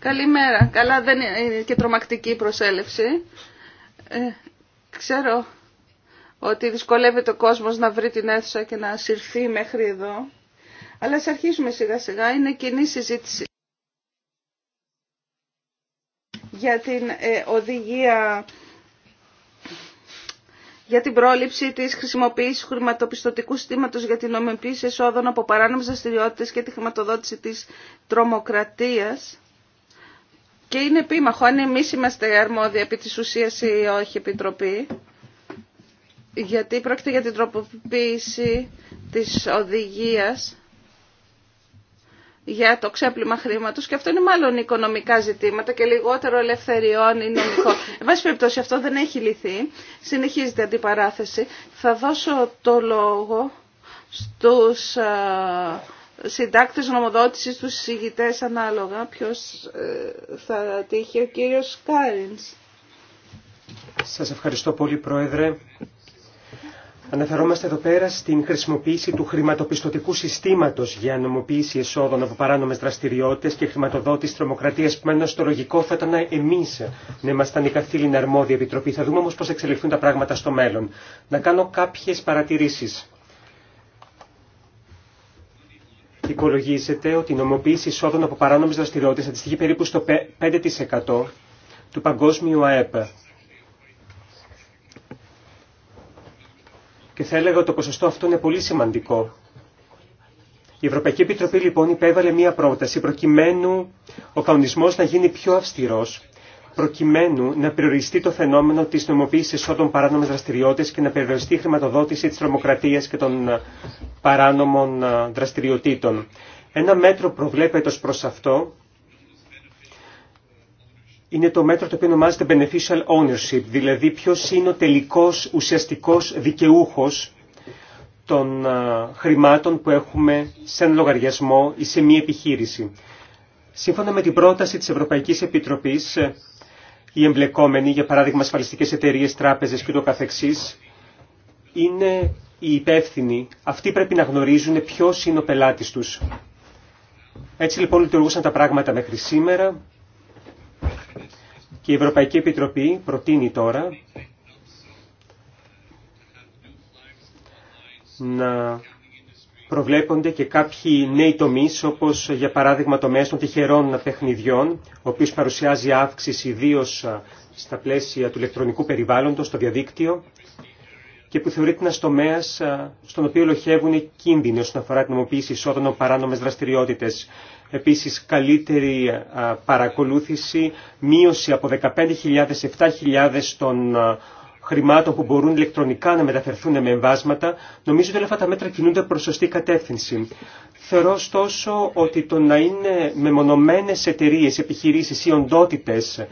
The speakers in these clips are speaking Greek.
Καλημέρα. Καλά δεν είναι και τρομακτική προσέλευση. Ε, ξέρω ότι δυσκολεύεται ο κόσμος να βρει την αίθουσα και να συρθεί μέχρι εδώ. Αλλά ας αρχίσουμε σιγά σιγά. Είναι κοινή συζήτηση για την ε, οδηγία για την πρόληψη τη χρησιμοποίηση χρηματοπιστωτικού συστήματο για την νομιμοποίηση εσόδων από παράνομε δραστηριότητε και τη χρηματοδότηση τη τρομοκρατία. Και είναι επίμαχο αν εμεί είμαστε αρμόδιοι επί τη ουσία ή όχι επιτροπή. Γιατί πρόκειται για την τροποποίηση της οδηγίας για το ξέπλυμα χρήματο, και αυτό είναι μάλλον οικονομικά ζητήματα και λιγότερο ελευθεριών είναι νομικό. Εν πάση περιπτώσει αυτό δεν έχει λυθεί. Συνεχίζεται αντιπαράθεση. Θα δώσω το λόγο στους ε, συντάκτες νομοδότηση στου συζητητέ ανάλογα. Ποιος ε, θα τύχει, ο κύριος Κάριν. Σας ευχαριστώ πολύ Πρόεδρε. Αναφερόμαστε εδώ πέρα στην χρησιμοποίηση του χρηματοπιστωτικού συστήματο για νομοποίηση εσόδων από παράνομε δραστηριότητε και χρηματοδότηση τρομοκρατία. Επομένω, στο λογικό θα ήταν εμεί να ήμασταν η καθήλυνα αρμόδια επιτροπή. Θα δούμε όμω πώ εξελιχθούν τα πράγματα στο μέλλον. Να κάνω κάποιε παρατηρήσει. Υπολογίζεται ότι η νομοποίηση εισόδων από παράνομε δραστηριότητε αντιστοιχεί περίπου στο 5% του παγκόσμιου ΑΕΠ. και θα έλεγα ότι το ποσοστό αυτό είναι πολύ σημαντικό. Η Ευρωπαϊκή Επιτροπή λοιπόν υπέβαλε μία πρόταση προκειμένου ο κανονισμός να γίνει πιο αυστηρός, προκειμένου να περιοριστεί το φαινόμενο της νομοποίηση εσόδων παράνομων δραστηριότητε και να περιοριστεί η χρηματοδότηση της τρομοκρατία και των ε, παράνομων ε, δραστηριοτήτων. Ένα μέτρο προβλέπεται ω προ αυτό είναι το μέτρο το οποίο ονομάζεται beneficial ownership, δηλαδή ποιο είναι ο τελικός ουσιαστικός δικαιούχος των χρημάτων που έχουμε σε ένα λογαριασμό ή σε μία επιχείρηση. Σύμφωνα με την πρόταση της Ευρωπαϊκής Επιτροπής, ε, οι εμπλεκόμενοι, για παράδειγμα ασφαλιστικές εταιρείες, τράπεζες και το καθεξής, είναι οι υπεύθυνοι. Αυτοί πρέπει να γνωρίζουν ποιος είναι ο πελάτης τους. Έτσι λοιπόν λειτουργούσαν τα πράγματα μέχρι σήμερα. Και η Ευρωπαϊκή Επιτροπή προτείνει τώρα να προβλέπονται και κάποιοι νέοι τομεί, όπω για παράδειγμα το μέσο των τυχερών παιχνιδιών, ο οποίο παρουσιάζει αύξηση ιδίω στα πλαίσια του ηλεκτρονικού περιβάλλοντος, στο διαδίκτυο και που θεωρείται ένα τομέα στον οποίο λοχεύουν κίνδυνοι όσον αφορά την νομοποίηση εισόδων παράνομε δραστηριότητε επίσης καλύτερη παρακολούθηση, μείωση από 15.000 σε 7.000 των χρημάτων που μπορούν ηλεκτρονικά να μεταφερθούν με εμβάσματα, νομίζω ότι όλα αυτά τα μέτρα κινούνται προς σωστή κατεύθυνση. Θεωρώ ωστόσο ότι το να είναι μεμονωμένες εταιρείε, επιχειρήσεις ή οντότητες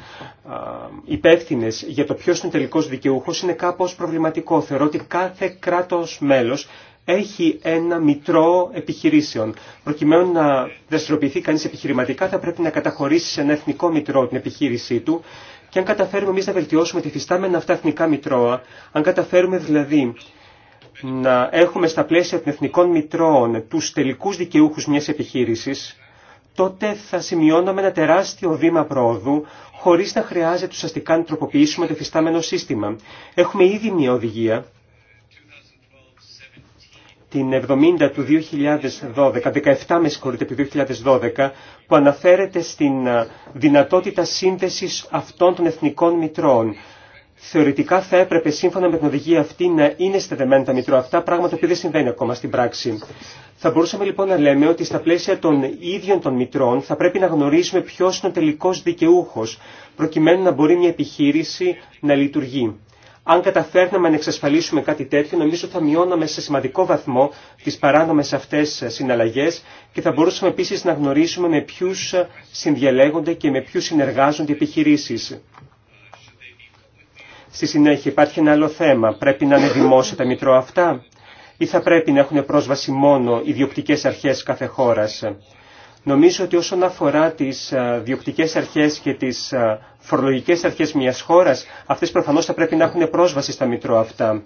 υπεύθυνε για το ποιος είναι τελικός δικαιούχος είναι κάπως προβληματικό. Θεωρώ ότι κάθε κράτος μέλος έχει ένα μητρό επιχειρήσεων. Προκειμένου να δραστηριοποιηθεί κανείς επιχειρηματικά θα πρέπει να καταχωρήσει σε ένα εθνικό μητρό την επιχείρησή του και αν καταφέρουμε εμείς να βελτιώσουμε τη φυστάμενα αυτά εθνικά μητρώα, αν καταφέρουμε δηλαδή να έχουμε στα πλαίσια των εθνικών μητρώων τους τελικούς δικαιούχους μιας επιχείρησης, τότε θα σημειώναμε ένα τεράστιο βήμα πρόοδου, χωρίς να χρειάζεται ουσιαστικά να τροποποιήσουμε το φυστάμενο σύστημα. Έχουμε ήδη μια οδηγία, την 70 του 2012, 17 με συγχωρείτε, του 2012, που αναφέρεται στην ε, δυνατότητα σύνδεσης αυτών των εθνικών μητρώων. Θεωρητικά θα έπρεπε σύμφωνα με την οδηγία αυτή να είναι στεδεμένα τα μητρώα αυτά, πράγμα το οποίο δεν συμβαίνει ακόμα στην πράξη. Θα μπορούσαμε λοιπόν να λέμε ότι στα πλαίσια των ίδιων των μητρών θα πρέπει να γνωρίζουμε ποιο είναι ο τελικό δικαιούχο, προκειμένου να μπορεί μια επιχείρηση να λειτουργεί. Αν καταφέρναμε να εξασφαλίσουμε κάτι τέτοιο, νομίζω θα μειώναμε σε σημαντικό βαθμό τις παράνομες αυτές συναλλαγές και θα μπορούσαμε επίσης να γνωρίσουμε με ποιους συνδιαλέγονται και με ποιους συνεργάζονται οι επιχειρήσεις. Στη συνέχεια υπάρχει ένα άλλο θέμα. Πρέπει να είναι δημόσια τα μητρώα αυτά ή θα πρέπει να έχουν πρόσβαση μόνο οι αρχές κάθε χώρας. Νομίζω ότι όσον αφορά τις ε, διοκτικές αρχές και τις ε, φορολογικές αρχές μιας χώρας, αυτές προφανώς θα πρέπει να έχουν πρόσβαση στα μητρώα αυτά.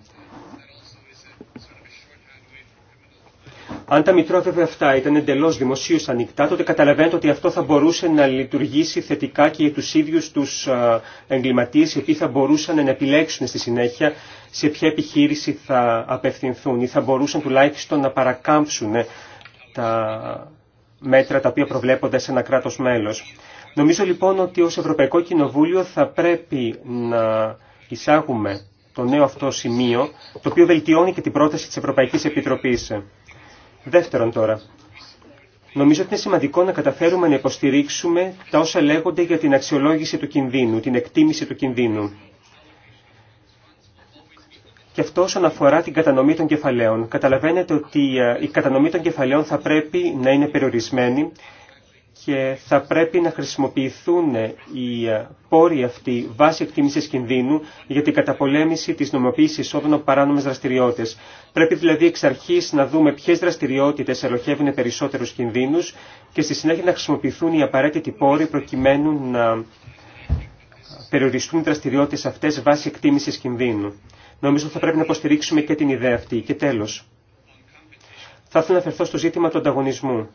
Αν τα μητρώα βέβαια αυτά ήταν εντελώ δημοσίω ανοιχτά, τότε καταλαβαίνετε ότι αυτό θα μπορούσε να λειτουργήσει θετικά και για του ίδιου του ε, εγκληματίε, οι οποίοι θα μπορούσαν να επιλέξουν στη συνέχεια σε ποια επιχείρηση θα απευθυνθούν ή θα μπορούσαν τουλάχιστον να παρακάμψουν τα μέτρα τα οποία προβλέπονται σε ένα κράτος μέλος. Νομίζω λοιπόν ότι ως Ευρωπαϊκό Κοινοβούλιο θα πρέπει να εισάγουμε το νέο αυτό σημείο, το οποίο βελτιώνει και την πρόταση της Ευρωπαϊκής Επιτροπής. Δεύτερον τώρα, Νομίζω ότι είναι σημαντικό να καταφέρουμε να υποστηρίξουμε τα όσα λέγονται για την αξιολόγηση του κινδύνου, την εκτίμηση του κινδύνου. Και αυτό όσον αφορά την κατανομή των κεφαλαίων. Καταλαβαίνετε ότι ε, η κατανομή των κεφαλαίων θα πρέπει να είναι περιορισμένη και θα πρέπει να χρησιμοποιηθούν ε, οι ε, πόροι αυτοί βάσει εκτίμηση κινδύνου για την καταπολέμηση τη νομοποίηση εισόδων από παράνομε δραστηριότητε. Πρέπει δηλαδή εξ αρχή να δούμε ποιε δραστηριότητε ελοχεύουν περισσότερου κινδύνου και στη συνέχεια να χρησιμοποιηθούν οι απαραίτητοι πόροι προκειμένου να περιοριστούν οι δραστηριότητε αυτέ βάσει εκτίμηση κινδύνου. Νομίζω θα πρέπει να υποστηρίξουμε και την ιδέα αυτή. Και τέλος, θα ήθελα να αφαιρθώ στο ζήτημα του ανταγωνισμού.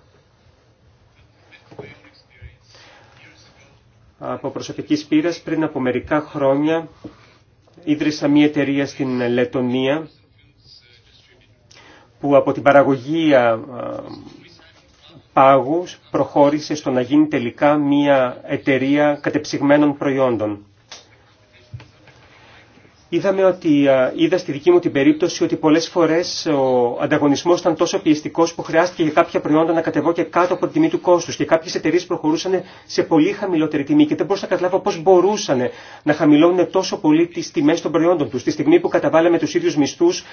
Από προσωπική πείρα πριν από μερικά χρόνια ίδρυσα μια εταιρεία στην Λετωνία που από την παραγωγή πάγους προχώρησε στο να γίνει τελικά μια εταιρεία κατεψυγμένων προϊόντων. Είδαμε ότι, είδα στη δική μου την περίπτωση ότι πολλές φορές ο ανταγωνισμός ήταν τόσο πιεστικός που χρειάστηκε για κάποια προϊόντα να κατεβώ και κάτω από την τιμή του κόστους και κάποιες εταιρείες προχωρούσαν σε πολύ χαμηλότερη τιμή και δεν μπορούσα να καταλάβω πώς μπορούσαν να χαμηλώνουν τόσο πολύ τις τιμές των προϊόντων τους. Τη στιγμή που καταβάλαμε τους ίδιους μισθούς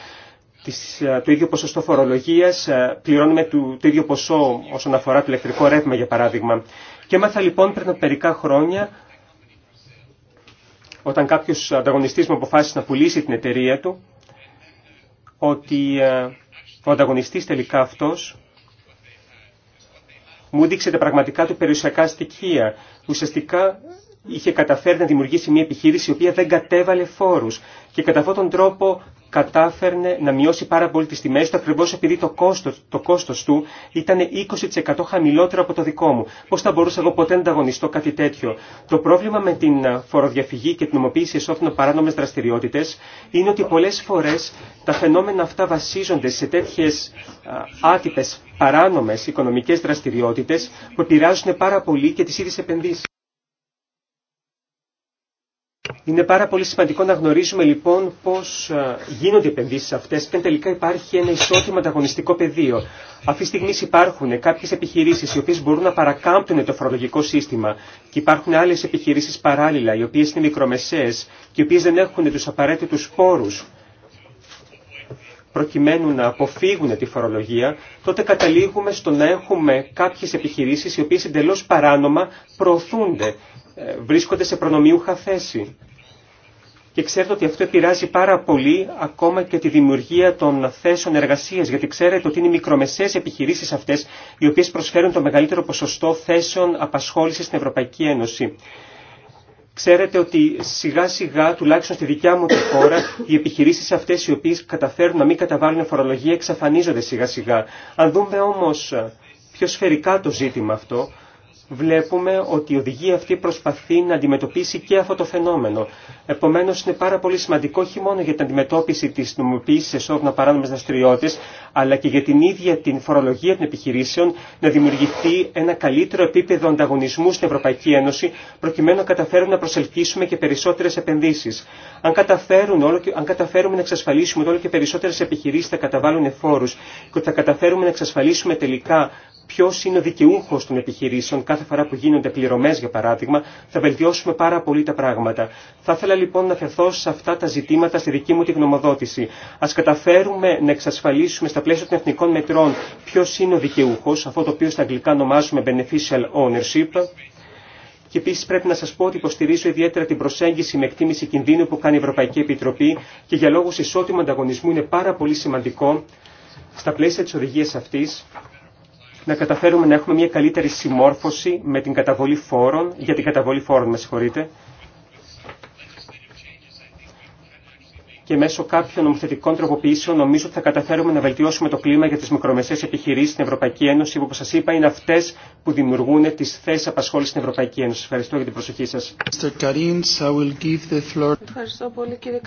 το ίδιο ποσοστό φορολογίας, πληρώνουμε το, το ίδιο ποσό όσον αφορά το ηλεκτρικό ρεύμα για παράδειγμα. Και έμαθα λοιπόν πριν από μερικά χρόνια όταν κάποιος ανταγωνιστής μου αποφάσισε να πουλήσει την εταιρεία του, ότι ε, ο ανταγωνιστής τελικά αυτός μου δείξε τα πραγματικά του περιουσιακά στοιχεία. Ουσιαστικά είχε καταφέρει να δημιουργήσει μια επιχείρηση η οποία δεν κατέβαλε φόρους και κατά αυτόν τον τρόπο κατάφερνε να μειώσει πάρα πολύ τις τιμές του ακριβώς επειδή το κόστος, το κόστος του ήταν 20% χαμηλότερο από το δικό μου. Πώς θα μπορούσα εγώ ποτέ να ανταγωνιστώ κάτι τέτοιο. Το πρόβλημα με την φοροδιαφυγή και την νομοποίηση εισόδημα παράνομες δραστηριότητες είναι ότι πολλές φορές τα φαινόμενα αυτά βασίζονται σε τέτοιες άτυπες παράνομες οικονομικές δραστηριότητες που επηρεάζουν πάρα πολύ και τις ίδιες επενδύσεις. Είναι πάρα πολύ σημαντικό να γνωρίζουμε λοιπόν πώ ε, γίνονται οι επενδύσεις αυτές και τελικά υπάρχει ένα ισότιμο ανταγωνιστικό πεδίο. Αυτή τη στιγμή υπάρχουν κάποιε επιχειρήσει οι οποίε μπορούν να παρακάμπτουν το φορολογικό σύστημα και υπάρχουν άλλε επιχειρήσει παράλληλα οι οποίε είναι μικρομεσαίε και οι οποίε δεν έχουν του απαραίτητου πόρους προκειμένου να αποφύγουν τη φορολογία, τότε καταλήγουμε στο να έχουμε κάποιες επιχειρήσεις οι οποίες εντελώς παράνομα προωθούνται, ε, βρίσκονται σε προνομιούχα θέση και ξέρετε ότι αυτό επηρεάζει πάρα πολύ ακόμα και τη δημιουργία των θέσεων εργασία, γιατί ξέρετε ότι είναι οι μικρομεσαίε επιχειρήσει αυτέ οι οποίε προσφέρουν το μεγαλύτερο ποσοστό θέσεων απασχόληση στην Ευρωπαϊκή Ένωση. Ξέρετε ότι σιγά σιγά, τουλάχιστον στη δικιά μου τη χώρα, οι επιχειρήσει αυτέ οι οποίε καταφέρουν να μην καταβάλουν φορολογία εξαφανίζονται σιγά σιγά. Αν δούμε όμω πιο σφαιρικά το ζήτημα αυτό, βλέπουμε ότι η οδηγία αυτή προσπαθεί να αντιμετωπίσει και αυτό το φαινόμενο. Επομένω, είναι πάρα πολύ σημαντικό όχι μόνο για την αντιμετώπιση τη νομιμοποίηση εσόδων παράνομε δραστηριότητε, αλλά και για την ίδια την φορολογία των επιχειρήσεων να δημιουργηθεί ένα καλύτερο επίπεδο ανταγωνισμού στην Ευρωπαϊκή Ένωση, προκειμένου να καταφέρουμε να προσελκύσουμε και περισσότερε επενδύσει. Αν, αν καταφέρουμε να εξασφαλίσουμε ότι όλο και περισσότερε επιχειρήσει θα καταβάλουν εφόρου και ότι θα καταφέρουμε να εξασφαλίσουμε τελικά ποιο είναι ο δικαιούχο των επιχειρήσεων κάθε φορά που γίνονται πληρωμέ, για παράδειγμα, θα βελτιώσουμε πάρα πολύ τα πράγματα. Θα ήθελα λοιπόν να φερθώ σε αυτά τα ζητήματα στη δική μου τη γνωμοδότηση. Α καταφέρουμε να εξασφαλίσουμε στα πλαίσια των εθνικών μετρών ποιο είναι ο δικαιούχο, αυτό το οποίο στα αγγλικά ονομάζουμε beneficial ownership. Και επίση πρέπει να σα πω ότι υποστηρίζω ιδιαίτερα την προσέγγιση με εκτίμηση κινδύνου που κάνει η Ευρωπαϊκή Επιτροπή και για λόγου ισότιμου ανταγωνισμού είναι πάρα πολύ σημαντικό στα πλαίσια τη οδηγία αυτή να καταφέρουμε να έχουμε μια καλύτερη συμμόρφωση με την καταβολή φόρων, για την καταβολή φόρων, με συγχωρείτε, και μέσω κάποιων νομοθετικών τροποποιήσεων νομίζω ότι θα καταφέρουμε να βελτιώσουμε το κλίμα για τις μικρομεσαίες επιχειρήσεις στην Ευρωπαϊκή Ένωση, που όπως σας είπα είναι αυτές που δημιουργούν τις θέσεις απασχόλησης στην Ευρωπαϊκή Ένωση. Ευχαριστώ για την προσοχή σας. Ευχαριστώ πολύ κύριε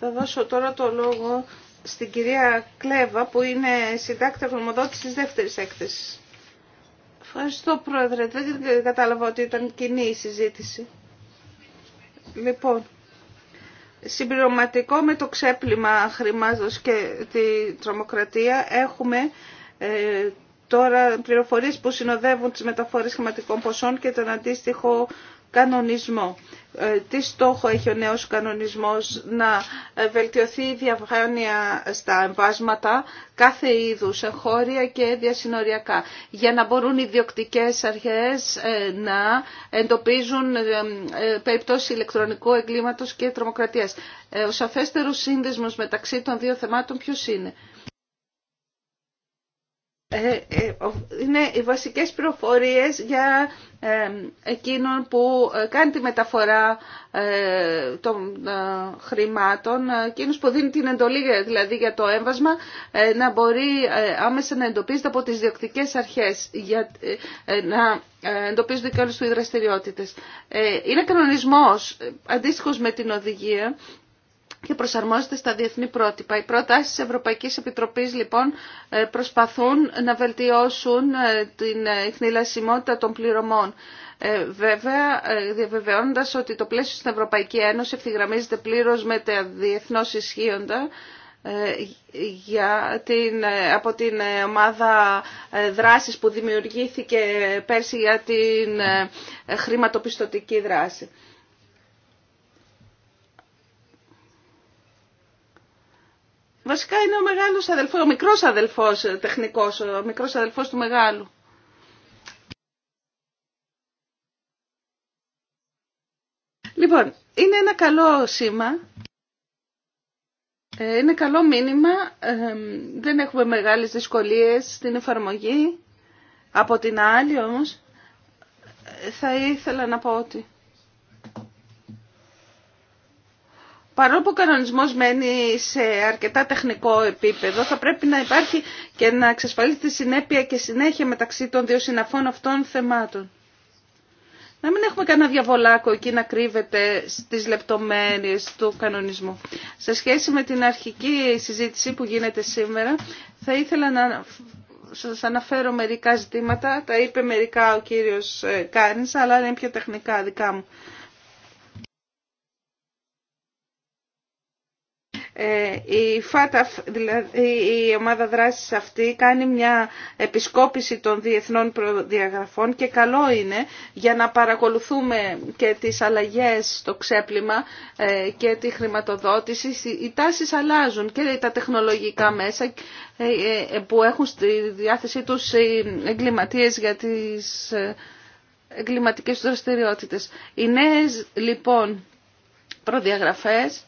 Θα δώσω τώρα το λόγο στην κυρία Κλέβα που είναι συντάκτη γνωμοδότης της δεύτερης έκθεσης. Ευχαριστώ πρόεδρε, δεν κατάλαβα ότι ήταν κοινή η συζήτηση. Λοιπόν, συμπληρωματικό με το ξέπλυμα χρημάτων και τη τρομοκρατία έχουμε ε, τώρα πληροφορίες που συνοδεύουν τις μεταφορές χρηματικών ποσών και τον αντίστοιχο κανονισμό. Ε, τι στόχο έχει ο νέος κανονισμός να ε, βελτιωθεί η διαφάνεια στα εμβάσματα κάθε είδους, εγχώρια και διασυνοριακά, για να μπορούν οι διοκτικές αρχές ε, να εντοπίζουν περιπτώσεις ηλεκτρονικού εγκλήματος και τρομοκρατίας. Ο σαφέστερος σύνδεσμος μεταξύ των δύο θεμάτων ποιος είναι είναι οι βασικές προφορίες για ε, εκείνον που ε, κάνει τη μεταφορά ε, των χρημάτων, εκείνος που δίνει την εντολή δηλαδή για το έμβασμα, να μπορεί άμεσα να εντοπίζεται από τις διοκτικές αρχές, για να εντοπίζονται και όλες του οι Είναι κανονισμός αντίστοιχος με την οδηγία και προσαρμόζεται στα διεθνή πρότυπα. Οι προτάσει της Ευρωπαϊκής Επιτροπής λοιπόν ε, προσπαθούν να βελτιώσουν ε, την ε, ειχνηλασιμότητα των πληρωμών. Βέβαια, διαβεβαιώνοντας ότι το πλαίσιο στην Ευρωπαϊκή Ένωση ευθυγραμμίζεται πλήρως με τα διεθνώς ισχύοντα για την, από την ομάδα δράσης που δημιουργήθηκε πέρσι για την χρηματοπιστωτική δράση. Βασικά είναι ο μεγάλος αδελφός, ο μικρός αδελφός τεχνικός, ο μικρός αδελφός του μεγάλου. Λοιπόν, είναι ένα καλό σήμα, ε, είναι καλό μήνυμα, ε, δεν έχουμε μεγάλες δυσκολίες στην εφαρμογή. Από την άλλη όμως, ε, θα ήθελα να πω ότι Παρόλο που ο κανονισμός μένει σε αρκετά τεχνικό επίπεδο, θα πρέπει να υπάρχει και να εξασφαλίσει συνέπεια και συνέχεια μεταξύ των δύο συναφών αυτών θεμάτων. Να μην έχουμε κανένα διαβολάκο εκεί να κρύβεται στις λεπτομέρειες του κανονισμού. Σε σχέση με την αρχική συζήτηση που γίνεται σήμερα, θα ήθελα να σας αναφέρω μερικά ζητήματα. Τα είπε μερικά ο κύριος Κάνης, αλλά είναι πιο τεχνικά δικά μου. Ε, η ΦΑΤΑΦ, δηλαδή η ομάδα δράσης αυτή, κάνει μια επισκόπηση των διεθνών προδιαγραφών και καλό είναι για να παρακολουθούμε και τις αλλαγές στο ξέπλυμα ε, και τη χρηματοδότηση. Οι τάσεις αλλάζουν και τα τεχνολογικά μέσα ε, που έχουν στη διάθεσή τους οι εγκληματίες για τις εγκληματικές δραστηριότητες. Οι νέες λοιπόν προδιαγραφές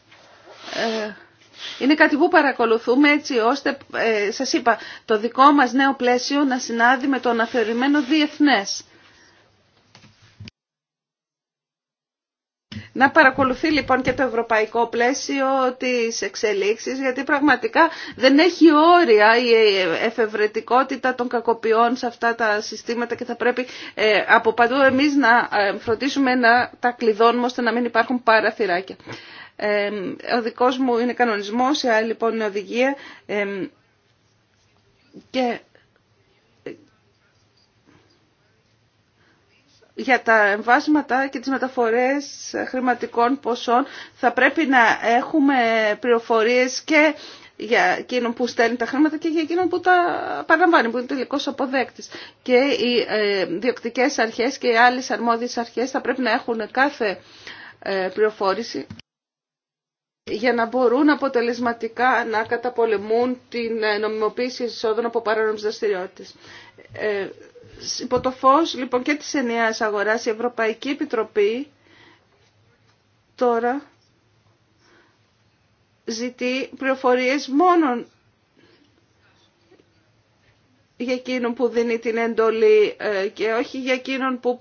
είναι κάτι που παρακολουθούμε έτσι ώστε, ε, σας είπα, το δικό μας νέο πλαίσιο να συνάδει με το αναφερειμένο διεθνές. Να παρακολουθεί λοιπόν και το ευρωπαϊκό πλαίσιο της εξελίξης, γιατί πραγματικά δεν έχει όρια η εφευρετικότητα των κακοποιών σε αυτά τα συστήματα και θα πρέπει ε, από παντού εμείς να ε, φροντίσουμε να τα κλειδώνουμε ώστε να μην υπάρχουν παραθυράκια ο δικός μου είναι κανονισμός, η άλλη λοιπόν είναι οδηγία και για τα εμβάσματα και τις μεταφορές χρηματικών ποσών θα πρέπει να έχουμε πληροφορίες και για εκείνον που στέλνει τα χρήματα και για εκείνον που τα παραμβάνει, που είναι τελικός αποδέκτης. Και οι ε, διοκτικές αρχές και οι άλλες αρμόδιες αρχές θα πρέπει να έχουν κάθε ε, πληροφόρηση για να μπορούν αποτελεσματικά να καταπολεμούν την ε, νομιμοποίηση εισόδων από παράνομους δραστηριότητες. Ε, υπό το φως λοιπόν και της ενιαίας αγοράς η Ευρωπαϊκή Επιτροπή τώρα ζητεί πληροφορίες μόνο για εκείνον που δίνει την εντολή ε, και όχι για εκείνον που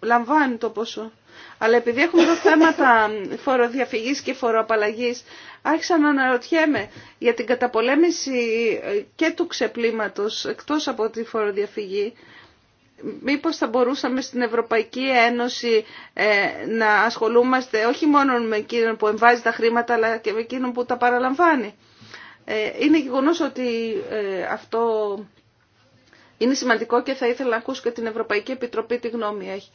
λαμβάνει το ποσό. Αλλά επειδή έχουμε εδώ θέματα φοροδιαφυγής και φοροαπαλλαγής, άρχισα να αναρωτιέμαι για την καταπολέμηση και του ξεπλήματος εκτός από τη φοροδιαφυγή, μήπως θα μπορούσαμε στην Ευρωπαϊκή Ένωση ε, να ασχολούμαστε όχι μόνο με εκείνον που εμβάζει τα χρήματα, αλλά και με εκείνον που τα παραλαμβάνει. Ε, είναι γεγονό ότι ε, αυτό είναι σημαντικό και θα ήθελα να ακούσω και την Ευρωπαϊκή Επιτροπή τι γνώμη έχει.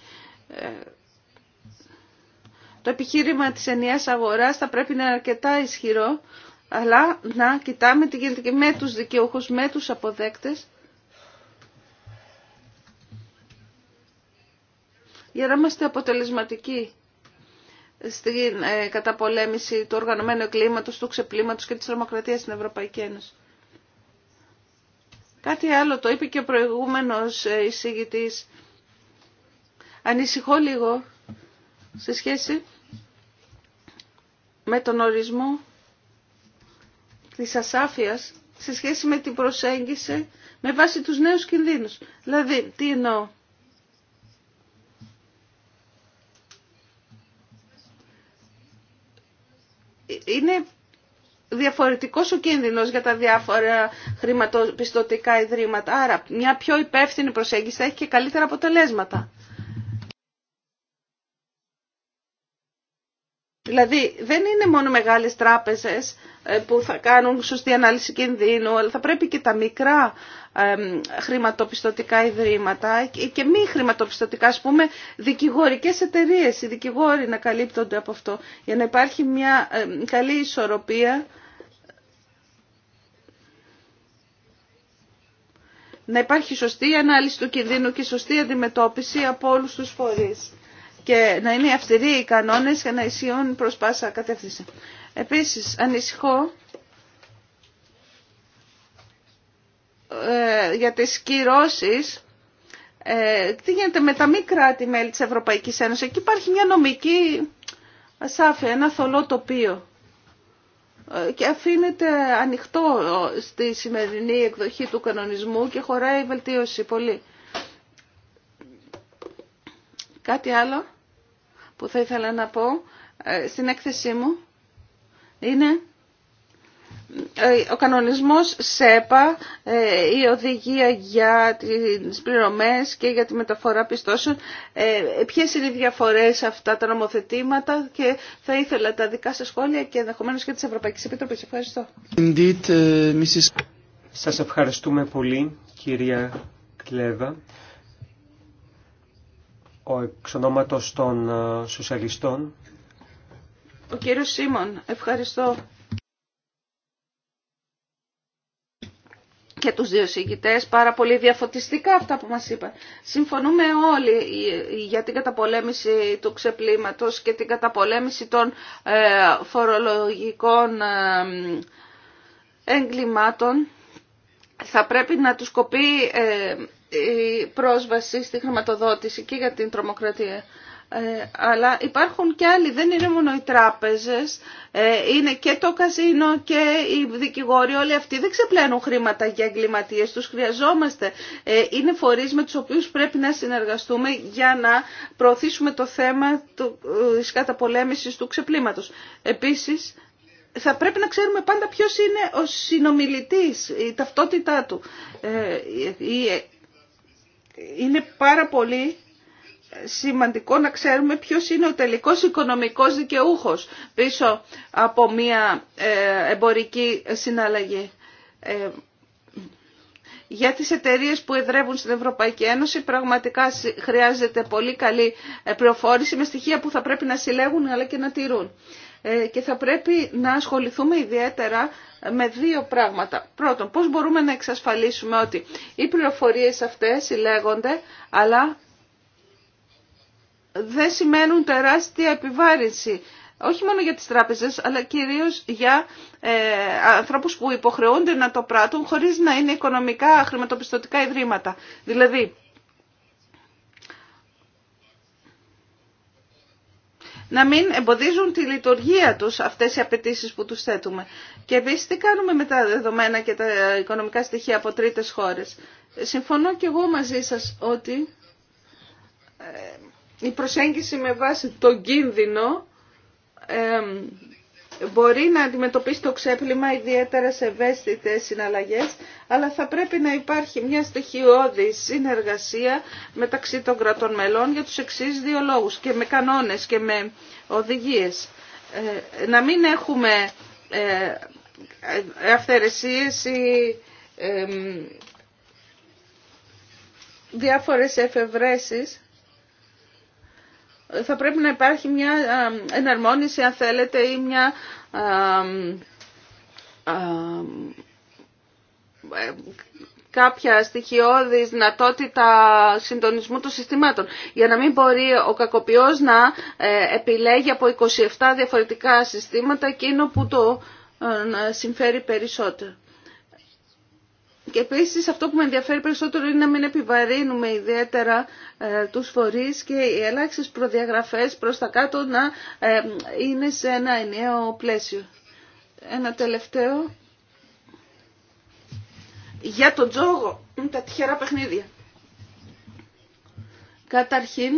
Το επιχείρημα της ενιαίας αγοράς θα πρέπει να είναι αρκετά ισχυρό, αλλά να κοιτάμε τι γίνεται και με τους δικαιούχους, με τους αποδέκτες, για να είμαστε αποτελεσματικοί στην ε, καταπολέμηση του οργανωμένου κλίματος, του ξεπλήματος και της τρομοκρατίας στην Ευρωπαϊκή Ένωση. Κάτι άλλο, το είπε και ο προηγούμενος ε, εισηγητής. Ανησυχώ λίγο σε σχέση με τον ορισμό της ασάφειας σε σχέση με την προσέγγιση με βάση τους νέους κινδύνους. Δηλαδή, τι εννοώ. Είναι διαφορετικός ο κίνδυνος για τα διάφορα χρηματοπιστωτικά ιδρύματα. Άρα, μια πιο υπεύθυνη προσέγγιση θα έχει και καλύτερα αποτελέσματα. Δηλαδή δεν είναι μόνο μεγάλες τράπεζες ε, που θα κάνουν σωστή ανάλυση κινδύνου, αλλά θα πρέπει και τα μικρά χρηματοπιστωτικά ιδρύματα και μη χρηματοπιστωτικά, ας πούμε, δικηγορικές εταιρείες, οι δικηγόροι να καλύπτονται από αυτό, για να υπάρχει μια καλή ισορροπία, να υπάρχει σωστή ανάλυση του κινδύνου και σωστή αντιμετώπιση από όλους τους φορείς και να είναι αυστηροί οι κανόνες για να ισχύουν προς πάσα κατεύθυνση. Επίσης, ανησυχώ ε, για τις κυρώσεις ε, τι γίνεται με τα μικρά κράτη-μέλη της Ευρωπαϊκής Ένωσης. Εκεί υπάρχει μια νομική ασάφεια, ένα θολό τοπίο ε, και αφήνεται ανοιχτό ε, στη σημερινή εκδοχή του κανονισμού και χωράει βελτίωση πολύ. Κάτι άλλο που θα ήθελα να πω ε, στην έκθεσή μου είναι ε, ο κανονισμός ΣΕΠΑ, ε, η οδηγία για τις πληρωμές και για τη μεταφορά πιστώσεων, ποιες είναι οι διαφορές αυτά τα νομοθετήματα και θα ήθελα τα δικά σας σχόλια και ενδεχομένω και της Ευρωπαϊκής Επιτροπής. Ευχαριστώ. Indeed, Mrs. Σας ευχαριστούμε πολύ, κυρία Κλέβα ο εξ των ε, σοσιαλιστών. Ο κύριος Σίμων, ευχαριστώ. και τους δύο συγκητές, πάρα πολύ διαφωτιστικά αυτά που μας είπαν. Συμφωνούμε όλοι για την καταπολέμηση του ξεπλήματος και την καταπολέμηση των ε, φορολογικών ε, εγκλημάτων θα πρέπει να τους κοπεί ε, η πρόσβαση στη χρηματοδότηση και για την τρομοκρατία. Ε, αλλά υπάρχουν και άλλοι, δεν είναι μόνο οι τράπεζες, ε, είναι και το καζίνο και οι δικηγόροι, όλοι αυτοί δεν ξεπλένουν χρήματα για εγκληματίες, τους χρειαζόμαστε. είναι φορείς με τους οποίους πρέπει να συνεργαστούμε για να προωθήσουμε το θέμα της καταπολέμησης του ξεπλήματος. Επίσης, θα πρέπει να ξέρουμε πάντα ποιος είναι ο συνομιλητής, η ταυτότητά του. Ε, είναι πάρα πολύ σημαντικό να ξέρουμε ποιος είναι ο τελικός οικονομικός δικαιούχος πίσω από μια ε, εμπορική συναλλαγή. Ε, για τις εταιρείες που εδρεύουν στην Ευρωπαϊκή Ένωση πραγματικά χρειάζεται πολύ καλή πληροφόρηση με στοιχεία που θα πρέπει να συλλέγουν αλλά και να τηρούν. Ε, και θα πρέπει να ασχοληθούμε ιδιαίτερα με δύο πράγματα. Πρώτον, πώς μπορούμε να εξασφαλίσουμε ότι οι πληροφορίες αυτές συλλέγονται, αλλά δεν σημαίνουν τεράστια επιβάρυνση όχι μόνο για τις τράπεζες, αλλά κυρίως για ε, ανθρώπους που υποχρεούνται να το πράττουν χωρίς να είναι οικονομικά χρηματοπιστωτικά ιδρύματα. Δηλαδή, να μην εμποδίζουν τη λειτουργία τους αυτές οι απαιτήσει που τους θέτουμε. Και επίση τι κάνουμε με τα δεδομένα και τα οικονομικά στοιχεία από τρίτες χώρες. Συμφωνώ και εγώ μαζί σας ότι ε, η προσέγγιση με βάση τον κίνδυνο ε, μπορεί να αντιμετωπίσει το ξέπλυμα ιδιαίτερα σε ευαίσθητες συναλλαγές, αλλά θα πρέπει να υπάρχει μια στοιχειώδη συνεργασία μεταξύ των κρατών μελών για τους εξής δύο λόγους και με κανόνες και με οδηγίες. Ε, να μην έχουμε ε, αυθαιρεσίες ή διάφορες εφευρέσεις θα πρέπει να υπάρχει μια εναρμόνιση αν θέλετε ή μια ε, κάποια στοιχειώδη δυνατότητα συντονισμού των συστημάτων. Για να μην μπορεί ο κακοποιός να ε, επιλέγει από 27 διαφορετικά συστήματα εκείνο που το ε, συμφέρει περισσότερο. Και επίση αυτό που με ενδιαφέρει περισσότερο είναι να μην επιβαρύνουμε ιδιαίτερα ε, τους φορείς και οι ελάχιστε προδιαγραφές προς τα κάτω να ε, είναι σε ένα ενιαίο πλαίσιο. Ένα τελευταίο για τον τζόγο, τα τυχερά παιχνίδια. Καταρχήν,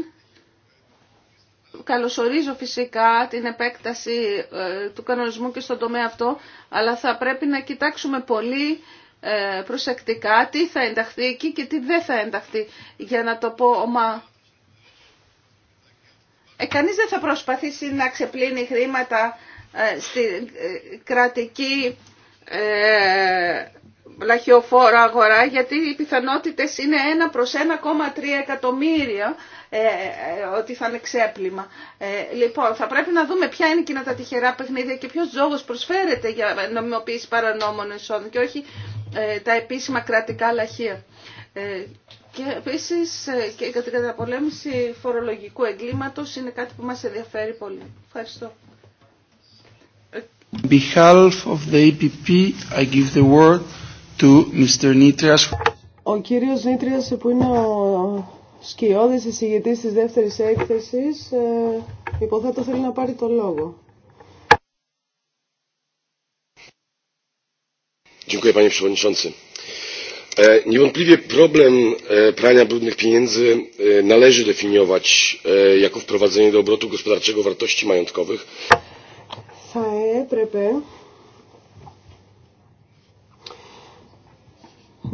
καλωσορίζω φυσικά την επέκταση ε, του κανονισμού και στον τομέα αυτό, αλλά θα πρέπει να κοιτάξουμε πολύ ε, προσεκτικά τι θα ενταχθεί εκεί και τι δεν θα ενταχθεί. Για να το πω, μα ε, κανείς δεν θα προσπαθήσει να ξεπλύνει χρήματα ε, στη ε, κρατική λαχιοφόρο αγορά γιατί οι πιθανότητες είναι 1 προς 1,3 εκατομμύρια ε, ε, ότι θα είναι ξέπλυμα. Ε, λοιπόν, θα πρέπει να δούμε ποια είναι εκείνα τα τυχερά παιχνίδια και ποιο λόγο προσφέρεται για νομιμοποίηση παρανόμων εσόδων και όχι ε, τα επίσημα κρατικά λαχεία. Ε, και επίσης ε, και κατά την καταπολέμηση φορολογικού εγκλήματος είναι κάτι που μα ενδιαφέρει πολύ. Ευχαριστώ. On behalf of the EPP, I give the word to Mr. Nitrias. Ο κύριος Νίτριας που είναι ο σκιώδης εισηγητής της δεύτερης έκθεσης ε, υποθέτω θέλει να πάρει το λόγο. Dziękuję panie przewodniczący. Niewątpliwie problem prania brudnych pieniędzy należy definiować jako wprowadzenie do obrotu gospodarczego wartości majątkowych. Θα έπρεπε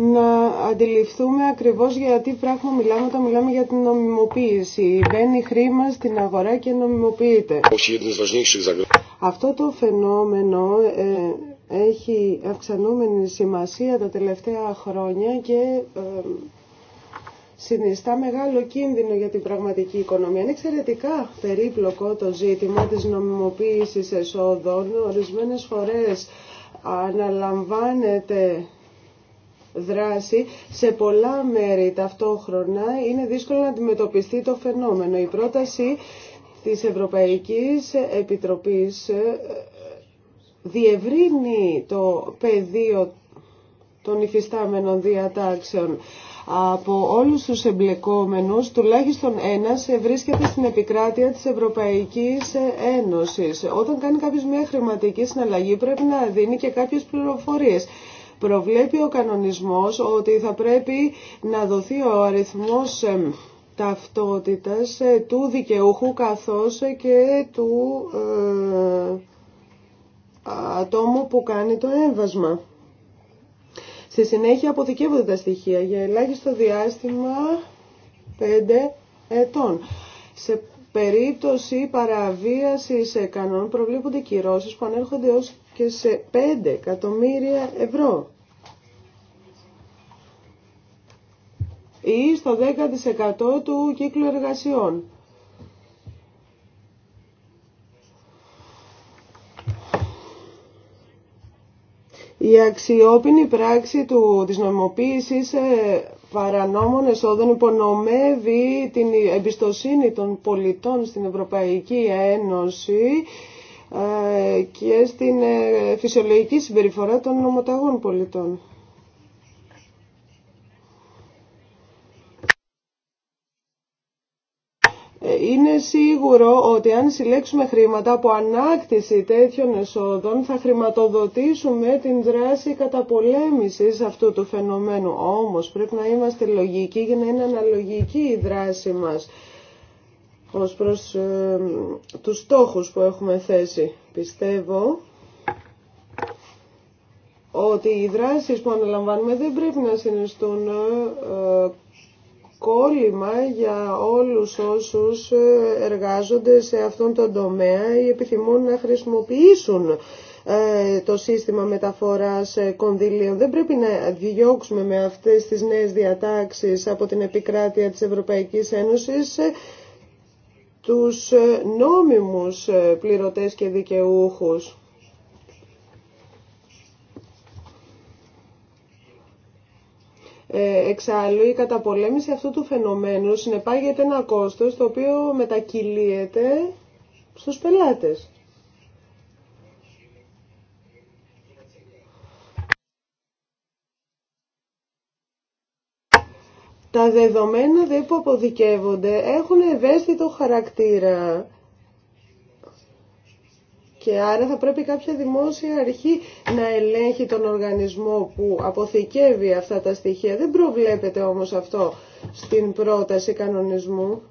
να αντιληφθούμε ακριβώς για τι πράγμα μιλάμε όταν μιλάμε για την νομιμοποίηση. Μπαίνει χρήμα στην αγορά και νομιμοποιείται. Αυτό το φαινόμενο ε, έχει αυξανόμενη σημασία τα τελευταία χρόνια και ε, συνιστά μεγάλο κίνδυνο για την πραγματική οικονομία. Είναι εξαιρετικά περίπλοκο το ζήτημα της νομιμοποίησης εσόδων. Ορισμένες φορές αναλαμβάνεται δράση σε πολλά μέρη ταυτόχρονα είναι δύσκολο να αντιμετωπιστεί το φαινόμενο. Η πρόταση της Ευρωπαϊκής Επιτροπής ε, διευρύνει το πεδίο των υφιστάμενων διατάξεων από όλους τους εμπλεκόμενους, τουλάχιστον ένας βρίσκεται στην επικράτεια της Ευρωπαϊκής Ένωσης. Όταν κάνει κάποιος μια χρηματική συναλλαγή πρέπει να δίνει και κάποιες πληροφορίες. Προβλέπει ο κανονισμός ότι θα πρέπει να δοθεί ο αριθμός ε, ταυτότητας ε, του δικαιούχου καθώς και του ε, ατόμου που κάνει το έμβασμα. Στη συνέχεια αποθηκεύονται τα στοιχεία για ελάχιστο διάστημα 5 ετών. Σε περίπτωση παραβίασης κανόνων προβλέπονται κυρώσεις που ανέρχονται ως και σε 5 εκατομμύρια ευρώ. Ή στο 10% του κύκλου εργασιών. Η αξιόπινη πράξη του, της νομιμοποίησης ε, παρανόμων εσόδων υπονομεύει την εμπιστοσύνη των πολιτών στην Ευρωπαϊκή Ένωση και στην ε, φυσιολογική συμπεριφορά των νομοταγών πολιτών. Ε, είναι σίγουρο ότι αν συλλέξουμε χρήματα από ανάκτηση τέτοιων εσόδων θα χρηματοδοτήσουμε την δράση καταπολέμησης αυτού του φαινομένου. Όμως πρέπει να είμαστε λογικοί για να είναι αναλογική η δράση μας ως προς ε, τους στόχους που έχουμε θέσει. Πιστεύω ότι οι δράσεις που αναλαμβάνουμε δεν πρέπει να συνιστούν ε, ε κόλλημα για όλους όσους ε, εργάζονται σε αυτόν τον τομέα ή επιθυμούν να χρησιμοποιήσουν ε, το σύστημα μεταφοράς κονδύλιων. Δεν πρέπει να διώξουμε με αυτές τις νέες διατάξεις από την επικράτεια της Ευρωπαϊκής Ένωσης τους ε, νόμιμους ε, πληρωτές και δικαιούχους. Ε, εξάλλου η καταπολέμηση αυτού του φαινομένου συνεπάγεται ένα κόστος το οποίο μετακυλίεται στους πελάτες. Τα δεδομένα δε που αποδικεύονται έχουν ευαίσθητο χαρακτήρα και άρα θα πρέπει κάποια δημόσια αρχή να ελέγχει τον οργανισμό που αποθηκεύει αυτά τα στοιχεία. Δεν προβλέπεται όμως αυτό στην πρόταση κανονισμού.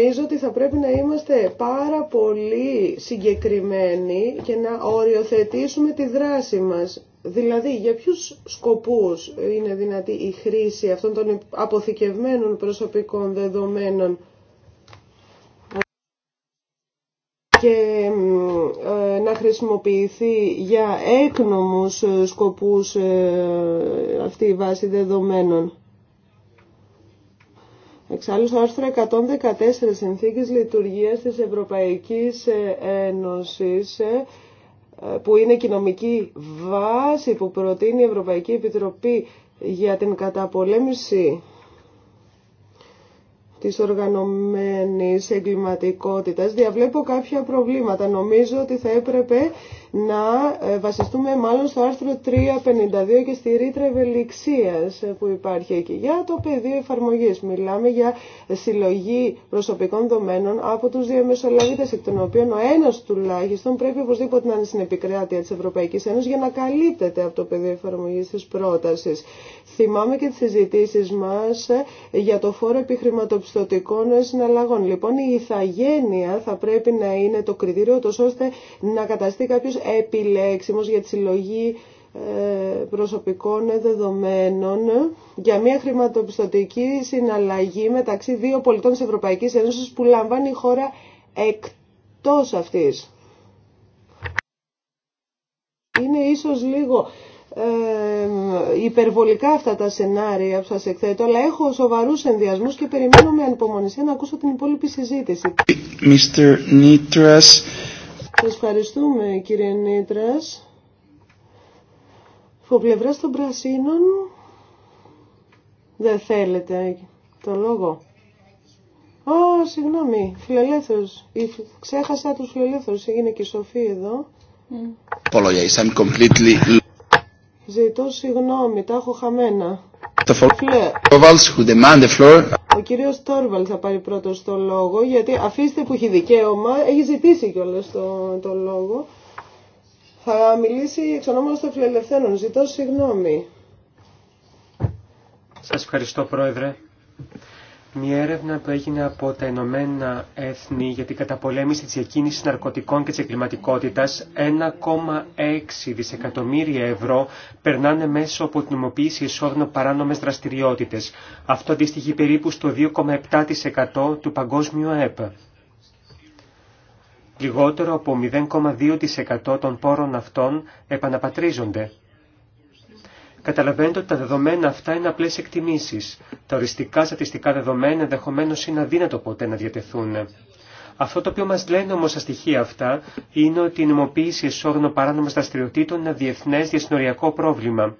Νομίζω ότι θα πρέπει να είμαστε πάρα πολύ συγκεκριμένοι και να οριοθετήσουμε τη δράση μας. Δηλαδή, για ποιους σκοπούς είναι δυνατή η χρήση αυτών των αποθηκευμένων προσωπικών δεδομένων και ε, να χρησιμοποιηθεί για έκνομους σκοπούς ε, αυτή η βάση δεδομένων. Εξάλλου στο άρθρο 114 συνθήκες Λειτουργίας της Ευρωπαϊκής ε, Ένωσης ε, που είναι κοινομική βάση που προτείνει η Ευρωπαϊκή Επιτροπή για την καταπολέμηση της οργανωμένης εγκληματικότητας διαβλέπω κάποια προβλήματα. Νομίζω ότι θα έπρεπε να ε, βασιστούμε μάλλον στο άρθρο 352 και στη ρήτρα ευελιξία ε, που υπάρχει εκεί. Για το πεδίο εφαρμογή. μιλάμε για συλλογή προσωπικών δομένων από τους διαμεσολαβητέ, εκ των οποίων ο ένα τουλάχιστον πρέπει οπωσδήποτε να είναι στην επικράτεια τη Ευρωπαϊκή Ένωση για να καλύπτεται από το πεδίο εφαρμογή τη πρόταση. Θυμάμαι και τι συζητήσει μα ε, για το φόρο επιχρηματοπιστωτικών συναλλαγών. Λοιπόν, η ηθαγένεια θα πρέπει να είναι το κριτήριο, ώστε να καταστεί κάποιο επιλέξιμος για τη συλλογή ε, προσωπικών δεδομένων για μια χρηματοπιστωτική συναλλαγή μεταξύ δύο πολιτών της Ευρωπαϊκής Ένωσης που λαμβάνει η χώρα εκτός αυτής. Είναι ίσως λίγο ε, υπερβολικά αυτά τα σενάρια που σας εκθέτω, αλλά έχω σοβαρούς ενδιασμούς και περιμένω με ανυπομονησία να ακούσω την υπόλοιπη συζήτηση. Mr. Σας ευχαριστούμε κύριε Νίτρας. Από πλευρά των πρασίνων δεν θέλετε το λόγο. Ω, συγγνώμη, φιλελεύθερος. Ξέχασα τους φιλελεύθερους, έγινε και η Σοφή εδώ. Mm. Ζητώ συγγνώμη, τα έχω χαμένα. Ναι. Ο κύριος Τόρβαλ θα πάρει πρώτος το λόγο, γιατί αφήστε που έχει δικαίωμα, έχει ζητήσει κιόλας το, το λόγο. Θα μιλήσει εξ ονόματος των φιλελευθένων. Ζητώ συγγνώμη. Σας ευχαριστώ, Πρόεδρε μια έρευνα που έγινε από τα Ηνωμένα Έθνη για την καταπολέμηση της διακίνησης ναρκωτικών και της εγκληματικότητας, 1,6 δισεκατομμύρια ευρώ περνάνε μέσω από την νομοποίηση εισόδων παράνομες δραστηριότητες. Αυτό αντιστοιχεί περίπου στο 2,7% του παγκόσμιου ΑΕΠ. Λιγότερο από 0,2% των πόρων αυτών επαναπατρίζονται Καταλαβαίνετε ότι τα δεδομένα αυτά είναι απλές εκτιμήσεις. Τα οριστικά στατιστικά δεδομένα ενδεχομένω είναι αδύνατο ποτέ να διατεθούν. Αυτό το οποίο μας λένε όμως τα στοιχεία αυτά είναι ότι η νομοποίηση εσόρων παράνομων δραστηριοτήτων είναι ένα διεθνές διασυνοριακό πρόβλημα.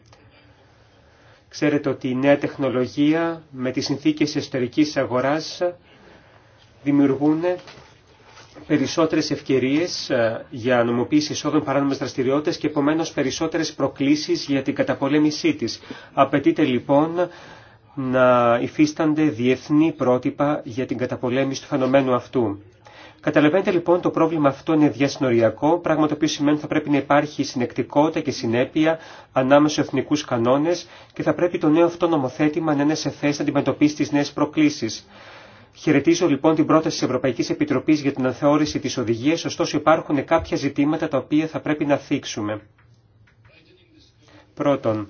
Ξέρετε ότι η νέα τεχνολογία με τις συνθήκες εσωτερικής αγοράς δημιουργούν περισσότερες ευκαιρίες ε, για νομοποίηση εισόδων παράνομες δραστηριότητες και επομένως περισσότερες προκλήσεις για την καταπολέμησή της. Απαιτείται λοιπόν να υφίστανται διεθνή πρότυπα για την καταπολέμηση του φαινομένου αυτού. Καταλαβαίνετε λοιπόν το πρόβλημα αυτό είναι διασυνοριακό, πράγμα το οποίο σημαίνει ότι θα πρέπει να υπάρχει συνεκτικότητα και συνέπεια ανάμεσα στους εθνικούς κανόνες και θα πρέπει το νέο αυτό νομοθέτημα να είναι σε θέση να αντιμετωπίσει τις νέες προκλήσεις. Χαιρετίζω λοιπόν την πρόταση της Ευρωπαϊκής Επιτροπής για την αναθεώρηση της οδηγίας, ωστόσο υπάρχουν κάποια ζητήματα τα οποία θα πρέπει να θίξουμε. Πρώτον,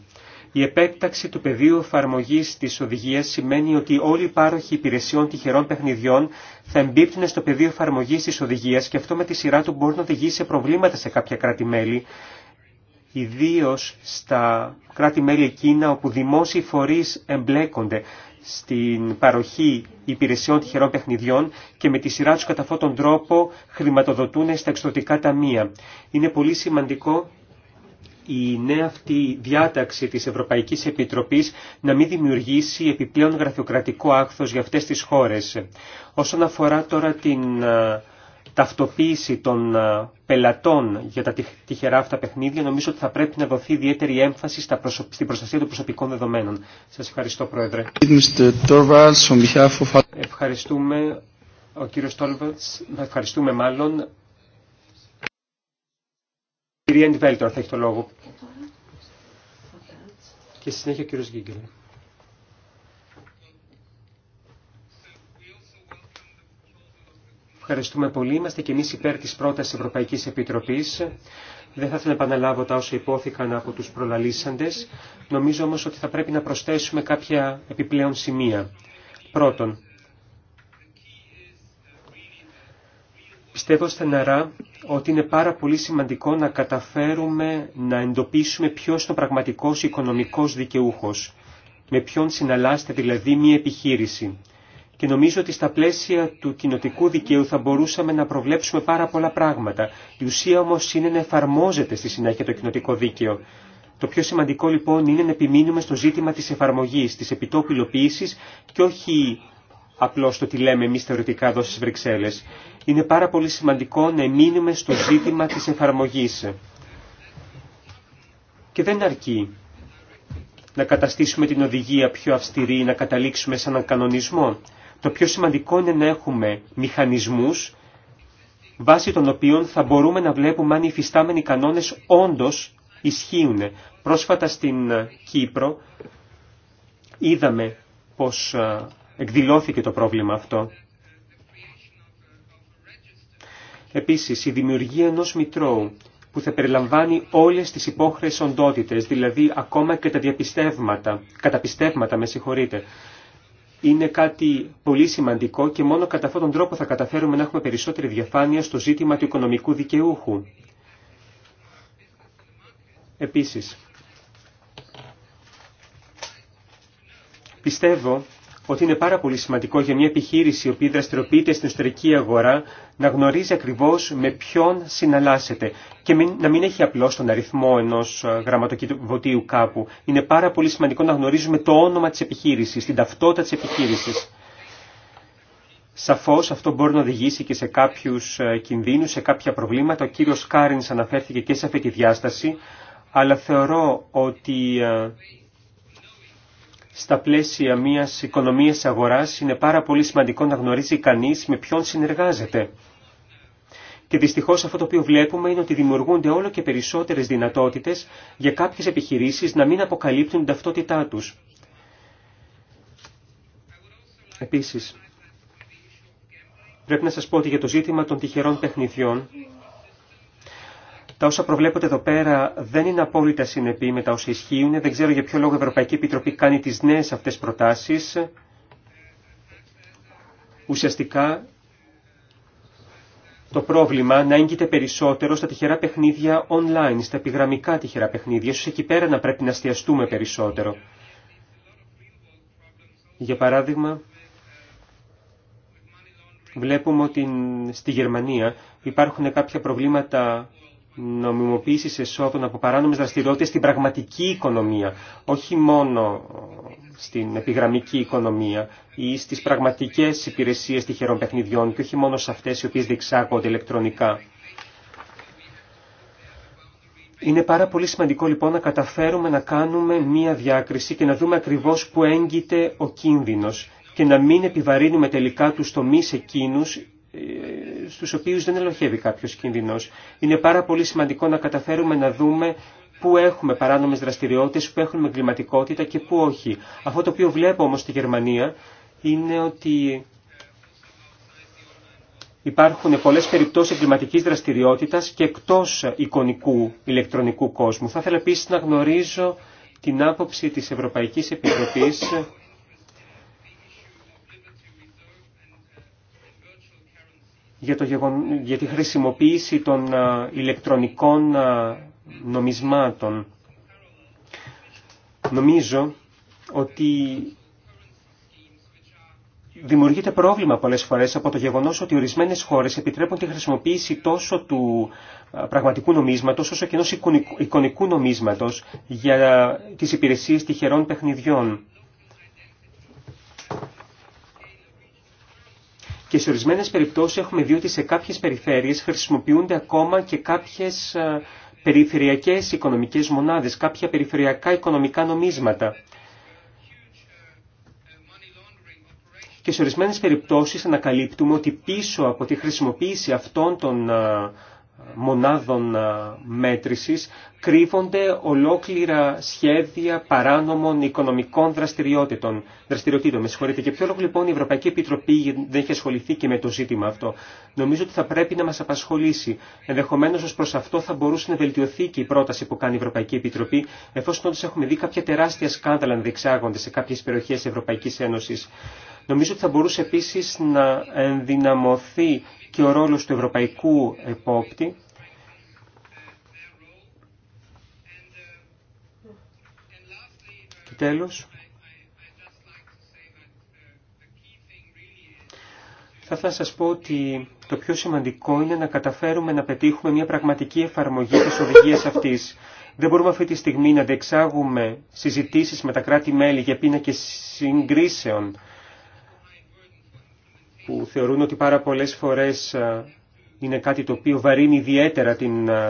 η επέκταξη του πεδίου εφαρμογή τη οδηγία σημαίνει ότι όλοι οι πάροχοι υπηρεσιών τυχερών παιχνιδιών θα εμπίπτουν στο πεδίο εφαρμογή τη οδηγία και αυτό με τη σειρά του μπορεί να οδηγήσει σε προβλήματα σε κάποια κράτη-μέλη, ιδίω στα κράτη-μέλη εκείνα όπου δημόσιοι φορεί εμπλέκονται στην παροχή υπηρεσιών τυχερών παιχνιδιών και με τη σειρά του κατά αυτόν τον τρόπο χρηματοδοτούν στα εξωτικά ταμεία. Είναι πολύ σημαντικό η νέα αυτή διάταξη της Ευρωπαϊκής Επιτροπής να μην δημιουργήσει επιπλέον γραφειοκρατικό άκθος για αυτές τις χώρες. Όσον αφορά τώρα την ταυτοποίηση των ε, πελατών για τα τυχερά αυτά παιχνίδια, νομίζω ότι θα πρέπει να δοθεί ιδιαίτερη έμφαση στα στην προστασία των προσωπικών δεδομένων. Σας ευχαριστώ, Πρόεδρε. Ευχαριστούμε, ο κύριος Τόλβατς, ευχαριστούμε μάλλον. Η κυρία Ντιβέλτορ θα έχει το λόγο. Και συνέχεια ο κύριος Γίγκελ. Ευχαριστούμε πολύ. Είμαστε και εμεί υπέρ τη πρόταση Ευρωπαϊκή Επιτροπή. Δεν θα ήθελα να επαναλάβω τα όσα υπόθηκαν από του προλαλήσαντε. Νομίζω όμω ότι θα πρέπει να προσθέσουμε κάποια επιπλέον σημεία. Πρώτον, πιστεύω στεναρά ότι είναι πάρα πολύ σημαντικό να καταφέρουμε να εντοπίσουμε ποιο είναι ο πραγματικό οικονομικό δικαιούχο. Με ποιον συναλλάσσεται δηλαδή μια επιχείρηση και νομίζω ότι στα πλαίσια του κοινοτικού δικαίου θα μπορούσαμε να προβλέψουμε πάρα πολλά πράγματα. Η ουσία όμως είναι να εφαρμόζεται στη συνέχεια το κοινοτικό δίκαιο. Το πιο σημαντικό λοιπόν είναι να επιμείνουμε στο ζήτημα της εφαρμογής, της επιτόπιλοποίησης και όχι απλώ το τι λέμε εμεί θεωρητικά εδώ στι Βρυξέλλε. Είναι πάρα πολύ σημαντικό να εμείνουμε στο ζήτημα τη εφαρμογή. Και δεν αρκεί να καταστήσουμε την οδηγία πιο αυστηρή, ή να καταλήξουμε σε έναν κανονισμό. Το πιο σημαντικό είναι να έχουμε μηχανισμούς βάσει των οποίων θα μπορούμε να βλέπουμε αν οι υφιστάμενοι κανόνες όντως ισχύουν. Πρόσφατα στην Κύπρο είδαμε πως ε, εκδηλώθηκε το πρόβλημα αυτό. Επίσης, η δημιουργία ενός μητρώου που θα περιλαμβάνει όλες τις υπόχρεες οντότητες, δηλαδή ακόμα και τα διαπιστεύματα, καταπιστεύματα, με συγχωρείτε, είναι κάτι πολύ σημαντικό και μόνο κατά αυτόν τον τρόπο θα καταφέρουμε να έχουμε περισσότερη διαφάνεια στο ζήτημα του οικονομικού δικαιούχου. Επίσης, πιστεύω ότι είναι πάρα πολύ σημαντικό για μια επιχείρηση η οποία δραστηριοποιείται στην εσωτερική αγορά να γνωρίζει ακριβώς με ποιον συναλλάσσεται και να μην έχει απλώς τον αριθμό ενός ε, γραμματοκιβωτίου κάπου. Είναι πάρα πολύ σημαντικό να γνωρίζουμε το όνομα της επιχείρησης, την ταυτότητα της επιχείρησης. Σαφώς αυτό μπορεί να οδηγήσει και σε κάποιους ε, κινδύνους, σε κάποια προβλήματα. Ο κύριος Κάριν αναφέρθηκε και σε αυτή τη διάσταση, αλλά θεωρώ ότι ε, στα πλαίσια μιας οικονομίας αγοράς είναι πάρα πολύ σημαντικό να γνωρίζει κανείς με ποιον συνεργάζεται. Και δυστυχώς αυτό το οποίο βλέπουμε είναι ότι δημιουργούνται όλο και περισσότερες δυνατότητες για κάποιες επιχειρήσεις να μην αποκαλύπτουν την ταυτότητά τους. Επίσης, πρέπει να σας πω ότι για το ζήτημα των τυχερών παιχνιδιών τα όσα προβλέπονται εδώ πέρα δεν είναι απόλυτα συνεπή με τα όσα ισχύουν. Δεν ξέρω για ποιο λόγο η Ευρωπαϊκή Επιτροπή κάνει τις νέες αυτές προτάσεις. Ουσιαστικά το πρόβλημα να έγκυται περισσότερο στα τυχερά παιχνίδια online, στα επιγραμμικά τυχερά παιχνίδια. Ίσως εκεί πέρα να πρέπει να αστιαστούμε περισσότερο. Για παράδειγμα, βλέπουμε ότι στη Γερμανία υπάρχουν κάποια προβλήματα νομιμοποίησης εσόδων από παράνομες δραστηριότητες στην πραγματική οικονομία, όχι μόνο ε, στην επιγραμμική οικονομία ή στις πραγματικές υπηρεσίες τυχερών παιχνιδιών και όχι μόνο σε αυτές οι οποίες διεξάγονται ηλεκτρονικά. Είναι πάρα πολύ σημαντικό λοιπόν να καταφέρουμε να κάνουμε μία διάκριση και να δούμε ακριβώς που έγκυται ο κίνδυνος και να μην επιβαρύνουμε τελικά τους τομείς εκείνους στους οποίους δεν ελοχεύει κάποιος κίνδυνος. Είναι πάρα πολύ σημαντικό να καταφέρουμε να δούμε πού έχουμε παράνομες δραστηριότητες, πού έχουμε εγκληματικότητα και πού όχι. Αυτό το οποίο βλέπω όμως στη Γερμανία είναι ότι υπάρχουν πολλές περιπτώσεις εγκληματικής δραστηριότητας και εκτός εικονικού ηλεκτρονικού κόσμου. Θα ήθελα επίσης να γνωρίζω την άποψη της Ευρωπαϊκής Επιτροπής για, το γεγον... για τη χρησιμοποίηση των ηλεκτρονικών νομισμάτων. Νομίζω ότι δημιουργείται πρόβλημα πολλές φορές από το γεγονός ότι ορισμένες χώρες επιτρέπουν τη χρησιμοποίηση τόσο του πραγματικού νομίσματος όσο και ενός εικονικού νομίσματος για τις υπηρεσίες τυχερών παιχνιδιών. και σε ορισμένε περιπτώσεις έχουμε δει ότι σε κάποιες περιφέρειες χρησιμοποιούνται ακόμα και κάποιες ε, περιφερειακές οικονομικές μονάδες, κάποια περιφερειακά οικονομικά νομίσματα. Και σε ορισμένε περιπτώσεις ανακαλύπτουμε ότι πίσω από τη χρησιμοποίηση αυτών των ε, μονάδων μέτρησης κρύβονται ολόκληρα σχέδια παράνομων οικονομικών δραστηριότητων. δραστηριοτήτων. Με συγχωρείτε. Και ποιο λόγο λοιπόν η Ευρωπαϊκή Επιτροπή δεν έχει ασχοληθεί και με το ζήτημα αυτό. Νομίζω ότι θα πρέπει να μας απασχολήσει. Ενδεχομένως ως προς αυτό θα μπορούσε να βελτιωθεί και η πρόταση που κάνει η Ευρωπαϊκή Επιτροπή, εφόσον όντως έχουμε δει κάποια τεράστια σκάνδαλα να διεξάγονται σε κάποιες περιοχές Ευρωπαϊκής Ένωσης. Νομίζω ότι θα μπορούσε επίσης να ενδυναμωθεί και ο ρόλος του ευρωπαϊκού επόπτη και τέλος θα ήθελα σας πω ότι το πιο σημαντικό είναι να καταφέρουμε να πετύχουμε μια πραγματική εφαρμογή της οδηγίας αυτής. Δεν μπορούμε αυτή τη στιγμή να αντεξάγουμε συζητήσεις με τα κράτη-μέλη για πίνακες συγκρίσεων που θεωρούν ότι πάρα πολλές φορές ε, είναι κάτι το οποίο βαρύνει ιδιαίτερα την ε,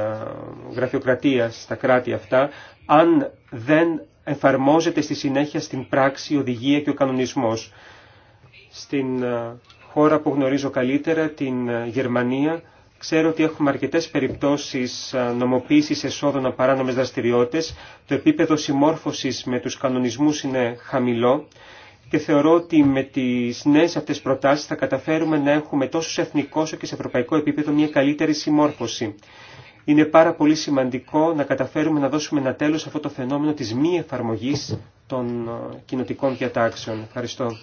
γραφειοκρατία στα κράτη αυτά, αν δεν εφαρμόζεται στη συνέχεια στην πράξη η οδηγία και ο κανονισμός. Στην ε, χώρα που γνωρίζω καλύτερα, την Γερμανία, ξέρω ότι έχουμε αρκετές περιπτώσεις νομοποίησης εσόδων από παράνομες δραστηριότητες. Το επίπεδο συμμόρφωσης με τους κανονισμούς είναι χαμηλό και θεωρώ ότι με τις νέες αυτές προτάσεις θα καταφέρουμε να έχουμε τόσο σε εθνικό όσο και σε ευρωπαϊκό επίπεδο μια καλύτερη συμμόρφωση. Είναι πάρα πολύ σημαντικό να καταφέρουμε να δώσουμε ένα τέλος σε αυτό το φαινόμενο της μη εφαρμογής των ε, κοινοτικών διατάξεων. Ευχαριστώ.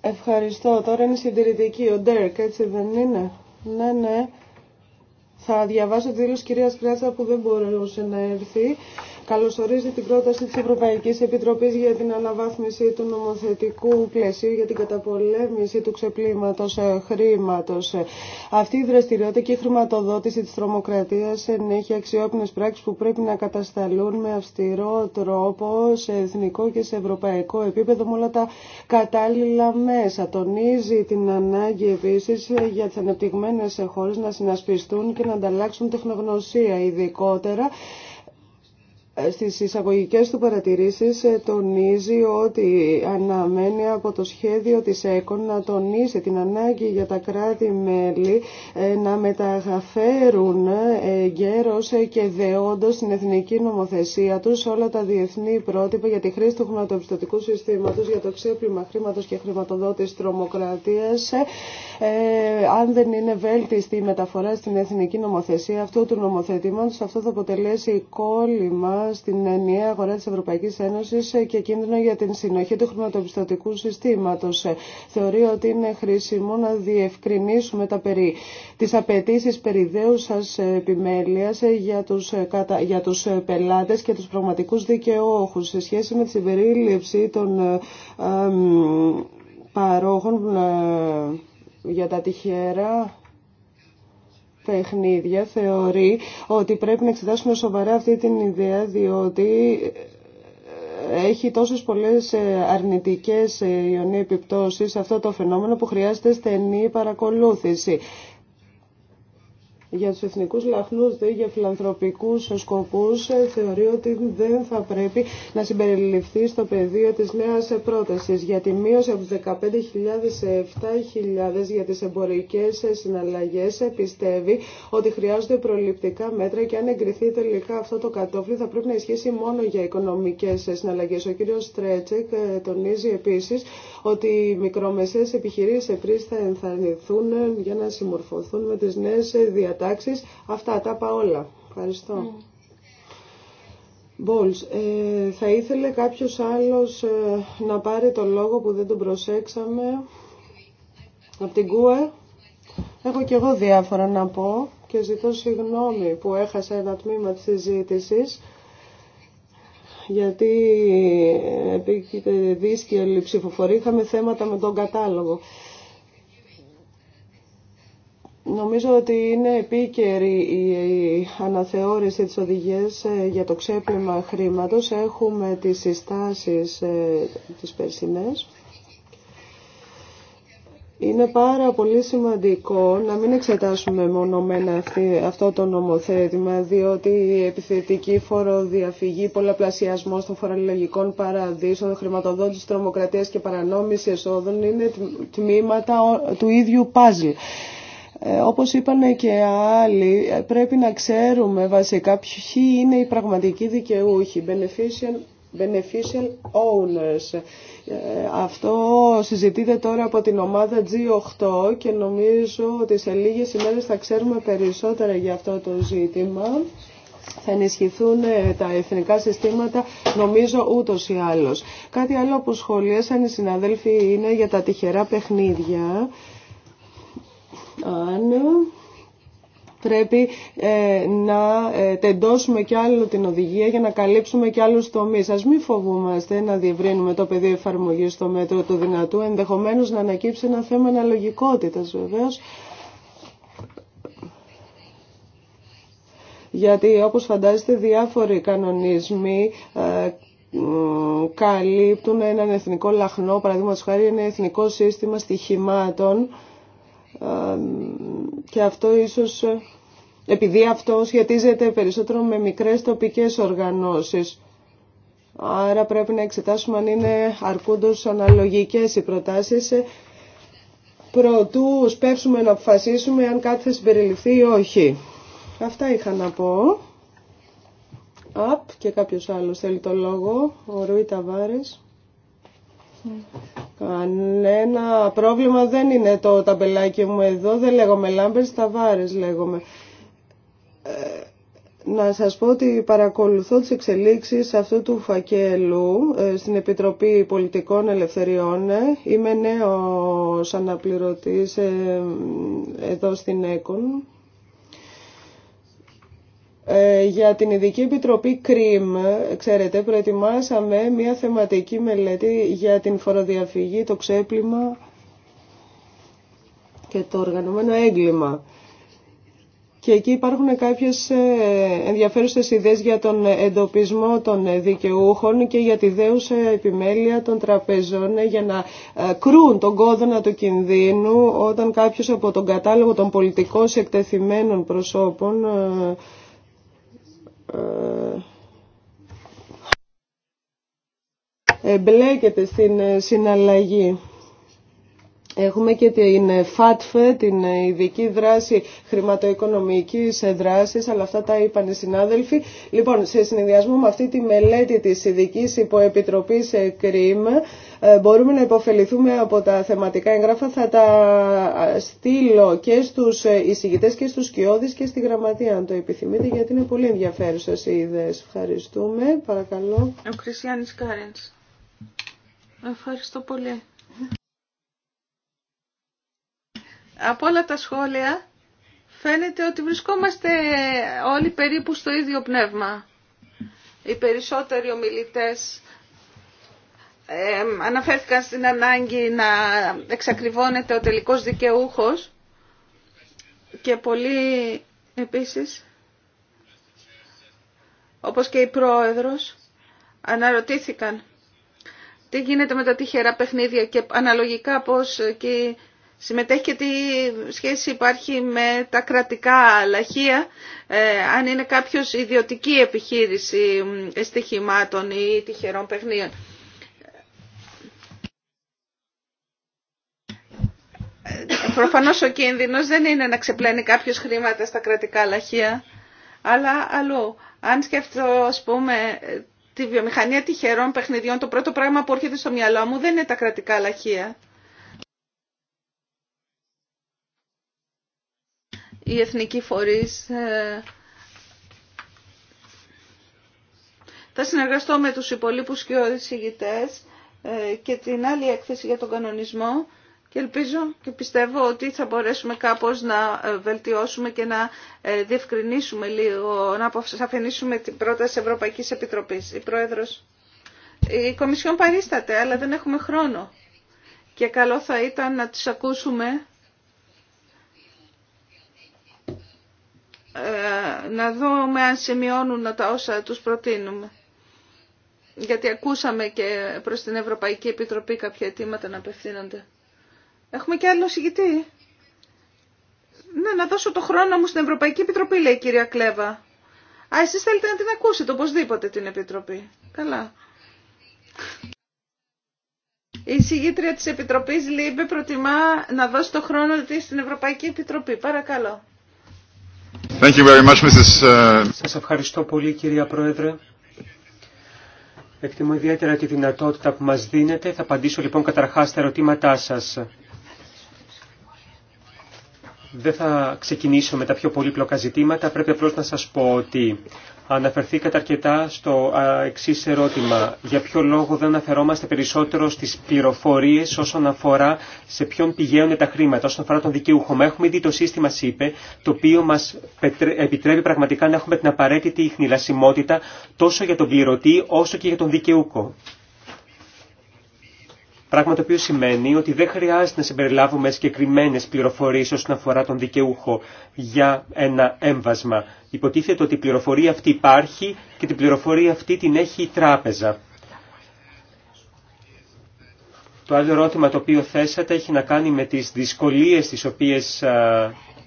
Ευχαριστώ. Τώρα είναι συντηρητική ο Ντέρκ, έτσι δεν είναι. Ναι, ναι. Θα διαβάσω τη δήλωση κυρίας Κράτσα που δεν μπορούσε να έρθει καλωσορίζει την πρόταση της Ευρωπαϊκής Επιτροπής για την αναβάθμιση του νομοθετικού πλαισίου για την καταπολέμηση του ξεπλήματος ε, χρήματος. Ε, αυτή η δραστηριότητα και η χρηματοδότηση της τρομοκρατίας ενέχει αξιόπινες πράξεις που πρέπει να κατασταλούν με αυστηρό τρόπο σε εθνικό και σε ευρωπαϊκό επίπεδο με όλα τα κατάλληλα μέσα. Τονίζει την ανάγκη επίση για τις ανεπτυγμένες χώρες να συνασπιστούν και να ανταλλάξουν τεχνογνωσία ειδικότερα ε, στις εισαγωγικές του παρατηρήσεις ε, τονίζει ότι αναμένει από το σχέδιο της ΕΚΟΝ να τονίσει την ανάγκη για τα κράτη-μέλη ε, να μεταφέρουν γέρος και δεόντος στην εθνική νομοθεσία τους όλα τα διεθνή πρότυπα για τη χρήση του χρηματοπιστωτικού συστήματος, για το ξέπλυμα χρήματος και χρηματοδότης τρομοκρατίας. αν δεν είναι βέλτιστη η μεταφορά στην εθνική νομοθεσία αυτού του νομοθετήματος, αυτό θα αποτελέσει κόλλημα στην ενιαία αγορά της Ευρωπαϊκής Ένωσης και κίνδυνο για την συνοχή του χρηματοπιστωτικού συστήματος. Θεωρεί ότι είναι χρήσιμο να διευκρινίσουμε τα περί, τις απαιτήσεις περί δέουσας επιμέλειας για τους, κατα, για τους πελάτες και τους πραγματικούς δικαιώχους σε σχέση με τη συμπερίληψη των ε, παρόχων ε, για τα τυχερά παιχνίδια θεωρεί ότι πρέπει να εξετάσουμε σοβαρά αυτή την ιδέα διότι ε, έχει τόσες πολλές ε, αρνητικές ε, ιονίες επιπτώσεις αυτό το φαινόμενο που χρειάζεται στενή παρακολούθηση για τους εθνικούς λαχνούς, δε για φιλανθρωπικούς σκοπούς, ε, θεωρεί ότι δεν θα πρέπει να συμπεριληφθεί στο πεδίο της νέας πρότασης για τη μείωση από τους 15.000 σε 7.000 για τις εμπορικές συναλλαγές. Ε, πιστεύει ότι χρειάζονται προληπτικά μέτρα και αν εγκριθεί τελικά αυτό το κατόφλι θα πρέπει να ισχύσει μόνο για οικονομικές συναλλαγές. Ο κύριος Στρέτσεκ ε, τονίζει επίσης ότι οι μικρομεσαίες επιχειρήσεις επίσης θα ενθαρρυνθούν για να συμμορφωθούν με τις νέες διατάξεις. Αυτά τα πάω όλα. Ευχαριστώ. Mm. θα ήθελε κάποιος άλλος ε, να πάρει το λόγο που δεν τον προσέξαμε από την ΚΟΕ. Έχω και εγώ διάφορα να πω και ζητώ συγγνώμη που έχασα ένα τμήμα της συζήτησης γιατί επίκειται δύσκολη ψηφοφορία, είχαμε θέματα με τον κατάλογο. Νομίζω ότι είναι επίκαιρη η αναθεώρηση της οδηγίας ε, για το ξέπλυμα χρήματος. Έχουμε τις συστάσεις ε, τις περσινές. Είναι πάρα πολύ σημαντικό να μην εξετάσουμε μόνο αυτή, αυτό το νομοθέτημα, διότι η επιθετική φοροδιαφυγή, πολλαπλασιασμό των φορολογικών παραδείσων, χρηματοδότηση τρομοκρατίας και παρανόμηση εσόδων είναι τμήματα του ίδιου παζλ. Ε, όπως είπαν και άλλοι, ε, πρέπει να ξέρουμε βασικά ποιοι είναι οι πραγματικοί δικαιούχοι. Beneficial beneficial owners. Ε, αυτό συζητείται τώρα από την ομάδα G8 και νομίζω ότι σε λίγες ημέρες θα ξέρουμε περισσότερα για αυτό το ζήτημα. Θα ενισχυθούν ε, τα εθνικά συστήματα, νομίζω ούτως ή άλλως. Κάτι άλλο που σχολίασαν οι συναδέλφοι είναι για τα τυχερά παιχνίδια. Αν πρέπει ε, να ε, τεντώσουμε κι άλλο την οδηγία για να καλύψουμε κι άλλους τομείς. Ας μην φοβούμαστε να διευρύνουμε το πεδίο εφαρμογής στο μέτρο του δυνατού, ενδεχομένως να ανακύψει ένα θέμα αναλογικότητας βεβαίως. Γιατί όπως φαντάζεστε διάφοροι κανονισμοί ε, καλύπτουν έναν εθνικό λαχνό, παραδείγματος χάρη ένα εθνικό σύστημα στοιχημάτων και αυτό ίσως ε, επειδή αυτό σχετίζεται περισσότερο με μικρές τοπικές οργανώσεις. Άρα πρέπει να εξετάσουμε αν είναι αρκούντως αναλογικές οι προτάσεις ε, προτού σπεύσουμε να αποφασίσουμε αν κάτι θα συμπεριληφθεί ή όχι. Αυτά είχα να πω. Απ και κάποιος άλλος θέλει το λόγο, ο Ρουί Ταβάρης. Κανένα πρόβλημα δεν είναι το ταμπελάκι μου εδώ, δεν λέγομαι Λάμπερ, βάρες λέγομαι. Ε, να σας πω ότι παρακολουθώ τις εξελίξεις αυτού του φακέλου ε, στην Επιτροπή Πολιτικών Ελευθεριών. Ε, είμαι νέος αναπληρωτής ε, εδώ στην ΕΚΟΝ ε, για την Ειδική Επιτροπή ΚΡΙΜ, ξέρετε, προετοιμάσαμε μια θεματική μελέτη για την φοροδιαφυγή, το ξέπλυμα και το οργανωμένο έγκλημα. Και εκεί υπάρχουν κάποιες ε, ενδιαφέρουσες ιδέες για τον εντοπισμό των δικαιούχων και για τη δέουσα επιμέλεια των τραπεζών για να ε, κρούν τον κόδωνα του κινδύνου όταν κάποιος από τον κατάλογο των πολιτικών εκτεθειμένων προσώπων ε, εμπλέκεται στην ε, συναλλαγή. Έχουμε και την ε, ΦΑΤΦΕ, την ειδική δράση χρηματοοικονομικής δράσης, αλλά αυτά τα είπαν οι συνάδελφοι. Λοιπόν, σε συνδυασμό με αυτή τη μελέτη της ειδική υποεπιτροπής ΚΡΙΜ, ε, μπορούμε να υποφεληθούμε από τα θεματικά έγγραφα. Θα τα στείλω και στους ε, εισηγητές και στους κοιόδης και στη γραμματεία αν το επιθυμείτε γιατί είναι πολύ ενδιαφέρουσες οι ιδέες. Ευχαριστούμε. Παρακαλώ. Ο Κρισιανής Κάρενς. Ευχαριστώ πολύ. Από όλα τα σχόλια φαίνεται ότι βρισκόμαστε όλοι περίπου στο ίδιο πνεύμα. Οι περισσότεροι ομιλητές αναφέρθηκαν στην ανάγκη να εξακριβώνεται ο τελικός δικαιούχος και πολύ επίσης, όπως και η πρόεδρος, αναρωτήθηκαν τι γίνεται με τα τυχερά παιχνίδια και αναλογικά πώς και συμμετέχει και τι σχέση υπάρχει με τα κρατικά λαχεία, ε, αν είναι κάποιος ιδιωτική επιχείρηση στοιχημάτων ή τυχερών παιχνίων. Προφανώς ο κίνδυνος δεν είναι να ξεπλένει κάποιος χρήματα στα κρατικά λαχεία, αλλά αλλού. Αν σκεφτώ, ας πούμε, τη βιομηχανία τυχερών παιχνιδιών, το πρώτο πράγμα που έρχεται στο μυαλό μου δεν είναι τα κρατικά λαχεία. Οι εθνικοί φορείς... Ε, θα συνεργαστώ με τους υπολείπους και οδησηγητές ε, και την άλλη έκθεση για τον κανονισμό και ελπίζω και πιστεύω ότι θα μπορέσουμε κάπως να ε, βελτιώσουμε και να ε, διευκρινίσουμε λίγο, να αφενήσουμε την πρόταση Ευρωπαϊκής Επιτροπής. Η Πρόεδρος, η Κομισιόν παρίσταται, αλλά δεν έχουμε χρόνο. Και καλό θα ήταν να τις ακούσουμε, ε, να δούμε αν σημειώνουν τα όσα τους προτείνουμε. Γιατί ακούσαμε και προς την Ευρωπαϊκή Επιτροπή κάποια αιτήματα να απευθύνονται. Έχουμε και άλλο συγκητή. Ναι, να δώσω το χρόνο μου στην Ευρωπαϊκή Επιτροπή, λέει η κυρία Κλέβα. Α, εσείς θέλετε να την ακούσετε οπωσδήποτε την Επιτροπή. Καλά. Η συγκήτρια της Επιτροπής Λίμπε προτιμά να δώσει το χρόνο της στην Ευρωπαϊκή Επιτροπή. Παρακαλώ. Thank you very much, Mrs. Uh, σας ευχαριστώ πολύ κυρία Πρόεδρε. Εκτιμώ ιδιαίτερα τη δυνατότητα που μας δίνετε. Θα απαντήσω λοιπόν καταρχάς στα ερωτήματά σας. Δεν θα ξεκινήσω με τα πιο πολύπλοκα ζητήματα. Πρέπει απλώς να σας πω ότι αναφερθήκατε αρκετά στο εξή ερώτημα. Για ποιο λόγο δεν αναφερόμαστε περισσότερο στις πληροφορίες όσον αφορά σε ποιον πηγαίνουν τα χρήματα, όσον αφορά τον δικαιούχο. Μα έχουμε ήδη το σύστημα ΣΥΠΕ, το οποίο μας επιτρέπει πραγματικά να έχουμε την απαραίτητη χνηλασιμότητα τόσο για τον πληρωτή όσο και για τον δικαιούχο. Πράγμα το οποίο σημαίνει ότι δεν χρειάζεται να συμπεριλάβουμε συγκεκριμένε πληροφορίε όσον αφορά τον δικαιούχο για ένα έμβασμα. Υποτίθεται ότι η πληροφορία αυτή υπάρχει και την πληροφορία αυτή την έχει η τράπεζα. Το άλλο ερώτημα το οποίο θέσατε έχει να κάνει με τις δυσκολίες τις οποίες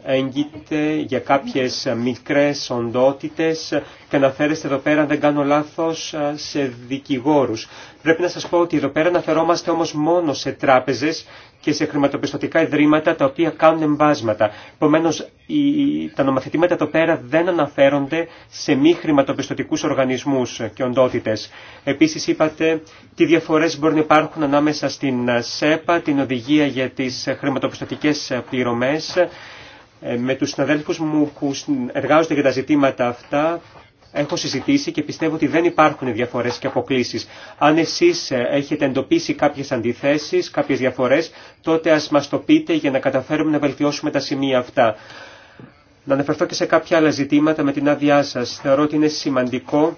έγκυται για κάποιες μικρές οντότητες και αναφέρεστε εδώ πέρα, αν δεν κάνω λάθος, σε δικηγόρους. Πρέπει να σας πω ότι εδώ πέρα αναφερόμαστε όμως μόνο σε τράπεζες και σε χρηματοπιστωτικά ιδρύματα τα οποία κάνουν εμβάσματα. Επομένω, τα νομοθετήματα εδώ πέρα δεν αναφέρονται σε μη χρηματοπιστωτικούς οργανισμούς και οντότητες. Επίσης είπατε τι διαφορές μπορεί να υπάρχουν ανάμεσα στην ΣΕΠΑ, την οδηγία για τις χρηματοπιστωτικές πληρωμές ε, με τους συναδέλφους μου που εργάζονται για τα ζητήματα αυτά έχω συζητήσει και πιστεύω ότι δεν υπάρχουν διαφορές και αποκλήσεις. Αν εσείς ε, έχετε εντοπίσει κάποιες αντιθέσεις, κάποιες διαφορές, τότε ας μας το πείτε για να καταφέρουμε να βελτιώσουμε τα σημεία αυτά. Να αναφερθώ και σε κάποια άλλα ζητήματα με την άδειά σα. Θεωρώ ότι είναι σημαντικό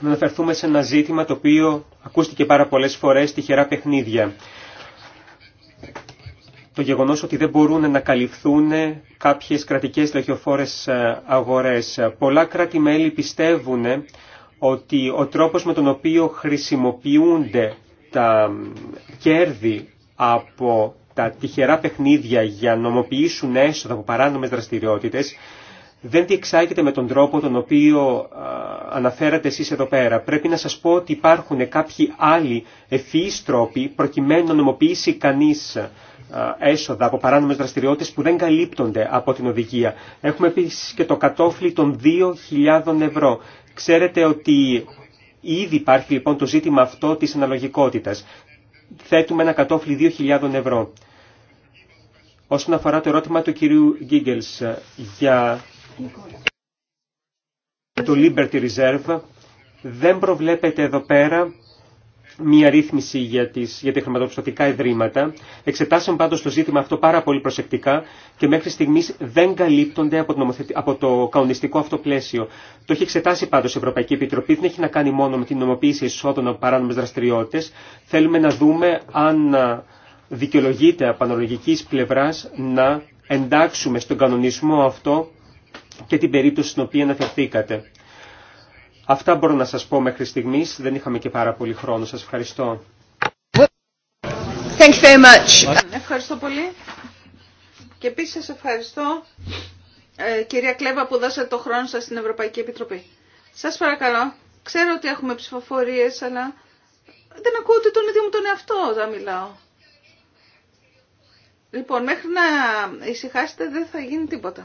να αναφερθούμε σε ένα ζήτημα το οποίο ακούστηκε πάρα πολλές φορές, τυχερά παιχνίδια το γεγονός ότι δεν μπορούν να καλυφθούν κάποιες κρατικές λαχιοφόρες ε, αγορές. Πολλά κράτη-μέλη πιστεύουν ότι ο τρόπος με τον οποίο χρησιμοποιούνται τα κέρδη από τα τυχερά παιχνίδια για να νομοποιήσουν έσοδα από παράνομες δραστηριότητες δεν διεξάγεται με τον τρόπο τον οποίο αναφέρατε εσείς εδώ πέρα. Πρέπει να σας πω ότι υπάρχουν κάποιοι άλλοι ευφυείς τρόποι προκειμένου να νομοποιήσει κανείς ε, έσοδα από παράνομες δραστηριότητες που δεν καλύπτονται από την οδηγία. Έχουμε επίσης και το κατόφλι των 2.000 ευρώ. Ξέρετε ότι ήδη υπάρχει λοιπόν το ζήτημα αυτό της αναλογικότητας. Θέτουμε ένα κατόφλι 2.000 ευρώ. Όσον αφορά το ερώτημα του κυρίου Γκίγκελς ε, για το Liberty Reserve, δεν προβλέπεται εδώ πέρα μία ρύθμιση για, τις, για τα χρηματοπιστωτικά ιδρύματα. Εξετάσαμε πάντως το ζήτημα αυτό πάρα πολύ προσεκτικά και μέχρι στιγμής δεν καλύπτονται από, το από το καονιστικό αυτό πλαίσιο. Το έχει εξετάσει πάντως η Ευρωπαϊκή Επιτροπή, δεν έχει να κάνει μόνο με την νομοποίηση εισόδων από παράνομες δραστηριότητες. Θέλουμε να δούμε αν δικαιολογείται από αναλογικής πλευράς να εντάξουμε στον κανονισμό αυτό και την περίπτωση στην οποία αναφερθήκατε. Αυτά μπορώ να σας πω μέχρι στιγμής. Δεν είχαμε και πάρα πολύ χρόνο. Σας ευχαριστώ. Thank you very much. Ευχαριστώ πολύ. Και επίσης σας ευχαριστώ, ε, κυρία Κλέβα, που δώσατε το χρόνο σας στην Ευρωπαϊκή Επιτροπή. Σας παρακαλώ. Ξέρω ότι έχουμε ψηφοφορίες, αλλά δεν ακούω ότι τον ίδιο μου τον εαυτό θα μιλάω. Λοιπόν, μέχρι να ησυχάσετε δεν θα γίνει τίποτα.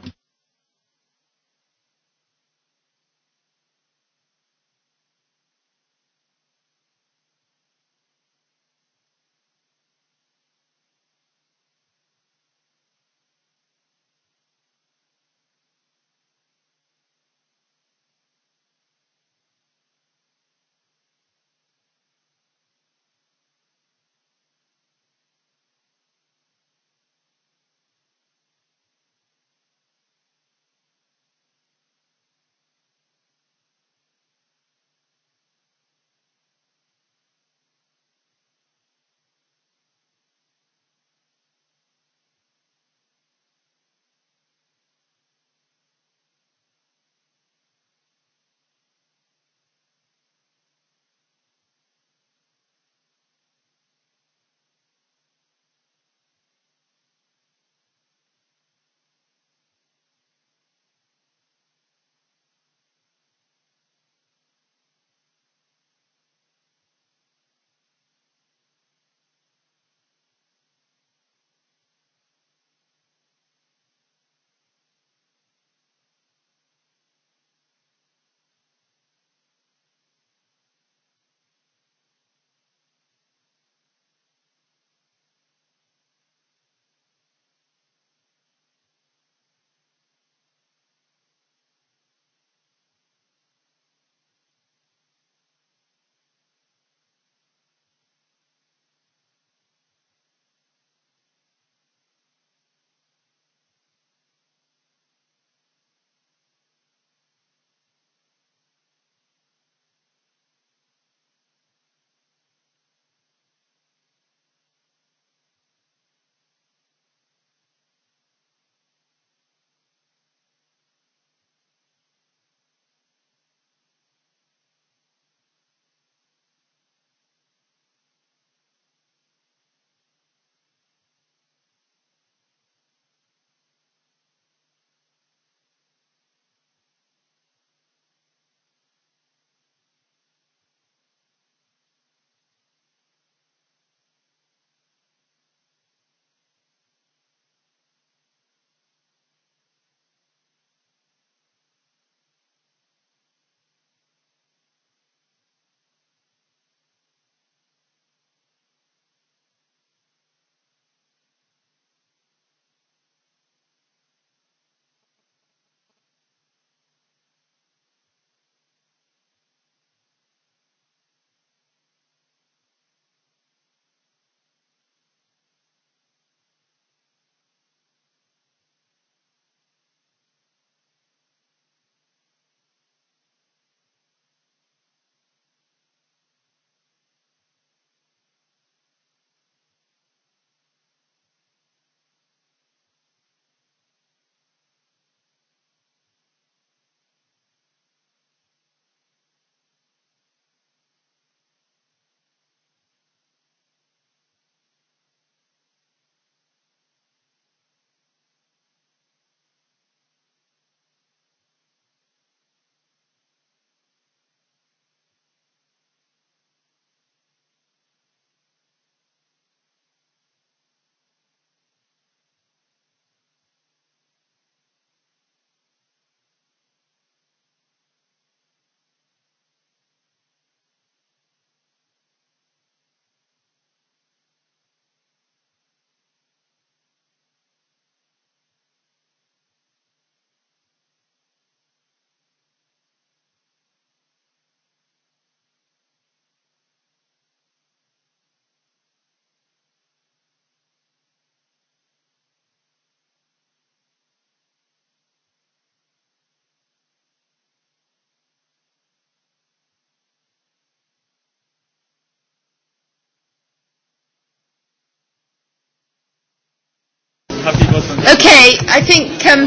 Okay, I think um,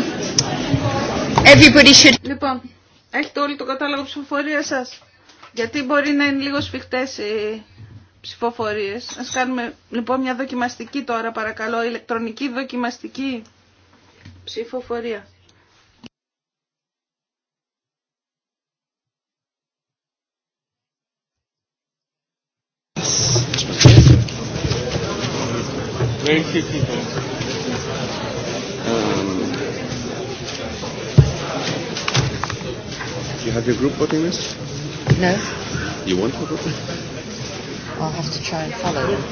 everybody should... Λοιπόν, έχετε όλοι το κατάλογο ψηφοφορία σας. Γιατί μπορεί να είναι λίγο σφιχτές οι ψηφοφορίες. Ας κάνουμε λοιπόν μια δοκιμαστική τώρα παρακαλώ, ηλεκτρονική δοκιμαστική ψηφοφορία. You have your group voting list? No. You want to vote? I'll have to try and follow them.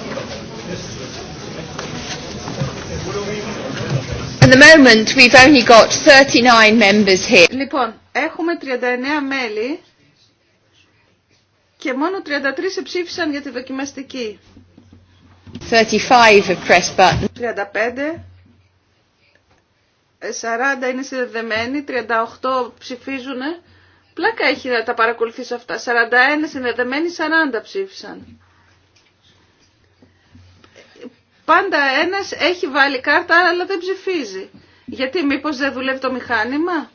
At the moment we've only got 39 members here. Λοιπόν, έχουμε 39 μέλη και μόνο 33 ψήφισαν για τη δοκιμαστική. 35 have pressed button. 35 40 είναι συνδεδεμένοι, 38 ψηφίζουν Πλάκα έχει να τα παρακολουθείς αυτά. 41 συνδεδεμένοι, 40 ψήφισαν. Πάντα ένας έχει βάλει κάρτα αλλά δεν ψηφίζει. Γιατί μήπως δεν δουλεύει το μηχάνημα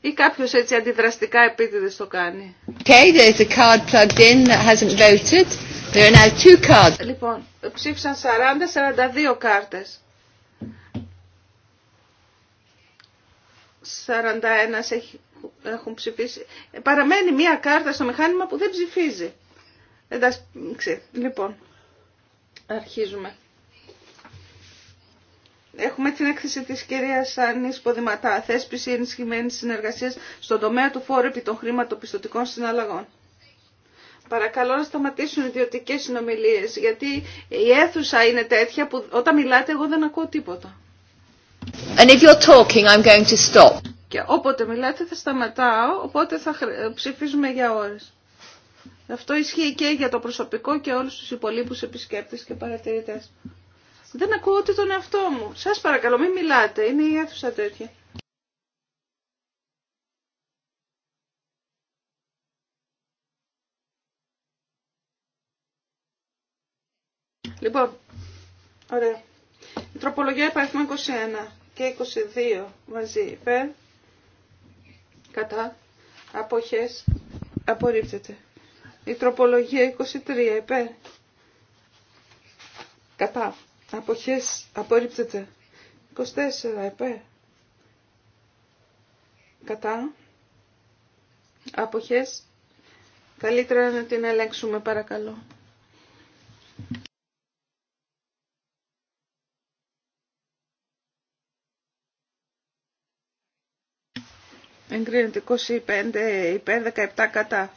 ή κάποιος έτσι αντιδραστικά επίτηδες το κάνει. Okay, there's a card plugged in that hasn't voted. There are now two cards. Λοιπόν, ψήφισαν 40, 42 κάρτες. 41 έχει έχουν ψηφίσει. Παραμένει μία κάρτα στο μηχάνημα που δεν ψηφίζει. Εντάξει, λοιπόν, αρχίζουμε. Έχουμε την έκθεση της κυρίας Άννης Ποδηματά, θέσπιση ενισχυμένη συνεργασία στον τομέα του φόρου επί των χρηματοπιστωτικών συναλλαγών. Παρακαλώ να σταματήσουν οι ιδιωτικέ συνομιλίες, γιατί η αίθουσα είναι τέτοια που όταν μιλάτε εγώ δεν ακούω τίποτα. And if you're talking, I'm going to stop. Και όποτε μιλάτε θα σταματάω, οπότε θα ψηφίζουμε για ώρες. Αυτό ισχύει και για το προσωπικό και όλους τους υπολείπους επισκέπτες και παρατηρητές. Δεν ακούω ούτε τον εαυτό μου. Σας παρακαλώ μην μιλάτε, είναι η αίθουσα τέτοια. Λοιπόν, ωραία. Η τροπολογία υπάρχει 21 και 22 μαζί υπέρ κατά αποχές απορρίπτεται. Η τροπολογία 23 Επέ. κατά αποχές απορρίπτεται. 24 Επέ. κατά αποχές. Καλύτερα να την ελέγξουμε παρακαλώ. Εγκρίνεται 25 υπέρ, 17 κατά.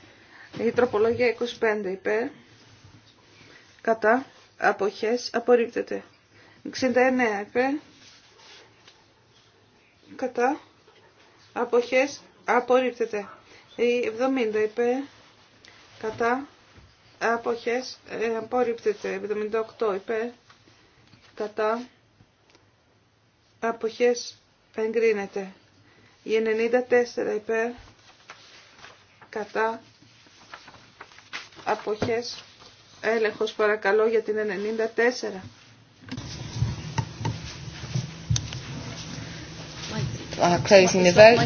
Η τροπολογία 25 υπέρ, κατά, αποχές, απορρίπτεται. 69 υπέρ, κατά, αποχές, απορρίπτεται. Η 70 υπέρ, κατά, αποχές, ε, απορρίπτεται. 78 υπέρ, κατά, αποχές, εγκρίνεται. Η 94 υπέρ κατά αποχές έλεγχος παρακαλώ για την 94. Uh, closing the vote.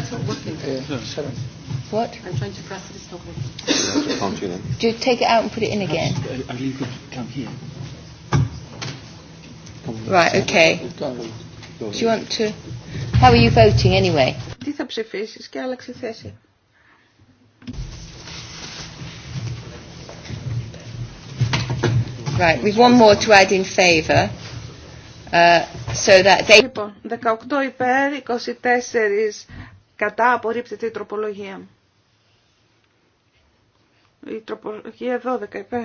What? I'm trying to press it, it's not working. Do you take it out and put it in again? I leave it come here. Right, okay. Do you want to... How are you voting anyway? τι θα ψηφίσεις και άλλαξε θέση. Λοιπόν, 18 υπέρ, 24 κατά απορρίπτεται η τροπολογία. Η τροπολογία 12 υπέρ,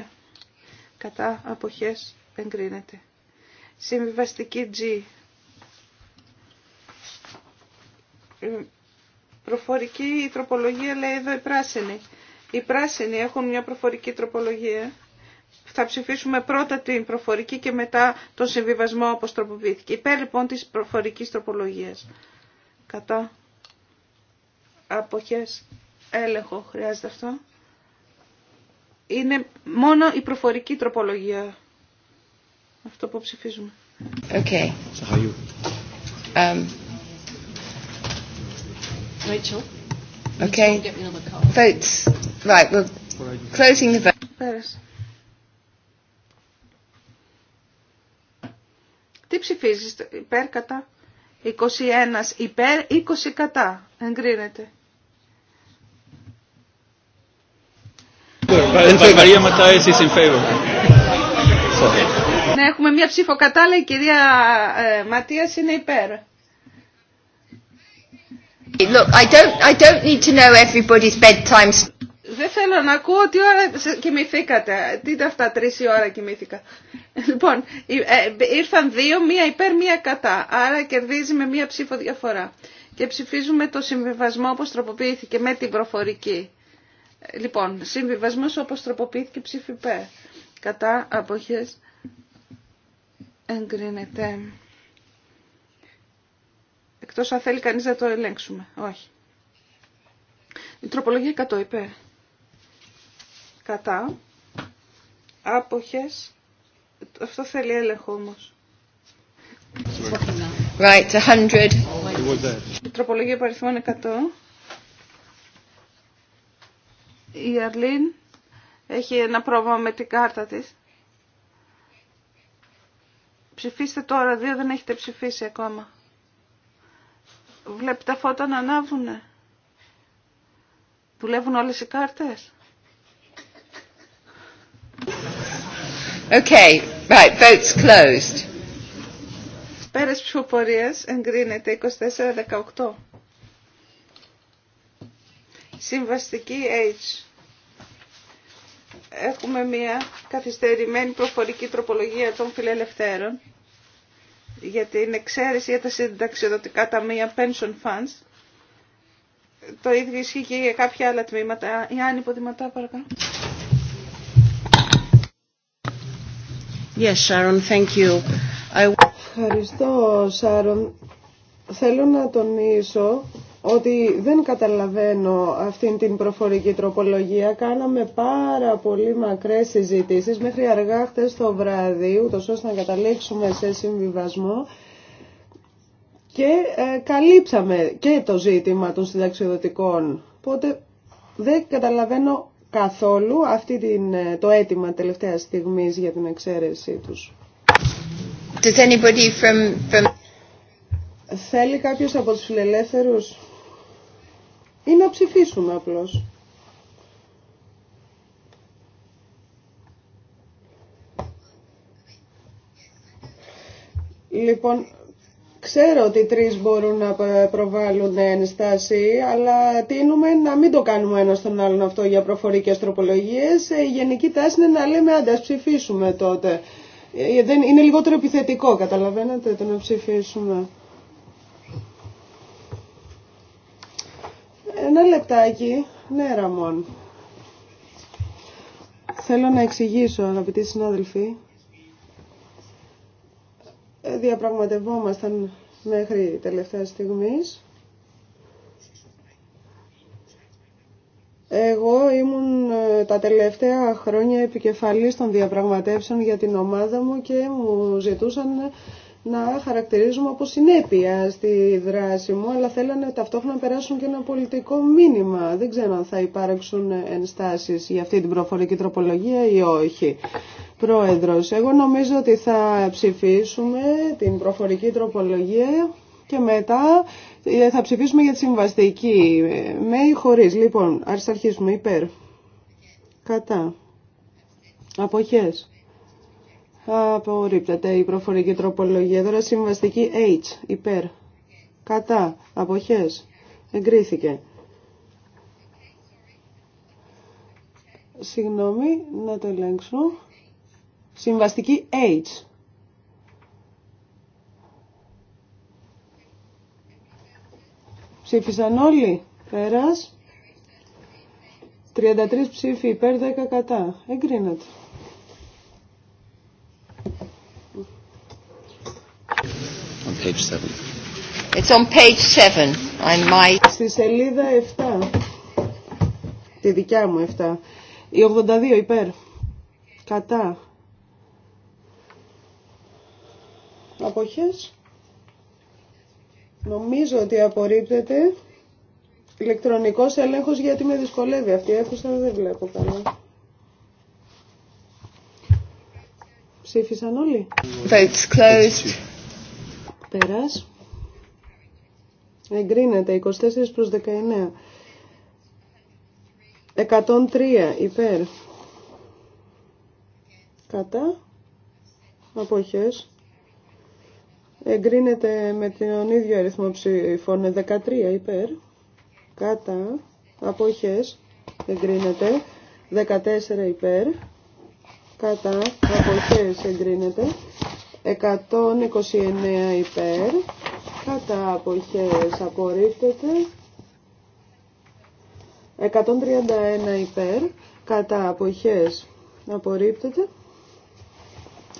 κατά αποχές εγκρίνεται. Συμβιβαστική G προφορική τροπολογία λέει εδώ η πράσινη. Οι πράσινοι έχουν μια προφορική τροπολογία. Θα ψηφίσουμε πρώτα την προφορική και μετά τον συμβιβασμό όπως τροποποιήθηκε. Υπέρ λοιπόν της προφορικής τροπολογίας. Κατά αποχές έλεγχο χρειάζεται αυτό. Είναι μόνο η προφορική τροπολογία αυτό που ψηφίζουμε. Okay. Rachel. Okay. Votes. Right, we're closing the vote. Τι ψηφίζεις υπέρ κατά 21 υπέρ 20 κατά εγκρίνεται. in Ναι, έχουμε μία ψήφο κατά, λέει η κυρία ε, Ματίας είναι υπέρ. Δεν θέλω να ακούω τι ώρα κοιμηθήκατε. Τι ήταν αυτά, τρεις η ώρα κοιμήθηκα. Λοιπόν, ε, ήρθαν δύο, μία υπέρ, μία κατά. Άρα κερδίζει με μία ψήφο διαφορά. Και ψηφίζουμε το συμβιβασμό όπως τροποποιήθηκε με την προφορική. Ε, λοιπόν, συμβιβασμός όπως τροποποιήθηκε ψήφι Κατά αποχές εγκρίνεται. Εκτός αν θέλει κανείς να το ελέγξουμε. Όχι. Η τροπολογία 100 είπε. Κατά. Άποχες. Αυτό θέλει έλεγχο όμως. Right, 100. Η τροπολογία παριθμών 100. Η Αρλίν έχει ένα πρόβλημα με την κάρτα της. Ψηφίστε τώρα, δύο δεν έχετε ψηφίσει ακόμα βλέπει τα φώτα να ανάβουνε. Δουλεύουν όλες οι κάρτες. Okay, right, votes closed. περας ψηφοφορίας εγκρίνεται 24-18. Συμβαστική H. Έχουμε μια καθυστερημένη προφορική τροπολογία των φιλελευθέρων για την εξαίρεση για τα συνταξιοδοτικά ταμεία pension funds. Το ίδιο ισχύει και για κάποια άλλα τμήματα. Η Ποδηματά, παρακαλώ. Yes, Sharon, thank you. I... Ευχαριστώ, Σάρον. Θέλω να τονίσω ότι δεν καταλαβαίνω αυτήν την προφορική τροπολογία. Κάναμε πάρα πολύ μακρές συζητήσεις μέχρι αργά χτες το βράδυ, ούτως ώστε να καταλήξουμε σε συμβιβασμό και ε, καλύψαμε και το ζήτημα των συνταξιοδοτικών. Οπότε δεν καταλαβαίνω καθόλου αυτή την, ε, το αίτημα τελευταία στιγμής για την εξαίρεσή τους. Does anybody from, from... Θέλει κάποιος από τους φιλελεύθερους ή να ψηφίσουμε απλώς. Λοιπόν, ξέρω ότι τρεις μπορούν να προβάλλουν ενστάση, αλλά τείνουμε να μην το κάνουμε ένα στον άλλον αυτό για προφορικές τροπολογίες. Ε, η γενική τάση είναι να λέμε άντα, ψηφίσουμε τότε. Ε, είναι λιγότερο επιθετικό, καταλαβαίνετε, το να ψηφίσουμε. λεπτάκι. Ναι, Ραμόν. Θέλω να εξηγήσω, αγαπητοί συνάδελφοι. Ε, διαπραγματευόμασταν μέχρι τελευταία στιγμή. Εγώ ήμουν ε, τα τελευταία χρόνια επικεφαλής των διαπραγματεύσεων για την ομάδα μου και μου ζητούσαν να χαρακτηρίζουμε από συνέπεια στη δράση μου, αλλά θέλανε ταυτόχρονα να περάσουν και ένα πολιτικό μήνυμα. Δεν ξέρω αν θα υπάρξουν ενστάσεις για αυτή την προφορική τροπολογία ή όχι. Πρόεδρος, εγώ νομίζω ότι θα ψηφίσουμε την προφορική τροπολογία και μετά ε, θα ψηφίσουμε για τη συμβαστική. Με ή χωρίς. Λοιπόν, ας αρχίσουμε υπέρ. Κατά. Αποχές. Απορρίπτεται η προφορική τροπολογία. Τώρα συμβαστική H. Υπέρ. Κατά. Αποχές. Εγκρίθηκε. Συγγνώμη, να το ελέγξω. Συμβαστική H. Ψήφισαν όλοι. Πέρας. 33 ψήφοι υπέρ 10 κατά. Εγκρίνεται. On page It's on page I Στη σελίδα 7. Τη δικιά μου 7. Η 82 υπέρ. Κατά. Αποχές. Νομίζω ότι απορρίπτεται. Ηλεκτρονικός έλεγχος γιατί με δυσκολεύει αυτή η αίθουσα δεν βλέπω καλά. Ψήφισαν όλοι. Votes closed. Πέρας. Εγκρίνεται 24 προς 19. 103 υπέρ. Κατά. Αποχές. Εγκρίνεται με τον ίδιο αριθμό ψήφων. 13 υπέρ. Κατά. Αποχές. Εγκρίνεται. 14 υπέρ κατά αποχές εγκρίνεται 129 υπέρ κατά αποχές απορρίπτεται 131 υπέρ κατά αποχές απορρίπτεται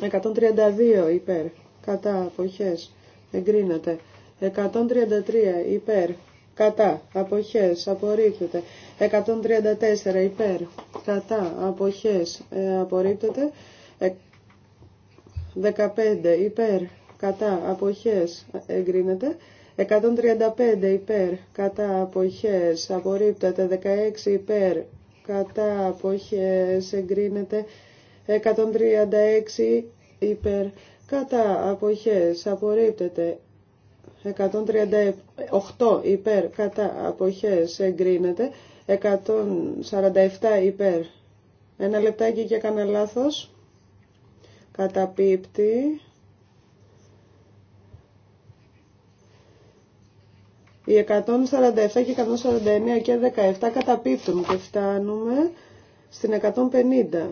132 υπέρ κατά αποχές εγκρίνεται 133 υπέρ κατά, αποχές, απορρίπτεται. 134 ε, ε, υπέρ, κατά, αποχές, απορρίπτεται. 15 υπέρ, κατά, αποχές, εγκρίνεται. 135 υπέρ, κατά, αποχές, απορρίπτεται. 16 υπέρ, κατά, αποχές, εγκρίνεται. 136 υπέρ, κατά, αποχές, απορρίπτεται. 138 υπέρ κατά αποχές εγκρίνεται 147 υπέρ ένα λεπτάκι και έκανα λάθος καταπίπτει οι 147 και 149 και 17 καταπίπτουν και φτάνουμε στην 150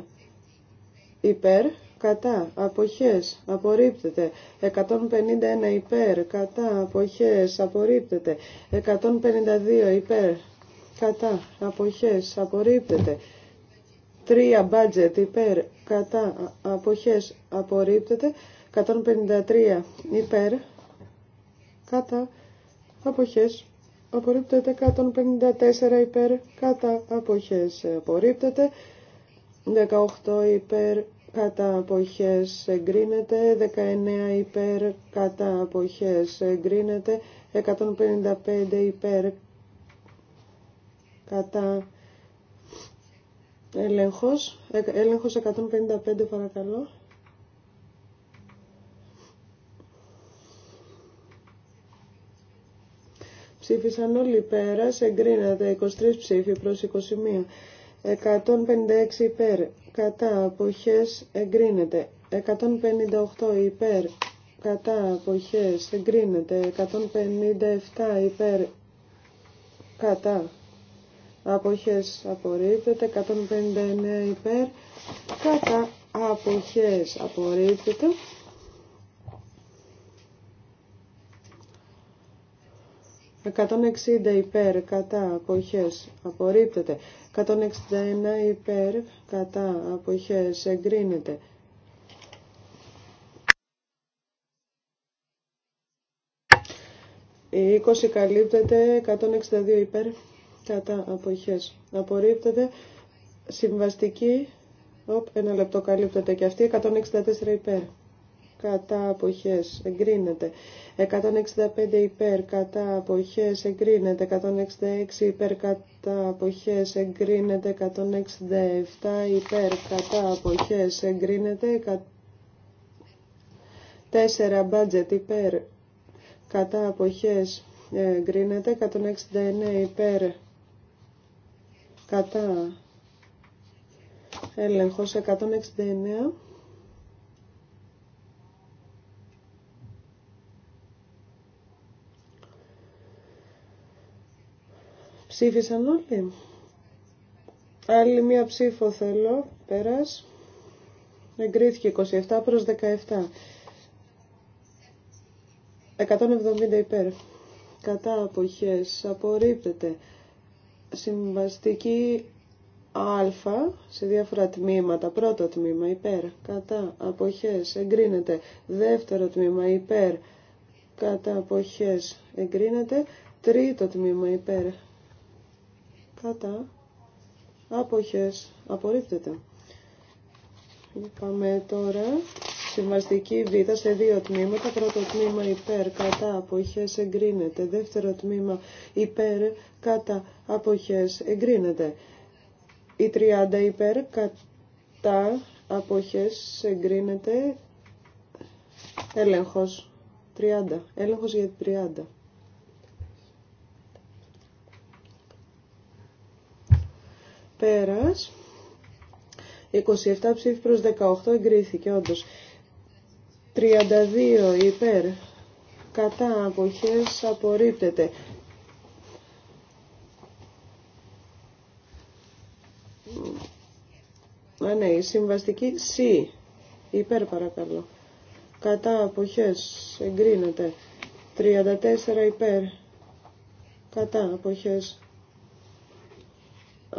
υπέρ κατά αποχές απορρίπτεται 151 υπέρ κατά αποχές απορρίπτεται 152 υπέρ κατά αποχές απορρίπτεται 3 budget υπέρ κατά αποχές απορρίπτεται 153 υπέρ κατά αποχές απορρίπτεται 154 υπέρ κατά αποχές απορρίπτεται 18 υπέρ κατά αποχές εγκρίνεται, 19 υπέρ κατά αποχές εγκρίνεται, 155 υπέρ κατά έλεγχος, έλεγχος 155 παρακαλώ. Ψήφισαν όλοι πέρας, εγκρίνεται 23 ψήφοι προς 21. 156 υπέρ κατά αποχές εγκρίνεται 158 υπέρ κατά αποχές εγκρίνεται 157 υπέρ κατά αποχές απορρίπτεται 159 υπέρ κατά αποχές απορρίπτεται 160 υπέρ κατά αποχές απορρίπτεται. 161 υπέρ κατά αποχές εγκρίνεται. 20 καλύπτεται, 162 υπέρ κατά αποχές απορρίπτεται. Συμβαστική, οπ, ένα λεπτό καλύπτεται και αυτή, 164 υπέρ κατά αποχές εγκρίνεται 165 υπέρ κατά αποχές εγκρίνεται 166 υπέρ κατά αποχές εγκρίνεται 167 υπέρ κατά αποχές εγκρίνεται 4 budget υπέρ κατά αποχές εγκρίνεται 169 υπέρ κατά έλεγχος 169 Ψήφισαν όλοι. Άλλη μία ψήφο θέλω. Πέρας. Εγκρίθηκε 27 προς 17. 170 υπέρ. Κατά αποχές. Απορρίπτεται. Συμβαστική α σε διάφορα τμήματα. Πρώτο τμήμα υπέρ. Κατά αποχές. Εγκρίνεται. Δεύτερο τμήμα υπέρ. Κατά αποχές. Εγκρίνεται. Τρίτο τμήμα υπέρ κατά αποχές απορρίπτεται. Πάμε τώρα συμβαστική βήτα σε δύο τμήματα. Πρώτο τμήμα υπέρ κατά αποχές εγκρίνεται. Δεύτερο τμήμα υπέρ κατά αποχές εγκρίνεται. Η 30 υπέρ κατά αποχές εγκρίνεται. Έλεγχος. 30. Έλεγχος για 30. Πέρας. 27 ψήφι προς 18 εγκρίθηκε όντως. 32 υπέρ. Κατά αποχές απορρίπτεται. Α, ναι, η συμβαστική C. Υπέρ παρακαλώ. Κατά αποχές εγκρίνεται. 34 υπέρ. Κατά αποχές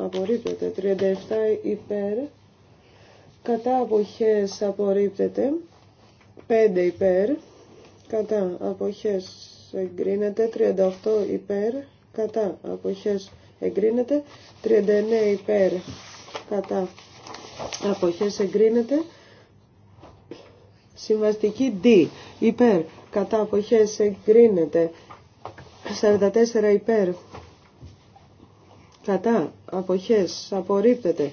απορρίπτεται. 37 υπέρ κατά αποχές απορρίπτεται. 5 υπέρ κατά αποχές εγκρίνεται. 38 υπέρ κατά αποχές εγκρίνεται. 39 υπέρ κατά αποχές εγκρίνεται. Συμβαστική D υπέρ κατά αποχές εγκρίνεται. 44 υπέρ κατά αποχές απορρίπτεται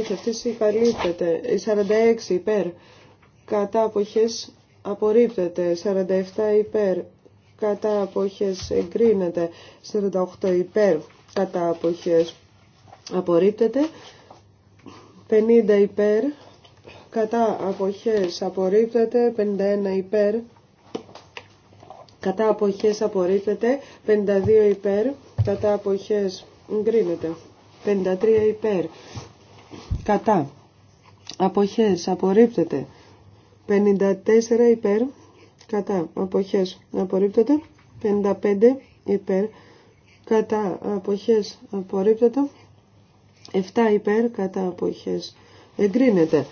όχι αυτή συγκαλύπτεται 46 υπέρ κατά αποχές απορρίπτεται 47 υπέρ κατά αποχές εγκρίνεται 48 υπέρ κατά αποχές απορρίπτεται 50 υπέρ κατά αποχές απορρίπτεται 51 υπέρ κατά αποχές απορρίπτεται, 52 υπέρ, κατά αποχές εγκρίνεται, 53 υπέρ, κατά αποχές απορρίπτεται, 54 υπέρ, κατά αποχές απορρίπτεται, 55 υπέρ, κατά αποχές απορρίπτεται, 7 υπέρ, κατά αποχές εγκρίνεται.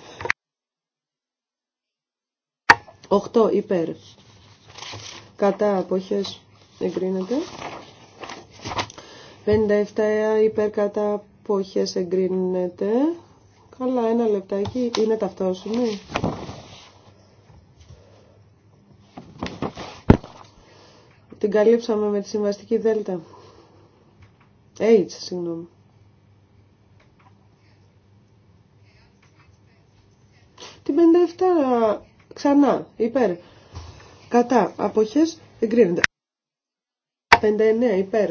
8 υπέρ κατά αποχές εγκρίνεται. 57 ε, υπέρ κατά αποχές εγκρίνεται. Καλά, ένα λεπτάκι. Είναι ταυτόσιμη. Την καλύψαμε με τη συμβαστική δέλτα. H, συγγνώμη. Την 57 ξανά, υπέρ κατά αποχές εγκρίνεται. 59 υπέρ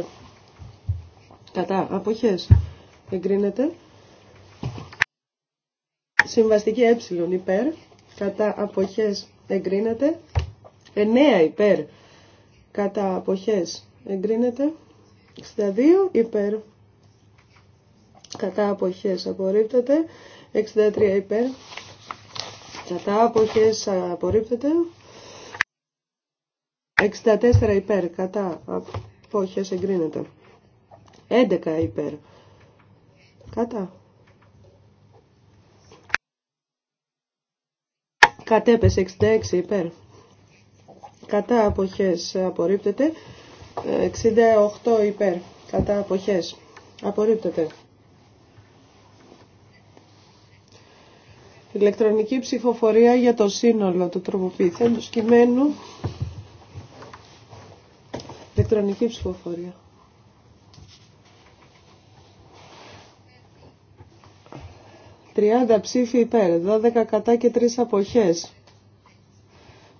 κατά αποχές εγκρίνεται. Συμβαστική ε υπέρ κατά αποχές εγκρίνεται. 9 υπέρ κατά αποχές εγκρίνεται. 62 υπέρ κατά αποχές απορρίπτεται. 63 υπέρ κατά αποχές απορρίπτεται. 64 υπέρ κατά αποχές εγκρίνεται. 11 υπέρ κατά. Κατέπεσε 66 υπέρ. Κατά αποχές απορρίπτεται. 68 υπέρ. Κατά αποχές απορρίπτεται. Ηλεκτρονική ψηφοφορία για το σύνολο του τροποποιηθέντος κειμένου ηλεκτρονική ψηφοφορία. 30 ψήφοι υπέρ, 12 κατά και 3 αποχές.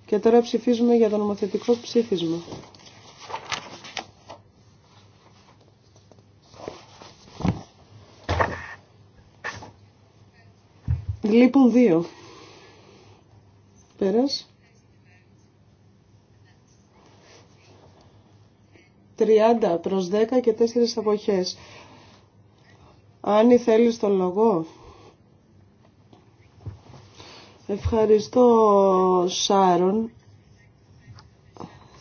Και τώρα ψηφίζουμε για το νομοθετικό ψήφισμα. Λείπουν δύο. Πέρας. 30 προς 10 και 4 εποχές. Άννη θέλεις τον λόγο. Ευχαριστώ Σάρον.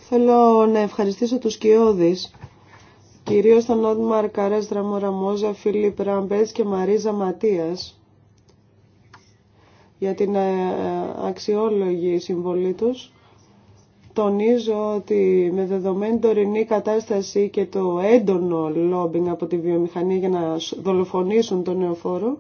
Θέλω να ευχαριστήσω τους Κιώδης, κυρίως τον Όντμαρ Καρές Δραμοραμόζα, Φίλιπ Ραμπέτς και Μαρίζα Ματίας για την ε, ε, αξιόλογη συμβολή τους. Τονίζω ότι με δεδομένη τωρινή κατάσταση και το έντονο λόμπινγκ από τη βιομηχανία για να δολοφονήσουν τον νεοφόρο,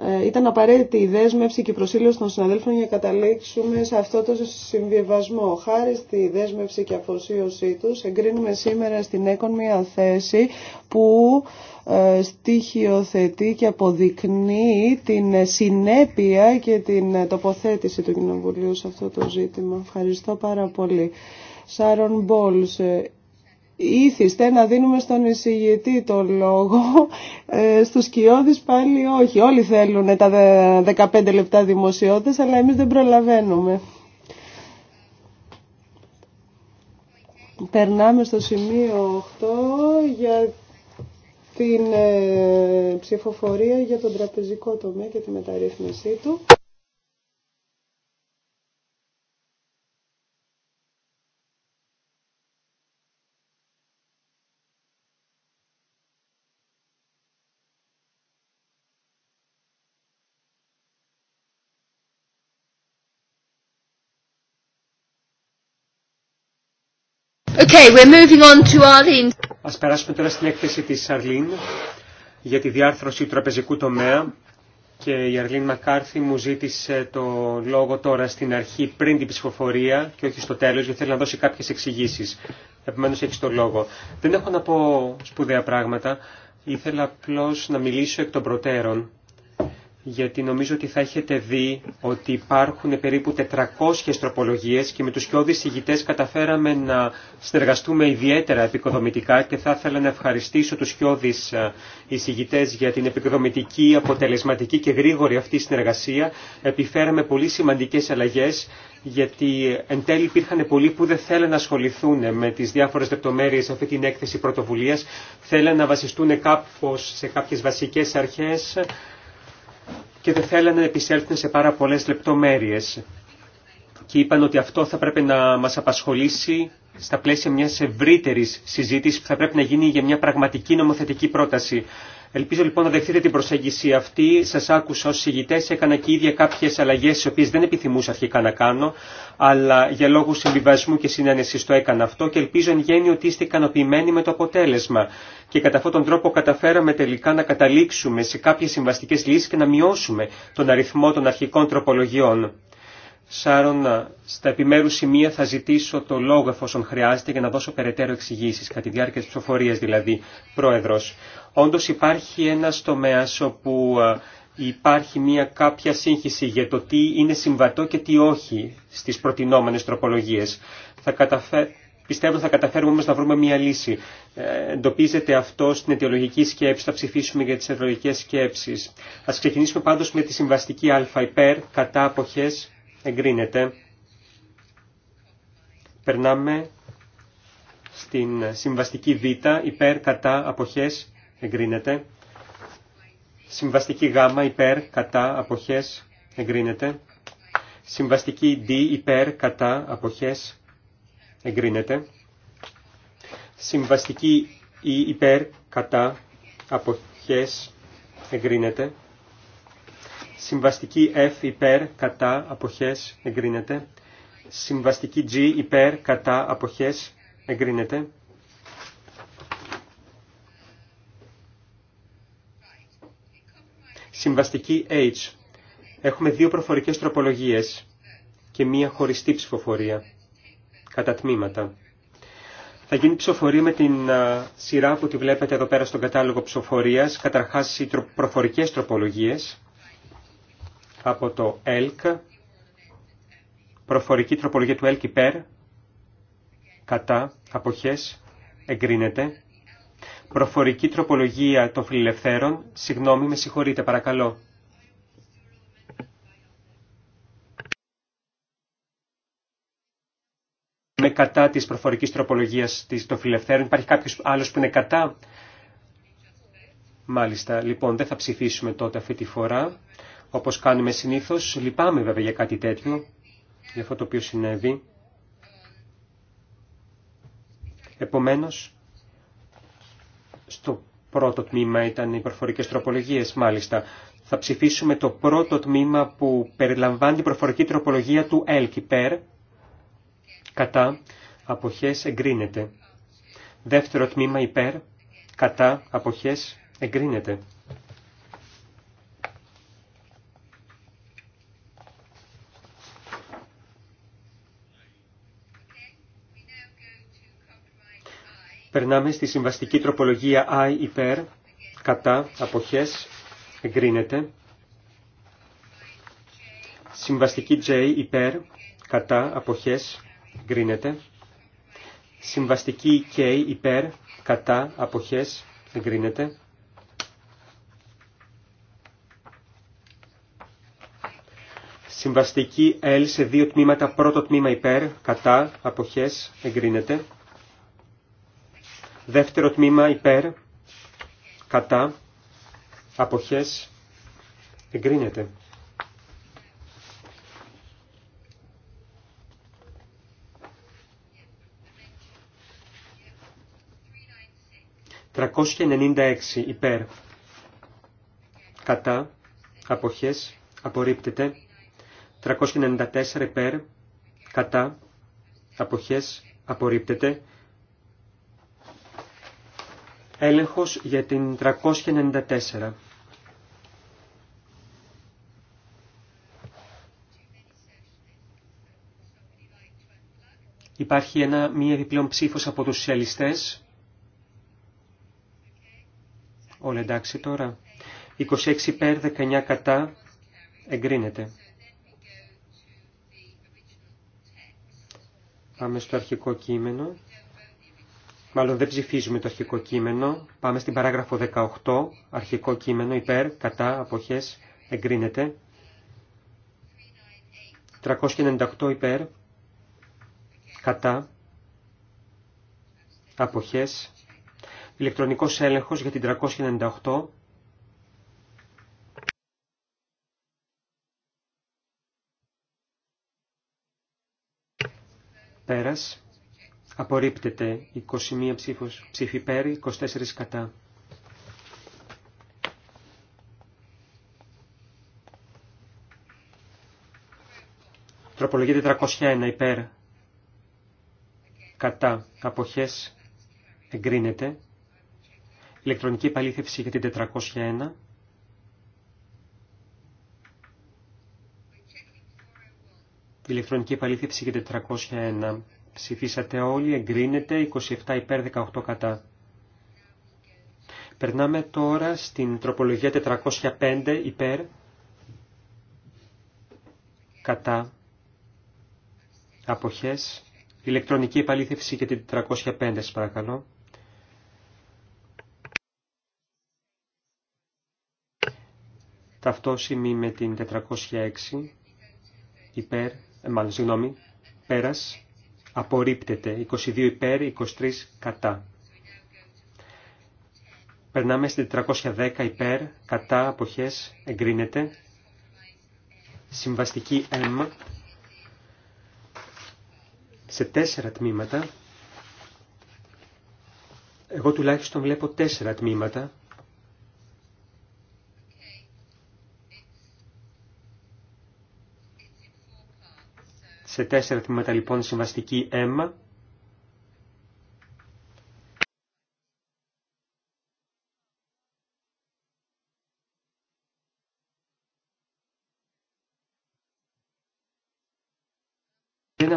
ε, ήταν απαραίτητη η δέσμευση και η προσήλωση των συναδέλφων για να καταλήξουμε σε αυτό το συμβιβασμό. Χάρη στη δέσμευση και αφοσίωσή τους εγκρίνουμε σήμερα στην ΕΚΟΝ μια θέση που ε, στοιχειοθετεί και αποδεικνύει την συνέπεια και την τοποθέτηση του Κοινοβουλίου σε αυτό το ζήτημα. Ευχαριστώ πάρα πολύ. Σάρον Μπόλς ήθιστε να δίνουμε στον εισηγητή το λόγο, ε, στους κοιόδης πάλι όχι. Όλοι θέλουν τα 15 λεπτά δημοσιότητας, αλλά εμείς δεν προλαβαίνουμε. Περνάμε στο σημείο 8 για την ε, ψηφοφορία για τον τραπεζικό τομέα και τη μεταρρύθμιση του. Okay, Ας περάσουμε τώρα στην έκθεση της Αρλίν για τη διάρθρωση του τραπεζικού τομέα και η Αρλίν Μακάρθη μου ζήτησε το λόγο τώρα στην αρχή πριν την ψηφοφορία και όχι στο τέλος γιατί θέλει να δώσει κάποιες εξηγήσεις. Επομένως έχει το λόγο. Δεν έχω να πω σπουδαία πράγματα. Ήθελα απλώ να μιλήσω εκ των προτέρων γιατί νομίζω ότι θα έχετε δει ότι υπάρχουν περίπου 400 τροπολογίες και με τους κοιόδης ηγητές καταφέραμε να συνεργαστούμε ιδιαίτερα επικοδομητικά και θα ήθελα να ευχαριστήσω τους κοιόδης ε, εισηγητές για την επικοδομητική, αποτελεσματική και γρήγορη αυτή συνεργασία. Επιφέραμε πολύ σημαντικές αλλαγές γιατί εν τέλει υπήρχαν πολλοί που δεν θέλαν να ασχοληθούν με τις διάφορες λεπτομέρειες αυτή την έκθεση πρωτοβουλίας, θέλαν να βασιστούν κάπως σε κάποιες βασικές αρχές και δεν θέλανε να επισέλθουν σε πάρα πολλές λεπτομέρειες. Και είπαν ότι αυτό θα πρέπει να μας απασχολήσει στα πλαίσια μιας ευρύτερης συζήτησης που θα πρέπει να γίνει για μια πραγματική νομοθετική πρόταση. Ελπίζω λοιπόν να δεχτείτε την προσέγγιση αυτή. Σα άκουσα ω ηγητέ, έκανα και ίδια κάποιε αλλαγέ, τι οποίε δεν επιθυμούσα αρχικά να κάνω, αλλά για λόγου συμβιβασμού και συνένεση το έκανα αυτό και ελπίζω εν γέννη ότι είστε ικανοποιημένοι με το αποτέλεσμα. Και κατά αυτόν τον τρόπο καταφέραμε τελικά να καταλήξουμε σε κάποιε συμβαστικέ λύσει και να μειώσουμε τον αριθμό των αρχικών τροπολογιών. Σάρων, στα επιμέρου σημεία θα ζητήσω το λόγο εφόσον χρειάζεται για να δώσω περαιτέρω εξηγήσει κατά τη διάρκεια τη ψηφοφορία δηλαδή, πρόεδρο. Όντω υπάρχει ένα τομέα όπου υπάρχει μια κάποια σύγχυση για το τι είναι συμβατό και τι όχι στι προτινόμενε τροπολογίε. Θα καταφέ... Πιστεύω θα καταφέρουμε όμω να βρούμε μια λύση. Ε, εντοπίζεται αυτό στην αιτιολογική σκέψη, θα ψηφίσουμε για τι αιτιολογικέ σκέψει. Α ξεκινήσουμε πάντω με τη συμβαστική α υπέρ, κατά αποχές, εγκρίνεται. Περνάμε στην συμβαστική Β, υπέρ, κατά, αποχές, εγκρίνεται. Συμβαστική Γ, υπέρ, κατά, αποχές, εγκρίνεται. Συμβαστική D, υπέρ, κατά, αποχές, εγκρίνεται. Συμβαστική η, υπέρ, κατά, αποχές, εγκρίνεται. Συμβαστική F υπέρ κατά αποχές εγκρίνεται. Συμβαστική G υπέρ κατά αποχές εγκρίνεται. Συμβαστική H. Έχουμε δύο προφορικές τροπολογίες και μία χωριστή ψηφοφορία κατά τμήματα. Θα γίνει ψηφοφορία με την σειρά που τη βλέπετε εδώ πέρα στον κατάλογο ψηφοφορίας, καταρχάς οι προφορικές τροπολογίες από το ΕΛΚ, προφορική τροπολογία του ΕΛΚ υπέρ, κατά, αποχές, εγκρίνεται. Προφορική τροπολογία των φιλελευθέρων, συγγνώμη, με συγχωρείτε παρακαλώ. Με κατά της προφορικής τροπολογίας των φιλελευθέρων, υπάρχει κάποιος άλλος που είναι κατά. Μάλιστα, λοιπόν, δεν θα ψηφίσουμε τότε αυτή τη φορά όπως κάνουμε συνήθως. Λυπάμαι βέβαια για κάτι τέτοιο, για αυτό το οποίο συνέβη. Επομένως, στο πρώτο τμήμα ήταν οι προφορικές τροπολογίες, μάλιστα. Θα ψηφίσουμε το πρώτο τμήμα που περιλαμβάνει την προφορική τροπολογία του ΕΛΚ υπέρ, κατά, αποχές εγκρίνεται. Δεύτερο τμήμα υπέρ, κατά, αποχές εγκρίνεται. Περνάμε στη συμβαστική τροπολογία I υπέρ, κατά, αποχές, εγκρίνεται. Συμβαστική J υπέρ, κατά, αποχές, εγκρίνεται. Συμβαστική K υπέρ, κατά, αποχές, εγκρίνεται. Συμβαστική L σε δύο τμήματα, πρώτο τμήμα υπέρ, κατά, αποχές, εγκρίνεται. Δεύτερο τμήμα υπέρ, κατά, αποχές, εγκρίνεται. 396 υπέρ, κατά, αποχές, απορρίπτεται. 394 υπέρ, κατά, αποχές, απορρίπτεται. Έλεγχος για την 394. Υπάρχει ένα, μία επιπλέον ψήφος από τους σοσιαλιστές. Όλα εντάξει τώρα. 26 υπέρ, 19 κατά. Εγκρίνεται. Πάμε στο αρχικό κείμενο. Μάλλον δεν ψηφίζουμε το αρχικό κείμενο. Πάμε στην παράγραφο 18, αρχικό κείμενο, υπέρ, κατά, αποχές, εγκρίνεται. 398 υπέρ, κατά, αποχές, ηλεκτρονικός έλεγχος για την 398. Πέρας. Απορρίπτεται 21 ψήφος, ψήφι 24 κατά. Τροπολογία 401 υπέρ, κατά, αποχές, εγκρίνεται. Ηλεκτρονική επαλήθευση για την 401. Ηλεκτρονική επαλήθευση για την 401. Ψηφίσατε όλοι, εγκρίνεται, 27 υπέρ 18 κατά. Περνάμε τώρα στην τροπολογία 405 υπέρ, κατά, αποχές, ηλεκτρονική επαλήθευση και την 405 σας παρακαλώ. Ταυτόσημη με την 406 υπέρ, ε, μάλλον συγγνώμη, πέρας Απορρίπτεται. 22 υπέρ, 23 κατά. Περνάμε στη 410 υπέρ, κατά, αποχές, εγκρίνεται. Συμβαστική M σε τέσσερα τμήματα. Εγώ τουλάχιστον βλέπω τέσσερα τμήματα. Σε τέσσερα τμήματα λοιπόν συμβαστική αίμα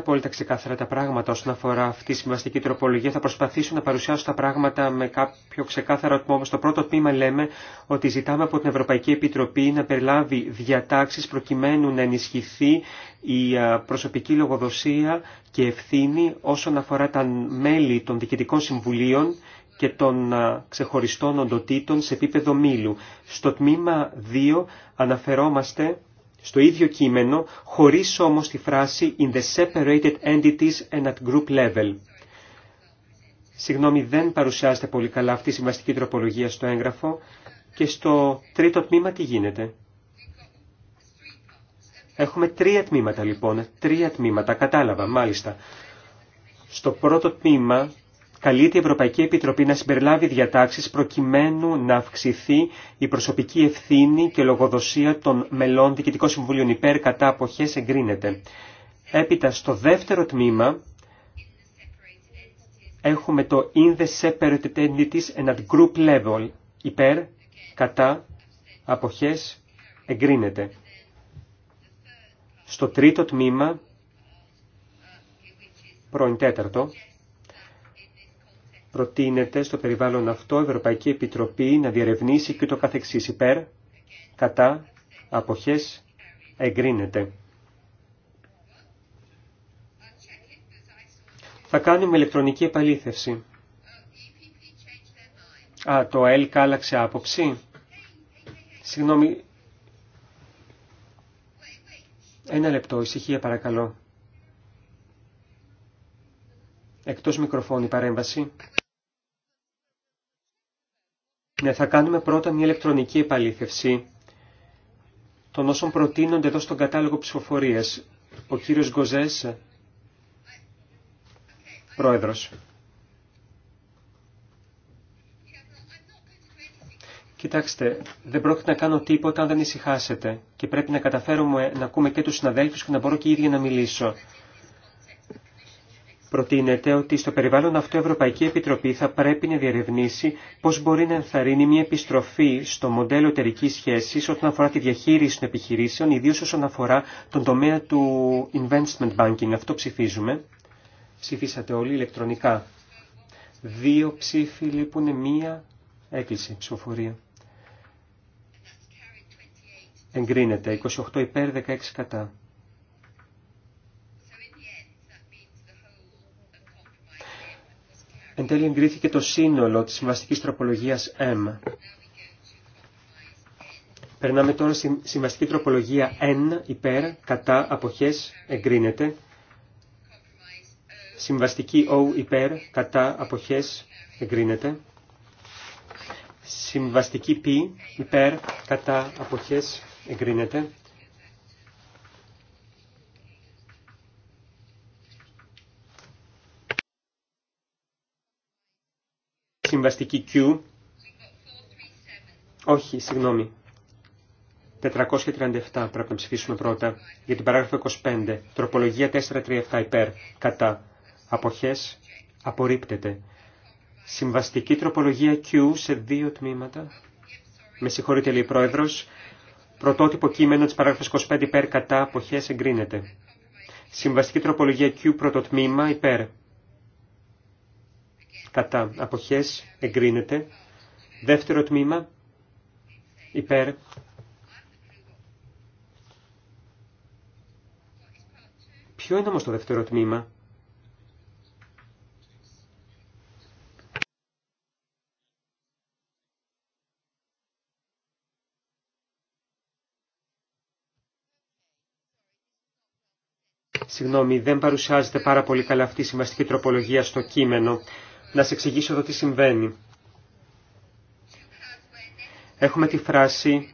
απόλυτα ξεκάθαρα τα πράγματα όσον αφορά αυτή τη συμβαστική τροπολογία. Θα προσπαθήσω να παρουσιάσω τα πράγματα με κάποιο ξεκάθαρο τμήμα. Στο πρώτο τμήμα λέμε ότι ζητάμε από την Ευρωπαϊκή Επιτροπή να περιλάβει διατάξεις προκειμένου να ενισχυθεί η ε, προσωπική λογοδοσία και ευθύνη όσον αφορά τα μέλη των διοικητικών συμβουλίων και των ε, ξεχωριστών οντοτήτων σε επίπεδο μήλου. Στο τμήμα 2 αναφερόμαστε στο ίδιο κείμενο, χωρίς όμως τη φράση «in the separated entities and at group level». Συγγνώμη, δεν παρουσιάζεται πολύ καλά αυτή η συμβαστική τροπολογία στο έγγραφο και στο τρίτο τμήμα τι γίνεται. Έχουμε τρία τμήματα λοιπόν, τρία τμήματα, κατάλαβα μάλιστα. Στο πρώτο τμήμα καλείται η Ευρωπαϊκή Επιτροπή να συμπεριλάβει διατάξεις προκειμένου να αυξηθεί η προσωπική ευθύνη και λογοδοσία των μελών Διοικητικών Συμβουλίων υπέρ κατά αποχές εγκρίνεται. Έπειτα στο δεύτερο τμήμα έχουμε το in the separate entities and at group level υπέρ κατά αποχές εγκρίνεται. Στο τρίτο τμήμα, πρώην τέταρτο, προτείνεται στο περιβάλλον αυτό η Ευρωπαϊκή Επιτροπή να διερευνήσει και το καθεξής υπέρ, κατά, αποχές, εγκρίνεται. Θα κάνουμε ηλεκτρονική επαλήθευση. Α, το ΕΛΚ άλλαξε άποψη. Συγγνώμη. Ένα λεπτό, ησυχία παρακαλώ. Εκτός μικροφώνη παρέμβαση. Ε, θα κάνουμε πρώτα μια ηλεκτρονική επαλήθευση των όσων προτείνονται εδώ στον κατάλογο ψηφοφορίας. Ο κύριος Γκοζές, πρόεδρος. Κοιτάξτε, δεν πρόκειται να κάνω τίποτα αν δεν ησυχάσετε και πρέπει να καταφέρουμε να ακούμε και τους συναδέλφους και να μπορώ και ίδια να μιλήσω προτείνεται ότι στο περιβάλλον αυτό η Ευρωπαϊκή Επιτροπή θα πρέπει να διερευνήσει πώς μπορεί να ενθαρρύνει μια επιστροφή στο μοντέλο εταιρικής σχέσης όταν αφορά τη διαχείριση των επιχειρήσεων, ιδίως όσον αφορά τον τομέα του investment banking. Αυτό ψηφίζουμε. Ψηφίσατε όλοι ηλεκτρονικά. Δύο ψήφοι λείπουν μία έκκληση ψηφοφορία. Εγκρίνεται 28 υπέρ 16 κατά. Εν τέλει εγκρίθηκε το σύνολο της συμβαστικής τροπολογίας M. Περνάμε τώρα στη συμβαστική τροπολογία N, υπέρ, κατά, αποχές, εγκρίνεται. Συμβαστική O, υπέρ, κατά, αποχές, εγκρίνεται. Συμβαστική P, υπέρ, κατά, αποχές, εγκρίνεται. Συμβαστική Q. Όχι, συγγνώμη. 437 πρέπει να ψηφίσουμε πρώτα. Για την παράγραφο 25. Τροπολογία 437 υπέρ. Κατά. Αποχές. Απορρίπτεται. Συμβαστική τροπολογία Q σε δύο τμήματα. Με συγχωρείτε λέει πρόεδρος. Πρωτότυπο κείμενο της παράγραφος 25 υπέρ κατά αποχές εγκρίνεται. Συμβαστική τροπολογία Q πρωτοτμήμα υπέρ κατά αποχές εγκρίνεται. Δεύτερο τμήμα υπέρ Ποιο είναι όμως το δεύτερο τμήμα. Συγγνώμη, δεν παρουσιάζεται πάρα πολύ καλά αυτή η συμβαστική τροπολογία στο κείμενο να σε εξηγήσω εδώ τι συμβαίνει. Έχουμε τη φράση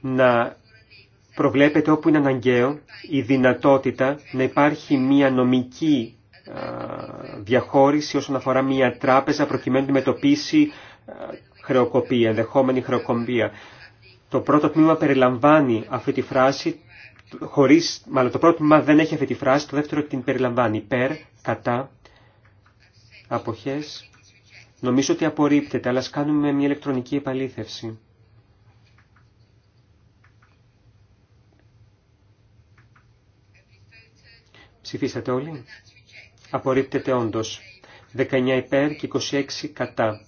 να προβλέπετε όπου είναι αναγκαίο η δυνατότητα να υπάρχει μια νομική διαχώρηση όσον αφορά μια τράπεζα προκειμένου να αντιμετωπίσει χρεοκοπία, ενδεχόμενη χρεοκοπία. Το πρώτο τμήμα περιλαμβάνει αυτή τη φράση, χωρίς, μάλλον το πρώτο τμήμα δεν έχει αυτή τη φράση, το δεύτερο την περιλαμβάνει. Περ, κατά, Αποχές. Νομίζω ότι απορρίπτεται, αλλά ας κάνουμε μια ηλεκτρονική επαλήθευση. Ψηφίσατε όλοι. Απορρίπτεται όντως. 19 υπέρ και 26 κατά.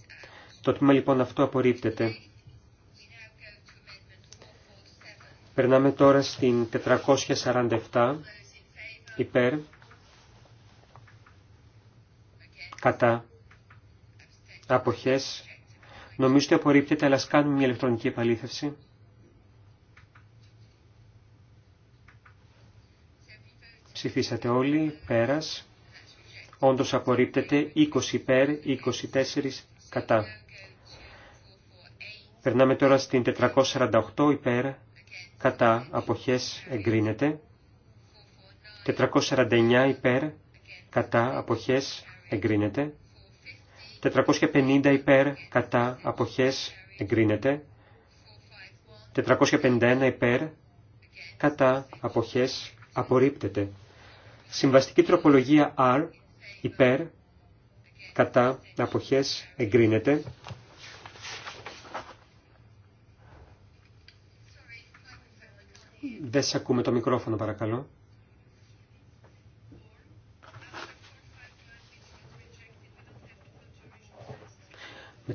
Το τμήμα λοιπόν αυτό απορρίπτεται. Περνάμε τώρα στην 447 υπέρ κατά, αποχές, νομίζω ότι απορρίπτεται, αλλά ας κάνουμε μια ηλεκτρονική επαλήθευση. Ψηφίσατε όλοι, πέρας. Όντως απορρίπτεται 20 υπέρ, 24 κατά. Περνάμε τώρα στην 448 υπέρ, κατά, αποχές, εγκρίνεται. 449 υπέρ, κατά, αποχές, εγκρίνεται. 450 υπέρ κατά αποχές εγκρίνεται. 451 υπέρ κατά αποχές απορρίπτεται. Συμβαστική τροπολογία R υπέρ κατά αποχές εγκρίνεται. Δεν σε ακούμε το μικρόφωνο παρακαλώ.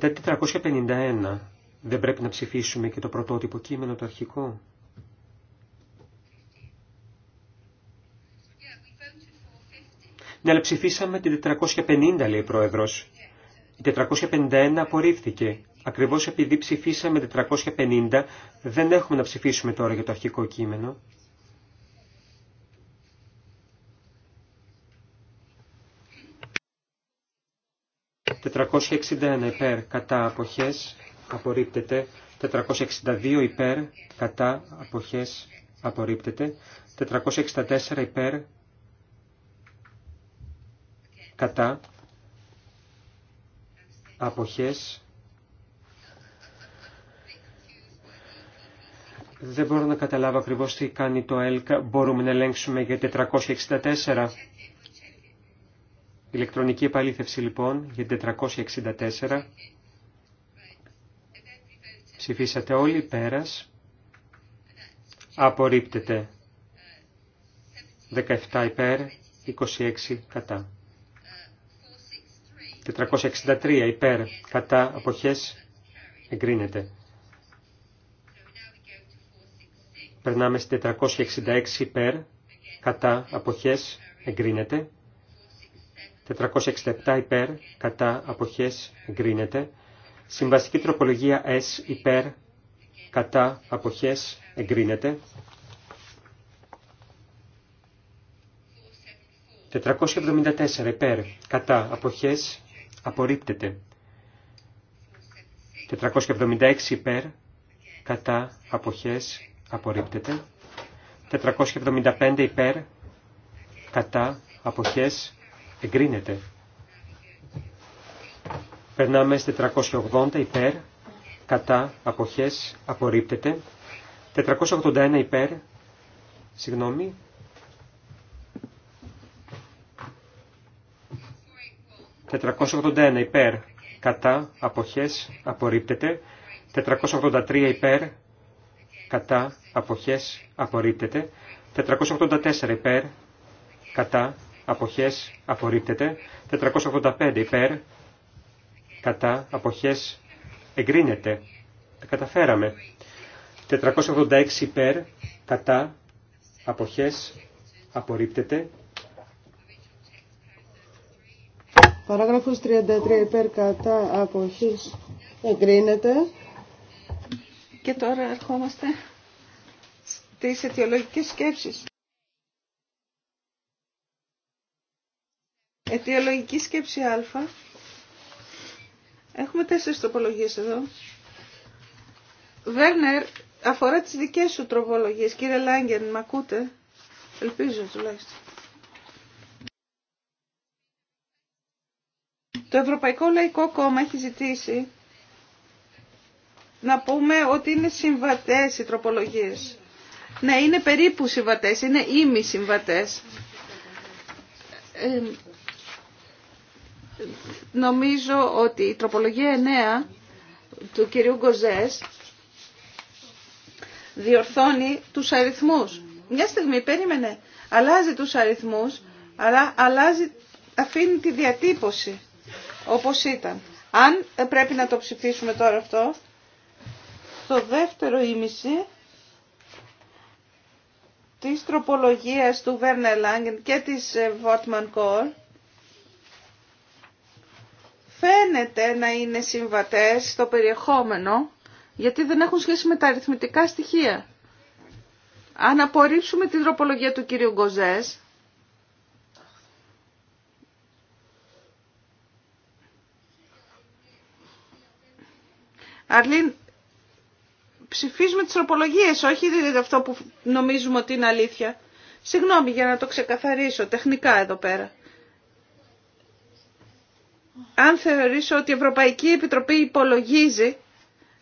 Μετά 451 δεν πρέπει να ψηφίσουμε και το πρωτότυπο κείμενο το αρχικό. Ναι, αλλά ψηφίσαμε την 450, λέει ο Πρόεδρος. Η 451 απορρίφθηκε. Ακριβώς επειδή ψηφίσαμε 450, δεν έχουμε να ψηφίσουμε τώρα για το αρχικό κείμενο. 461 υπέρ κατά αποχές απορρίπτεται. 462 υπέρ κατά αποχές απορρίπτεται. 464 υπέρ κατά αποχές Δεν μπορώ να καταλάβω ακριβώς τι κάνει το ΕΛΚΑ. Μπορούμε να ελέγξουμε για 464. Ηλεκτρονική επαλήθευση λοιπόν για την 464. Ψηφίσατε όλοι, πέρας. Απορρίπτεται. 17 υπέρ, 26 κατά. 463 υπέρ, κατά, αποχές, εγκρίνεται. Περνάμε στην 466 υπέρ, κατά, αποχές, εγκρίνεται. 467 υπέρ, κατά, αποχές, εγκρίνεται. Συμβαστική τροπολογία S υπέρ, κατά, αποχές, εγκρίνεται. 474 υπέρ, κατά, αποχές, απορρίπτεται. 476 υπέρ, κατά, αποχές, απορρίπτεται. 475 υπέρ, κατά, αποχές, Εγκρίνεται. Περνάμε στις 480 υπέρ, κατά, αποχές, απορρίπτεται. 481 υπέρ, συγγνώμη. 481 υπέρ, κατά, αποχές, απορρίπτεται. 483 υπέρ, κατά, αποχές, απορρίπτεται. 484 υπέρ, κατά, αποχές απορρίπτεται, 485 υπέρ, κατά, αποχές εγκρίνεται. Τα καταφέραμε. 486 υπέρ, κατά, αποχές απορρίπτεται. Παράγραφος 33 υπέρ, κατά, αποχές εγκρίνεται. Και τώρα ερχόμαστε στις αιτιολογικές σκέψεις. Αιτιολογική σκέψη α. Έχουμε τέσσερις τροπολογίες εδώ. Βέρνερ, αφορά τις δικές σου τροπολογίες. Κύριε Λάγκεν, μ' ακούτε. Ελπίζω τουλάχιστον. Το Ευρωπαϊκό Λαϊκό Κόμμα έχει ζητήσει να πούμε ότι είναι συμβατές οι τροπολογίες. Ναι, είναι περίπου συμβατές, είναι ήμι συμβατές. Ε, Νομίζω ότι η τροπολογία 9 του κυρίου Γκοζές διορθώνει τους αριθμούς. Μια στιγμή περίμενε, αλλάζει τους αριθμούς, αλλά αλλάζει, αφήνει τη διατύπωση όπως ήταν. Αν πρέπει να το ψηφίσουμε τώρα αυτό, το δεύτερο ήμιση της τροπολογίας του Βέρνε Λάγκεν και της ε, Βότμαν Κόρ, φαίνεται να είναι συμβατές στο περιεχόμενο, γιατί δεν έχουν σχέση με τα αριθμητικά στοιχεία. Αν απορρίψουμε την τροπολογία του κύριου Γκοζές, Αρλίν, ψηφίζουμε τις τροπολογίες, όχι αυτό που νομίζουμε ότι είναι αλήθεια. Συγγνώμη για να το ξεκαθαρίσω τεχνικά εδώ πέρα αν θεωρήσω ότι η Ευρωπαϊκή Επιτροπή υπολογίζει,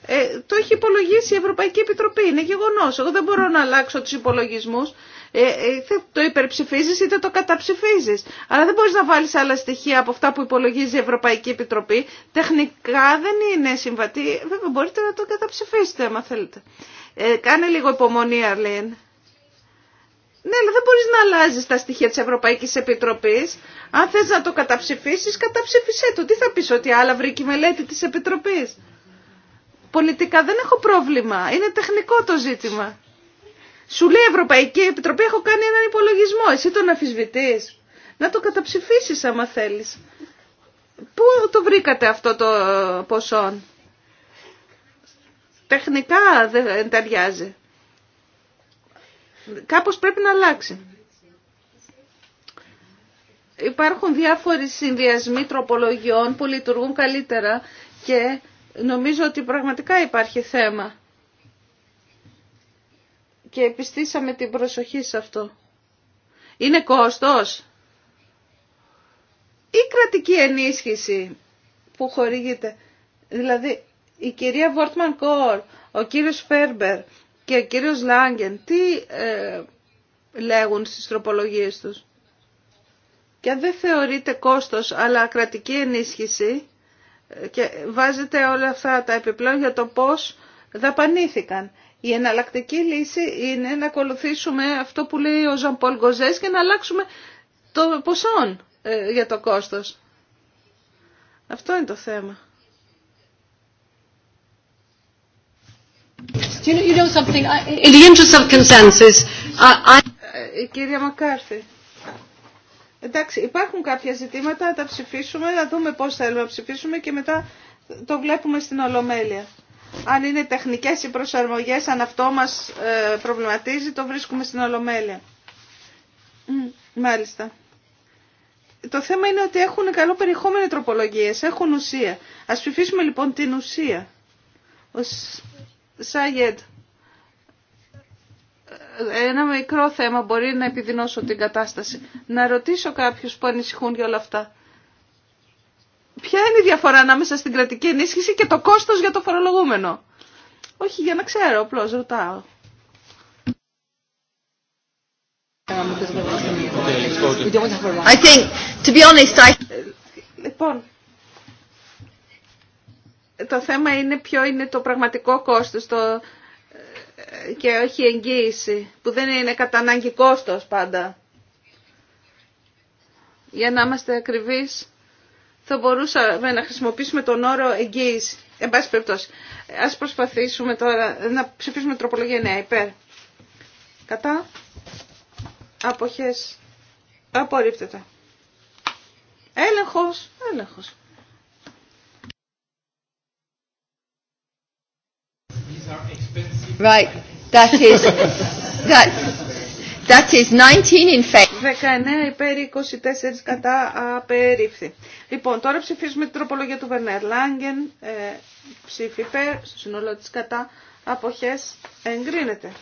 ε, το έχει υπολογίσει η Ευρωπαϊκή Επιτροπή, είναι γεγονός. Εγώ δεν μπορώ να αλλάξω τους υπολογισμούς, ε, ε, είτε το υπερψηφίζεις είτε το καταψηφίζεις. Αλλά δεν μπορείς να βάλεις άλλα στοιχεία από αυτά που υπολογίζει η Ευρωπαϊκή Επιτροπή. Τεχνικά δεν είναι συμβατή, βέβαια μπορείτε να το καταψηφίσετε άμα θέλετε. Ε, κάνε λίγο υπομονή ναι, αλλά δεν μπορείς να αλλάζεις τα στοιχεία της Ευρωπαϊκής Επιτροπής. Αν θες να το καταψηφίσεις, καταψηφίσέ το. Τι θα πεις ότι άλλα βρήκε η μελέτη της Επιτροπής. Πολιτικά δεν έχω πρόβλημα. Είναι τεχνικό το ζήτημα. Σου λέει η Ευρωπαϊκή Επιτροπή, έχω κάνει έναν υπολογισμό. Εσύ τον αφισβητείς. Να το καταψηφίσεις άμα θέλεις. Πού το βρήκατε αυτό το ποσό. Τεχνικά δεν ταιριάζει. Κάπως πρέπει να αλλάξει. Υπάρχουν διάφοροι συνδυασμοί τροπολογιών που λειτουργούν καλύτερα και νομίζω ότι πραγματικά υπάρχει θέμα. Και επιστήσαμε την προσοχή σε αυτό. Είναι κόστος ή κρατική ενίσχυση που χορηγείται. Δηλαδή η κυρία Βόρτμαν Κόρ, ο κύριος Φέρμπερ, και ο κύριος Λάγκεν τι ε, λέγουν στις τροπολογίες τους. Και αν δεν θεωρείται κόστος αλλά κρατική ενίσχυση ε, και βάζετε όλα αυτά τα επιπλέον για το πώς δαπανήθηκαν. Η εναλλακτική λύση είναι να ακολουθήσουμε αυτό που λέει ο Ζαν Γκοζές και να αλλάξουμε το ποσόν ε, για το κόστος. Αυτό είναι το θέμα. Ε, κυρία Μακάρθη. Εντάξει, υπάρχουν κάποια ζητήματα, να τα ψηφίσουμε, να δούμε πώς θέλουμε να ψηφίσουμε και μετά το βλέπουμε στην Ολομέλεια. Αν είναι τεχνικές οι προσαρμογές, αν αυτό μας ε, προβληματίζει, το βρίσκουμε στην Ολομέλεια. Μάλιστα. Το θέμα είναι ότι έχουν καλό περιεχόμενο τροπολογίες, έχουν ουσία. Ας ψηφίσουμε λοιπόν την ουσία. Ως Σαγετ, ένα μικρό θέμα μπορεί να επιδεινώσω την κατάσταση. Να ρωτήσω κάποιους που ανησυχούν για όλα αυτά. Ποια είναι η διαφορά ανάμεσα στην κρατική ενίσχυση και το κόστος για το φορολογούμενο. Όχι, για να ξέρω, απλώ ρωτάω. Um, I think, to be honest, I... Ε, λοιπόν, το θέμα είναι ποιο είναι το πραγματικό κόστος το, και όχι εγγύηση, που δεν είναι κατά ανάγκη κόστος πάντα. Για να είμαστε ακριβείς, θα μπορούσαμε να χρησιμοποιήσουμε τον όρο εγγύηση. Εν πάση περιπτώσει, ας προσπαθήσουμε τώρα να ψηφίσουμε τροπολογία νέα υπέρ. Κατά. Αποχές. Απορρίπτεται. Έλεγχος. Έλεγχος. Right, that is, that, that is 19 in fact. υπέρ 24 κατά απερίφθη. Λοιπόν, τώρα ψηφίζουμε την τροπολογία του Βερνέρ Λάγκεν, ε, ψήφι υπέρ, στο σύνολο της κατά αποχές εγκρίνεται.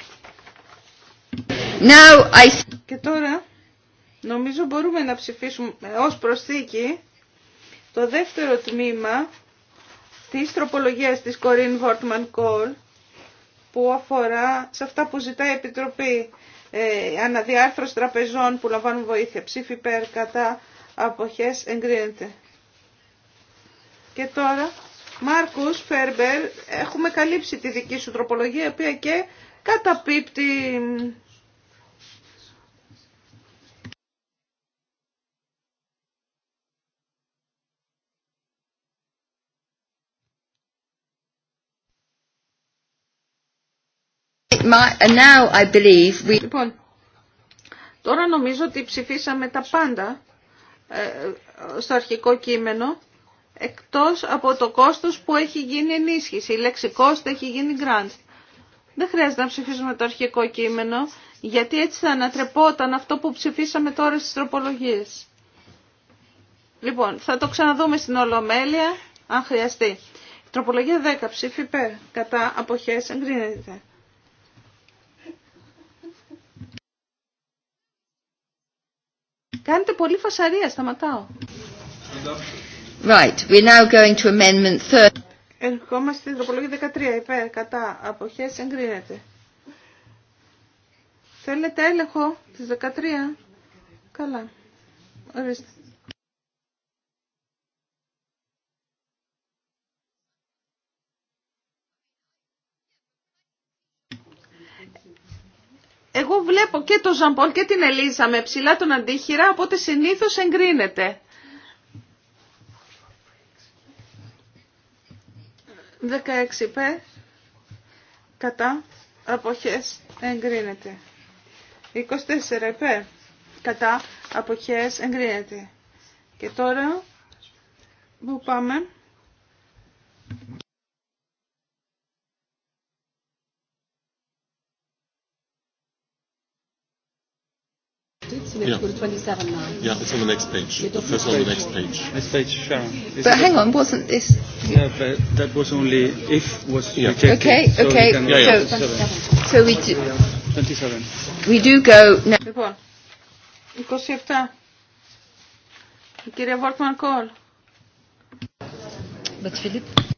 Now I... Και τώρα νομίζω μπορούμε να ψηφίσουμε ε, ως προσθήκη το δεύτερο τμήμα της τροπολογίας της Κορίν Βόρτμαν Κόλ που αφορά σε αυτά που ζητάει η Επιτροπή ε, αναδιάρθρωση τραπεζών που λαμβάνουν βοήθεια. Ψήφι υπέρ κατά αποχές εγκρίνεται. Και τώρα, Μάρκους Φέρμπερ, έχουμε καλύψει τη δική σου τροπολογία, η οποία και καταπίπτει Λοιπόν, τώρα νομίζω ότι ψηφίσαμε τα πάντα ε, στο αρχικό κείμενο, εκτός από το κόστος που έχει γίνει ενίσχυση. Η λέξη cost έχει γίνει grant. Δεν χρειάζεται να ψηφίσουμε το αρχικό κείμενο, γιατί έτσι θα ανατρεπόταν αυτό που ψηφίσαμε τώρα στις τροπολογίες. Λοιπόν, θα το ξαναδούμε στην Ολομέλεια, αν χρειαστεί. Τροπολογία 10, ψήφι κατά αποχές εγκρίνεται. Κάνετε πολύ φασαρία, σταματάω. Right, we're now going to amendment Ερχόμαστε στην τροπολογία 13, υπέρ, κατά, αποχές, εγκρίνεται. Θέλετε έλεγχο της 13. Καλά. Ορίστε. Εγώ βλέπω και τον Ζαμπόλ και την Ελίζα με ψηλά τον αντίχειρα, οπότε συνήθως εγκρίνεται. 16 πέ κατά, αποχές, εγκρίνεται. 24 πέ κατά, αποχές, εγκρίνεται. Και τώρα, που πάμε... So we 27 now. Yeah, it's on the next page. The first on the next page. Next page, Sharon. But hang on, wasn't this... Yeah, but that was only if was rejected. Okay, okay. So we do... 27. We do go... Λοιπόν, 27. Η κυρία Βόρτμαν Κόλ. But Philip...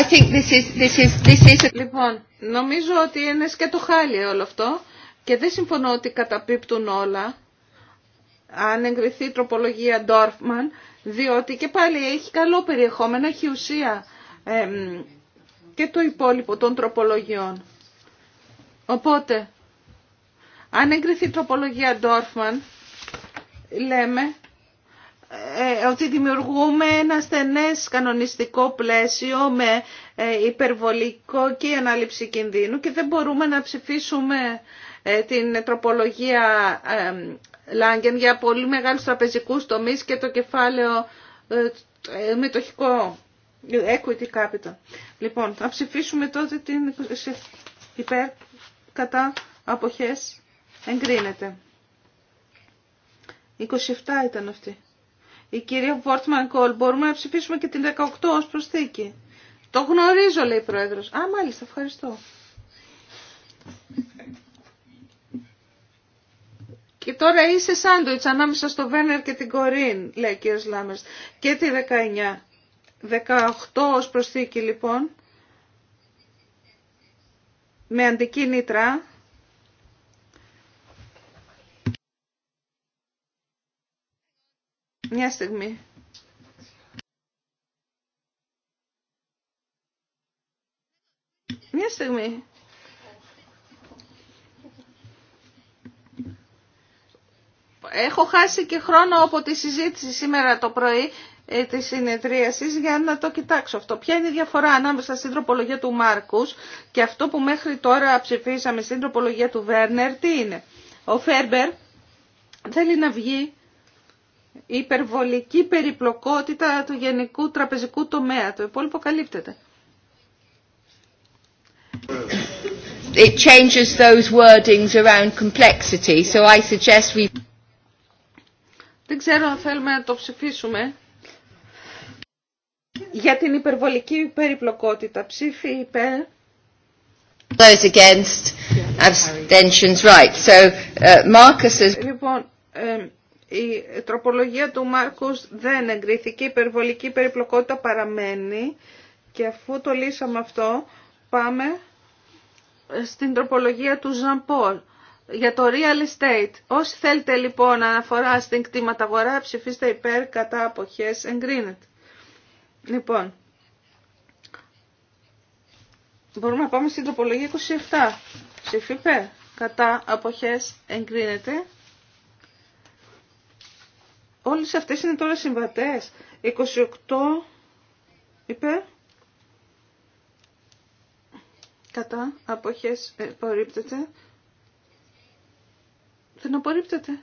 I think this is, this is, this is... Λοιπόν, νομίζω ότι είναι σκέτο χάλι όλο αυτό και δεν συμφωνώ ότι καταπίπτουν όλα αν εγκριθεί η τροπολογία Dorfman, διότι και πάλι έχει καλό περιεχόμενο, έχει ουσία και το υπόλοιπο των τροπολογιών. Οπότε, αν εγκριθεί η τροπολογία Dorfman, λέμε ε, ότι δημιουργούμε ένα στενές κανονιστικό πλαίσιο με ε, υπερβολικό και ανάληψη κινδύνου και δεν μπορούμε να ψηφίσουμε ε, την τροπολογία Λάγκεν για πολύ μεγάλους τραπεζικούς τομείς και το κεφάλαιο μετοχικό equity capital. Λοιπόν, θα ψηφίσουμε τότε την υπέρ κατά αποχές εγκρίνεται. 27 ήταν αυτή η κυρία Βόρτμαν Κόλ, μπορούμε να ψηφίσουμε και την 18 ως προσθήκη. Το γνωρίζω, λέει η Πρόεδρος. Α, μάλιστα, ευχαριστώ. Και τώρα είσαι σάντουιτς ανάμεσα στο Βένερ και την Κορίν, λέει ο κύριος Λάμερς. Και τη 19. 18 ως προσθήκη, λοιπόν. Με αντικίνητρα. Μια στιγμή. Μια στιγμή. Έχω χάσει και χρόνο από τη συζήτηση σήμερα το πρωί ε, της συνεδρίασης για να το κοιτάξω αυτό. Ποια είναι η διαφορά ανάμεσα στην τροπολογία του Μάρκους και αυτό που μέχρι τώρα ψηφίσαμε στην τροπολογία του Βέρνερ, τι είναι. Ο Φέρμπερ θέλει να βγει η υπερβολική περιπλοκότητα του γενικού τραπεζικού τομέα. Το υπόλοιπο καλύπτεται. It changes those wordings around complexity, so I suggest we... Δεν ξέρω αν θέλουμε να το ψηφίσουμε. Για την υπερβολική περιπλοκότητα. Ψήφι υπέρ. Those against abstentions, right. So, uh, Marcus is... Λοιπόν, ε, η τροπολογία του Μάρκους δεν εγκρίθηκε, η υπερβολική περιπλοκότητα παραμένει και αφού το λύσαμε αυτό πάμε στην τροπολογία του Ζαν για το real estate. Όσοι θέλετε λοιπόν αναφορά στην κτήματα αγορά ψηφίστε υπέρ κατά αποχές εγκρίνεται. Λοιπόν, μπορούμε να πάμε στην τροπολογία 27. Ψηφίπε κατά αποχές εγκρίνεται. Όλες αυτές είναι τώρα συμβατές. 28 είπε Κατά. Αποχές ε, απορρίπτεται. Δεν απορρίπτεται.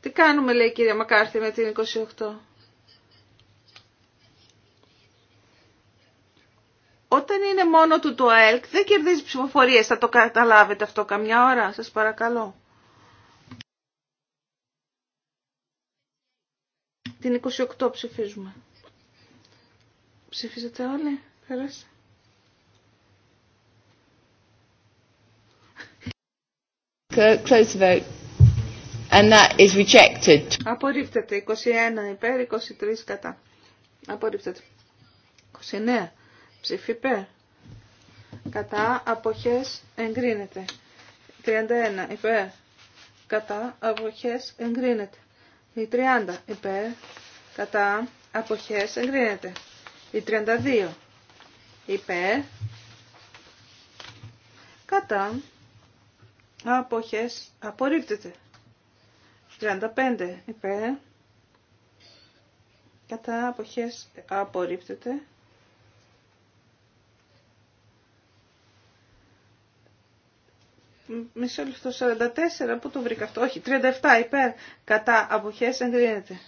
Τι κάνουμε λέει η κυρία Μακάρθη με την 28. Όταν είναι μόνο του το ΑΕΛΚ δεν κερδίζει ψηφοφορίες. Θα το καταλάβετε αυτό καμιά ώρα. Σας παρακαλώ. Την 28 ψηφίζουμε. Ψηφίζετε όλοι. Πέρασε. Close vote. And that is rejected. Απορρίπτεται. 21 υπέρ, 23 κατά. Απορρίπτεται. 29. Ψήφι υπέρ. Κατά αποχές εγκρίνεται. 31 υπέρ. Κατά αποχές εγκρίνεται. Η 30 υπέρ κατά αποχές εγκρίνεται. Η 32 υπέρ κατά αποχές απορρίπτεται. 35 υπέρ κατά αποχές απορρίπτεται. μισό λεπτό 44, πού το βρήκα αυτό, όχι, 37 υπέρ κατά αποχές εγκρίνεται.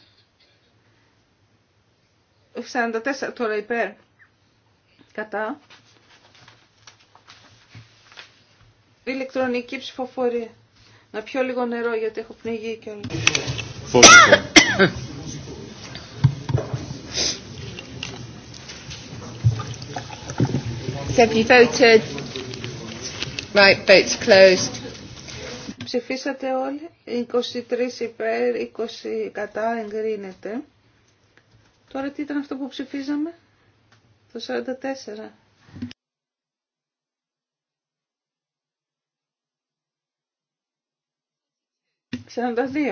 44 τώρα υπέρ κατά ηλεκτρονική ψηφοφορία. Να πιω λίγο νερό γιατί έχω πνιγεί και όλα votes closed. Ψηφίσατε όλοι. 23 υπέρ, 20 κατά, εγκρίνεται. Τώρα τι ήταν αυτό που ψηφίζαμε. Το 44.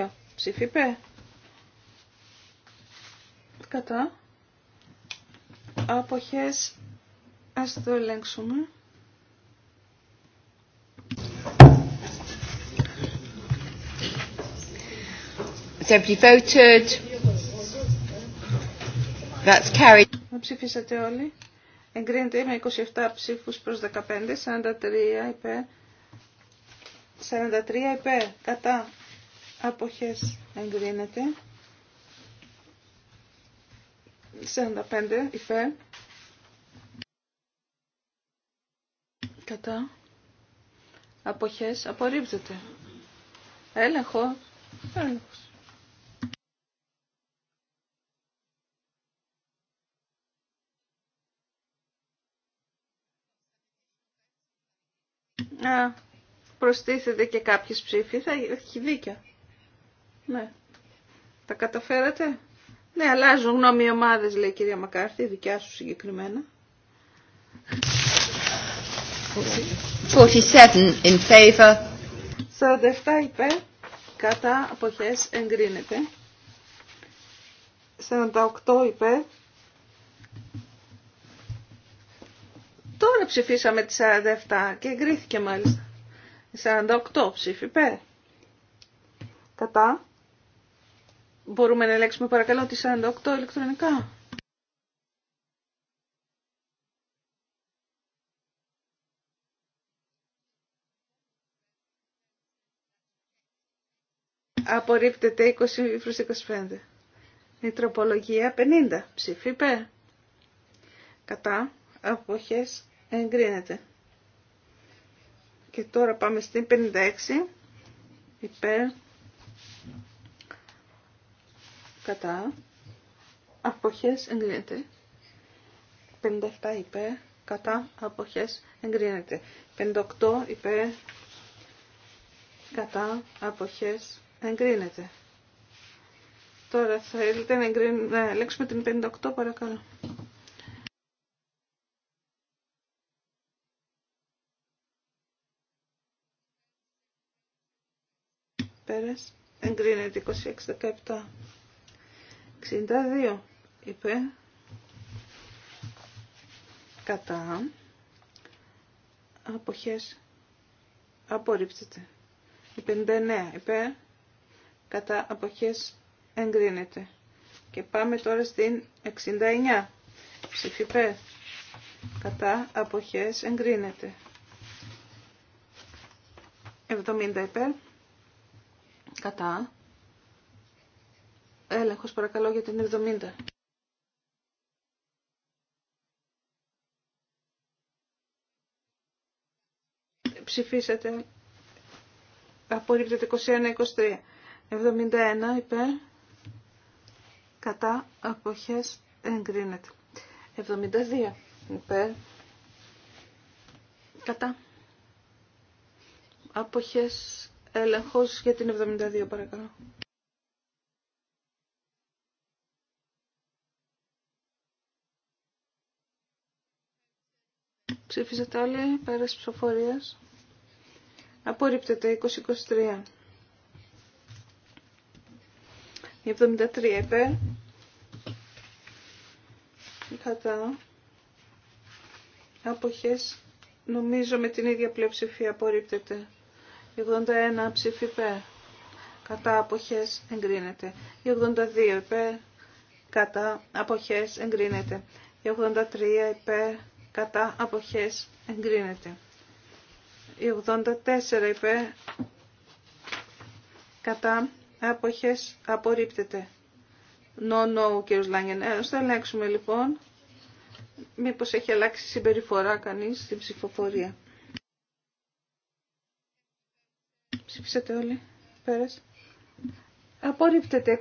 42 Ψηφίπε. Κατά. Αποχές. Ας το ελέγξουμε. Everybody voted. That's carried. Ψηφίσατε όλοι. Εγκρίνεται με 27 ψήφους προς 15, 43 υπέρ. 43 υπέρ. Κατά. Αποχές εγκρίνεται. 45 υπέρ. Κατά. Αποχές απορρίπτεται. Έλεγχο. Έλεγχος. Α, προστίθεται και κάποιες ψήφοι, θα έχει δίκιο. Ναι. Τα καταφέρατε. Ναι, αλλάζουν γνώμη οι ομάδες, λέει η κυρία Μακάρθη, η δικιά σου συγκεκριμένα. 47 in favor. 47 υπέρ, κατά αποχές εγκρίνεται. 48 υπέρ, Τώρα ψηφίσαμε τη 47 και εγκρίθηκε μάλιστα. 48 ψήφι πέ. Κατά. Μπορούμε να ελέγξουμε παρακαλώ τη 48 ηλεκτρονικά. Απορρίπτεται 20 προς 25. Η τροπολογία 50 ψήφι πέ. Κατά. Αποχές εγκρίνεται. Και τώρα πάμε στην 56 υπέρ κατά αποχές εγκρίνεται. 57 υπέρ κατά αποχές εγκρίνεται. 58 υπέρ κατά αποχές εγκρίνεται. Τώρα θέλετε να, εγκρίνουμε, να ελέγξουμε την 58 παρακαλώ. εγκρινεται εγκρίνεται 26-17 62 είπε κατά αποχές απορρίπτεται 59 είπε κατά αποχές εγκρίνεται και πάμε τώρα στην 69 ψήφι κατά αποχές εγκρίνεται 70 υπέρ Κατά. Έλεγχος παρακαλώ για την 70. Ψηφίσατε. Απορρίπτεται 21-23. 71 υπέρ. Κατά. Αποχές εγκρίνεται. 72 υπέρ. Κατά. Αποχές έλεγχος για την 72 παρακαλώ. Ψήφισατε όλοι πέρας ψηφοφορίας. Απορρίπτεται 20-23. Η 73 υπέρ. Κατά. Αποχές. Νομίζω με την ίδια πλειοψηφία απορρίπτεται. 81 ψήφι υπέρ. Κατά αποχές εγκρίνεται. 82 υπέρ. Κατά αποχές εγκρίνεται. 83 υπέρ. Κατά αποχές εγκρίνεται. 84 υπέρ. Κατά αποχές απορρίπτεται. No, no, κ. Λάγκεν. Ε, ας το ελέγξουμε λοιπόν. Μήπως έχει αλλάξει συμπεριφορά κανείς στην ψηφοφορία. Ψηφίσατε όλοι. Πέρας. Απορρίπτεται.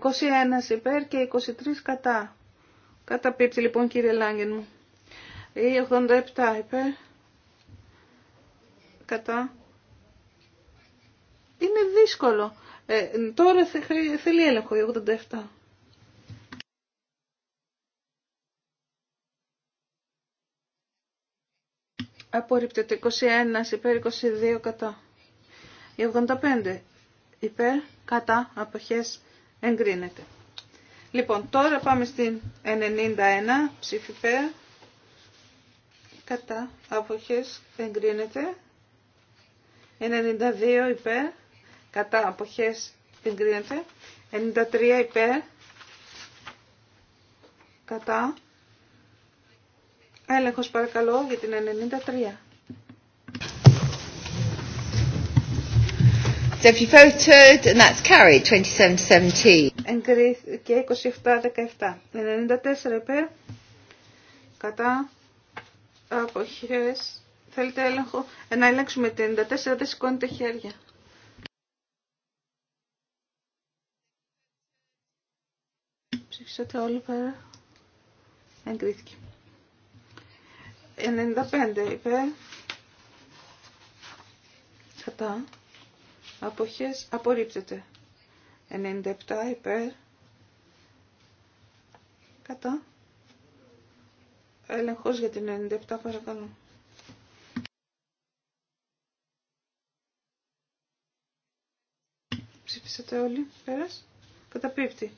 21 υπέρ και 23 κατά. Καταπίπτει λοιπόν κύριε Λάγκεν μου. Ή 87 υπέρ. Κατά. Είναι δύσκολο. Ε, τώρα θέλει έλεγχο η 87. υπερ κατα ειναι δυσκολο τωρα θελει ελεγχο η 87 απορριπτεται 21 υπέρ 22 κατά. Η 85 υπέρ κατά αποχές εγκρίνεται. Λοιπόν, τώρα πάμε στην 91 ψήφι υπέρ κατά αποχές εγκρίνεται. 92 υπέρ κατά αποχές εγκρίνεται. 93 υπέρ κατά έλεγχος παρακαλώ για την 93. So if you voted, and that's carried, 27-17. Εγκρίθηκε 27-17. 94 υπέρ. Κατά. Αποχές. Θέλετε έλεγχο. Ε, να ελέγξουμε 94, δεν σηκώνετε χέρια. Ψήφισατε όλοι πέρα. Εγκρίθηκε. 95 υπέρ. Κατά αποχές απορρίπτεται. 97 υπέρ κατά έλεγχος για την 97 παρακαλώ. Ψήφισατε όλοι, πέρας. Καταπίπτει.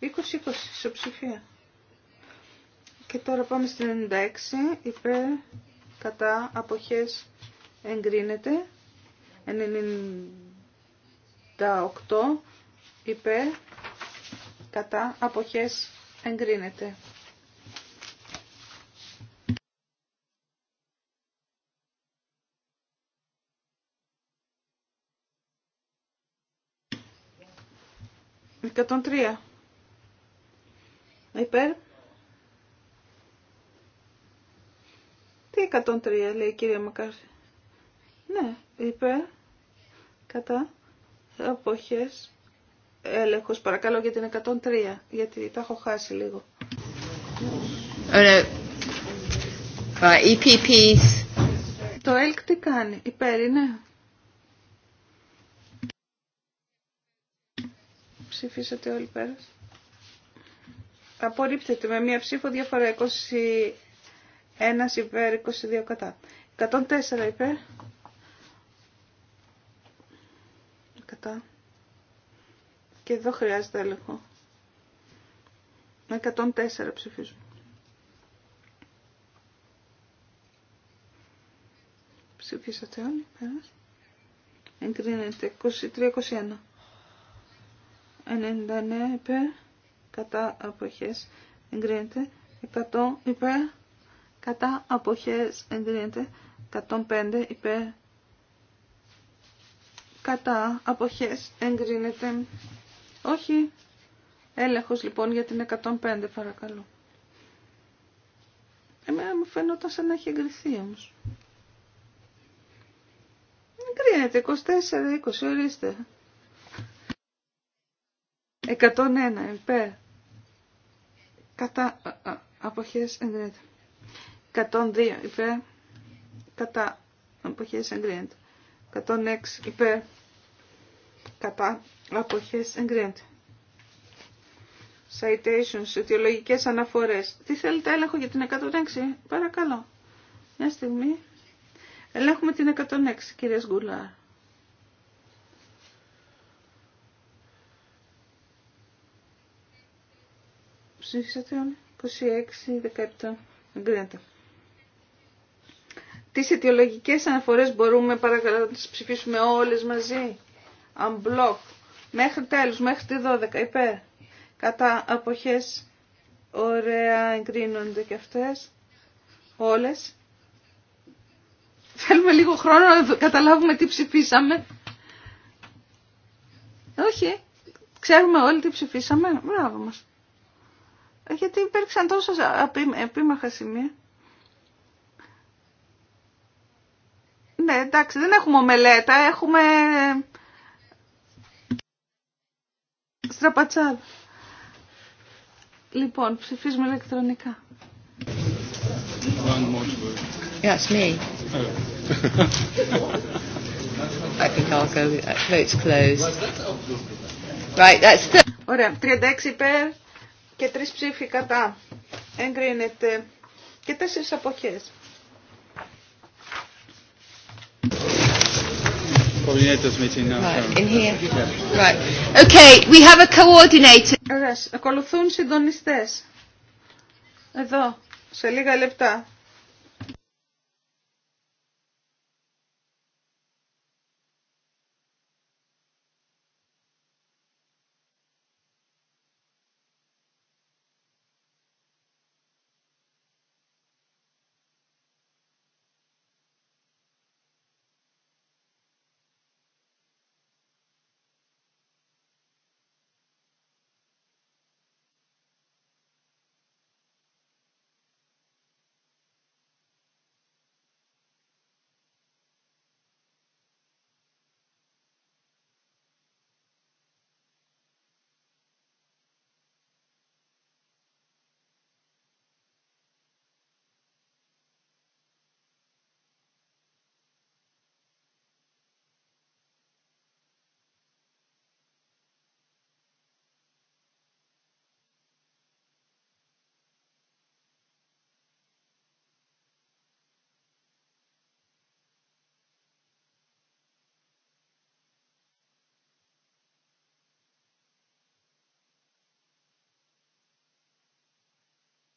20-20, ισοψηφία. Και τώρα πάμε στην 96, υπέρ, κατά, αποχές, εγκρίνεται. 90... 78 υπέρ κατά αποχές εγκρίνεται. Εκατόν τρία. Υπέρ. Τι εκατόν τρία λέει η κυρία Μακάρθη. Ναι, υπέρ. Κατά αποχές έλεγχος παρακαλώ για την 103 γιατί τα έχω χάσει λίγο το ΕΛΚ τι κάνει υπέρ είναι ψηφίσατε όλοι πέρας απορρίπτεται με μία ψήφο διαφορά 21 υπέρ 22 κατά 104 υπέρ Και εδώ χρειάζεται έλεγχο. 104 ψηφίζουν. Ψηφίσατε όλοι, πέρας. Εγκρίνεται 23-21. 99 υπέρ, κατά αποχές εγκρίνεται. 100 υπέρ, κατά αποχές εγκρίνεται. 105 υπέρ, κατά αποχές εγκρίνεται. Όχι. Έλεγχος λοιπόν για την 105 παρακαλώ. Εμένα μου φαίνονταν σαν να έχει εγκριθεί όμως. Εγκρίνεται 24-20 ορίστε. 101 υπέρ. Κατά αποχές εγκρίνεται. 102 υπέρ. Κατά αποχές εγκρίνεται. 106 υπέρ κατά αποχές εγκρίνεται. Citations, αιτιολογικές αναφορές. Τι θέλετε έλεγχο για την 106, παρακαλώ. Μια στιγμή. Ελέγχουμε την 106, κυρία Σγκουλάρ. Ψήφισατε όλοι. 26, 17. Εγκρίνεται. Τις αιτιολογικές αναφορές μπορούμε παρακαλώ να τις ψηφίσουμε όλες μαζί. Unblock. Μέχρι τέλους, μέχρι τη 12. Υπέρ. Κατά αποχές. Ωραία εγκρίνονται και αυτές. Όλες. Θέλουμε λίγο χρόνο να καταλάβουμε τι ψηφίσαμε. Όχι. Ξέρουμε όλοι τι ψηφίσαμε. Μπράβο μας. Ε, γιατί υπήρξαν τόσα επίμαχα σημεία. Ναι, εντάξει, δεν έχουμε ομελέτα, έχουμε στραπατσάδ. Λοιπόν, ψηφίζουμε ηλεκτρονικά. Yes, me. Oh. I think I'll go. Uh, closed. Right, that's the... Ωραία, 36 υπέρ και 3 ψήφοι κατά. Εγκρίνεται και 4 αποχές. coordinators meeting in here. Right. Okay, we have a coordinator. Εδώ, σε λίγα λεπτά.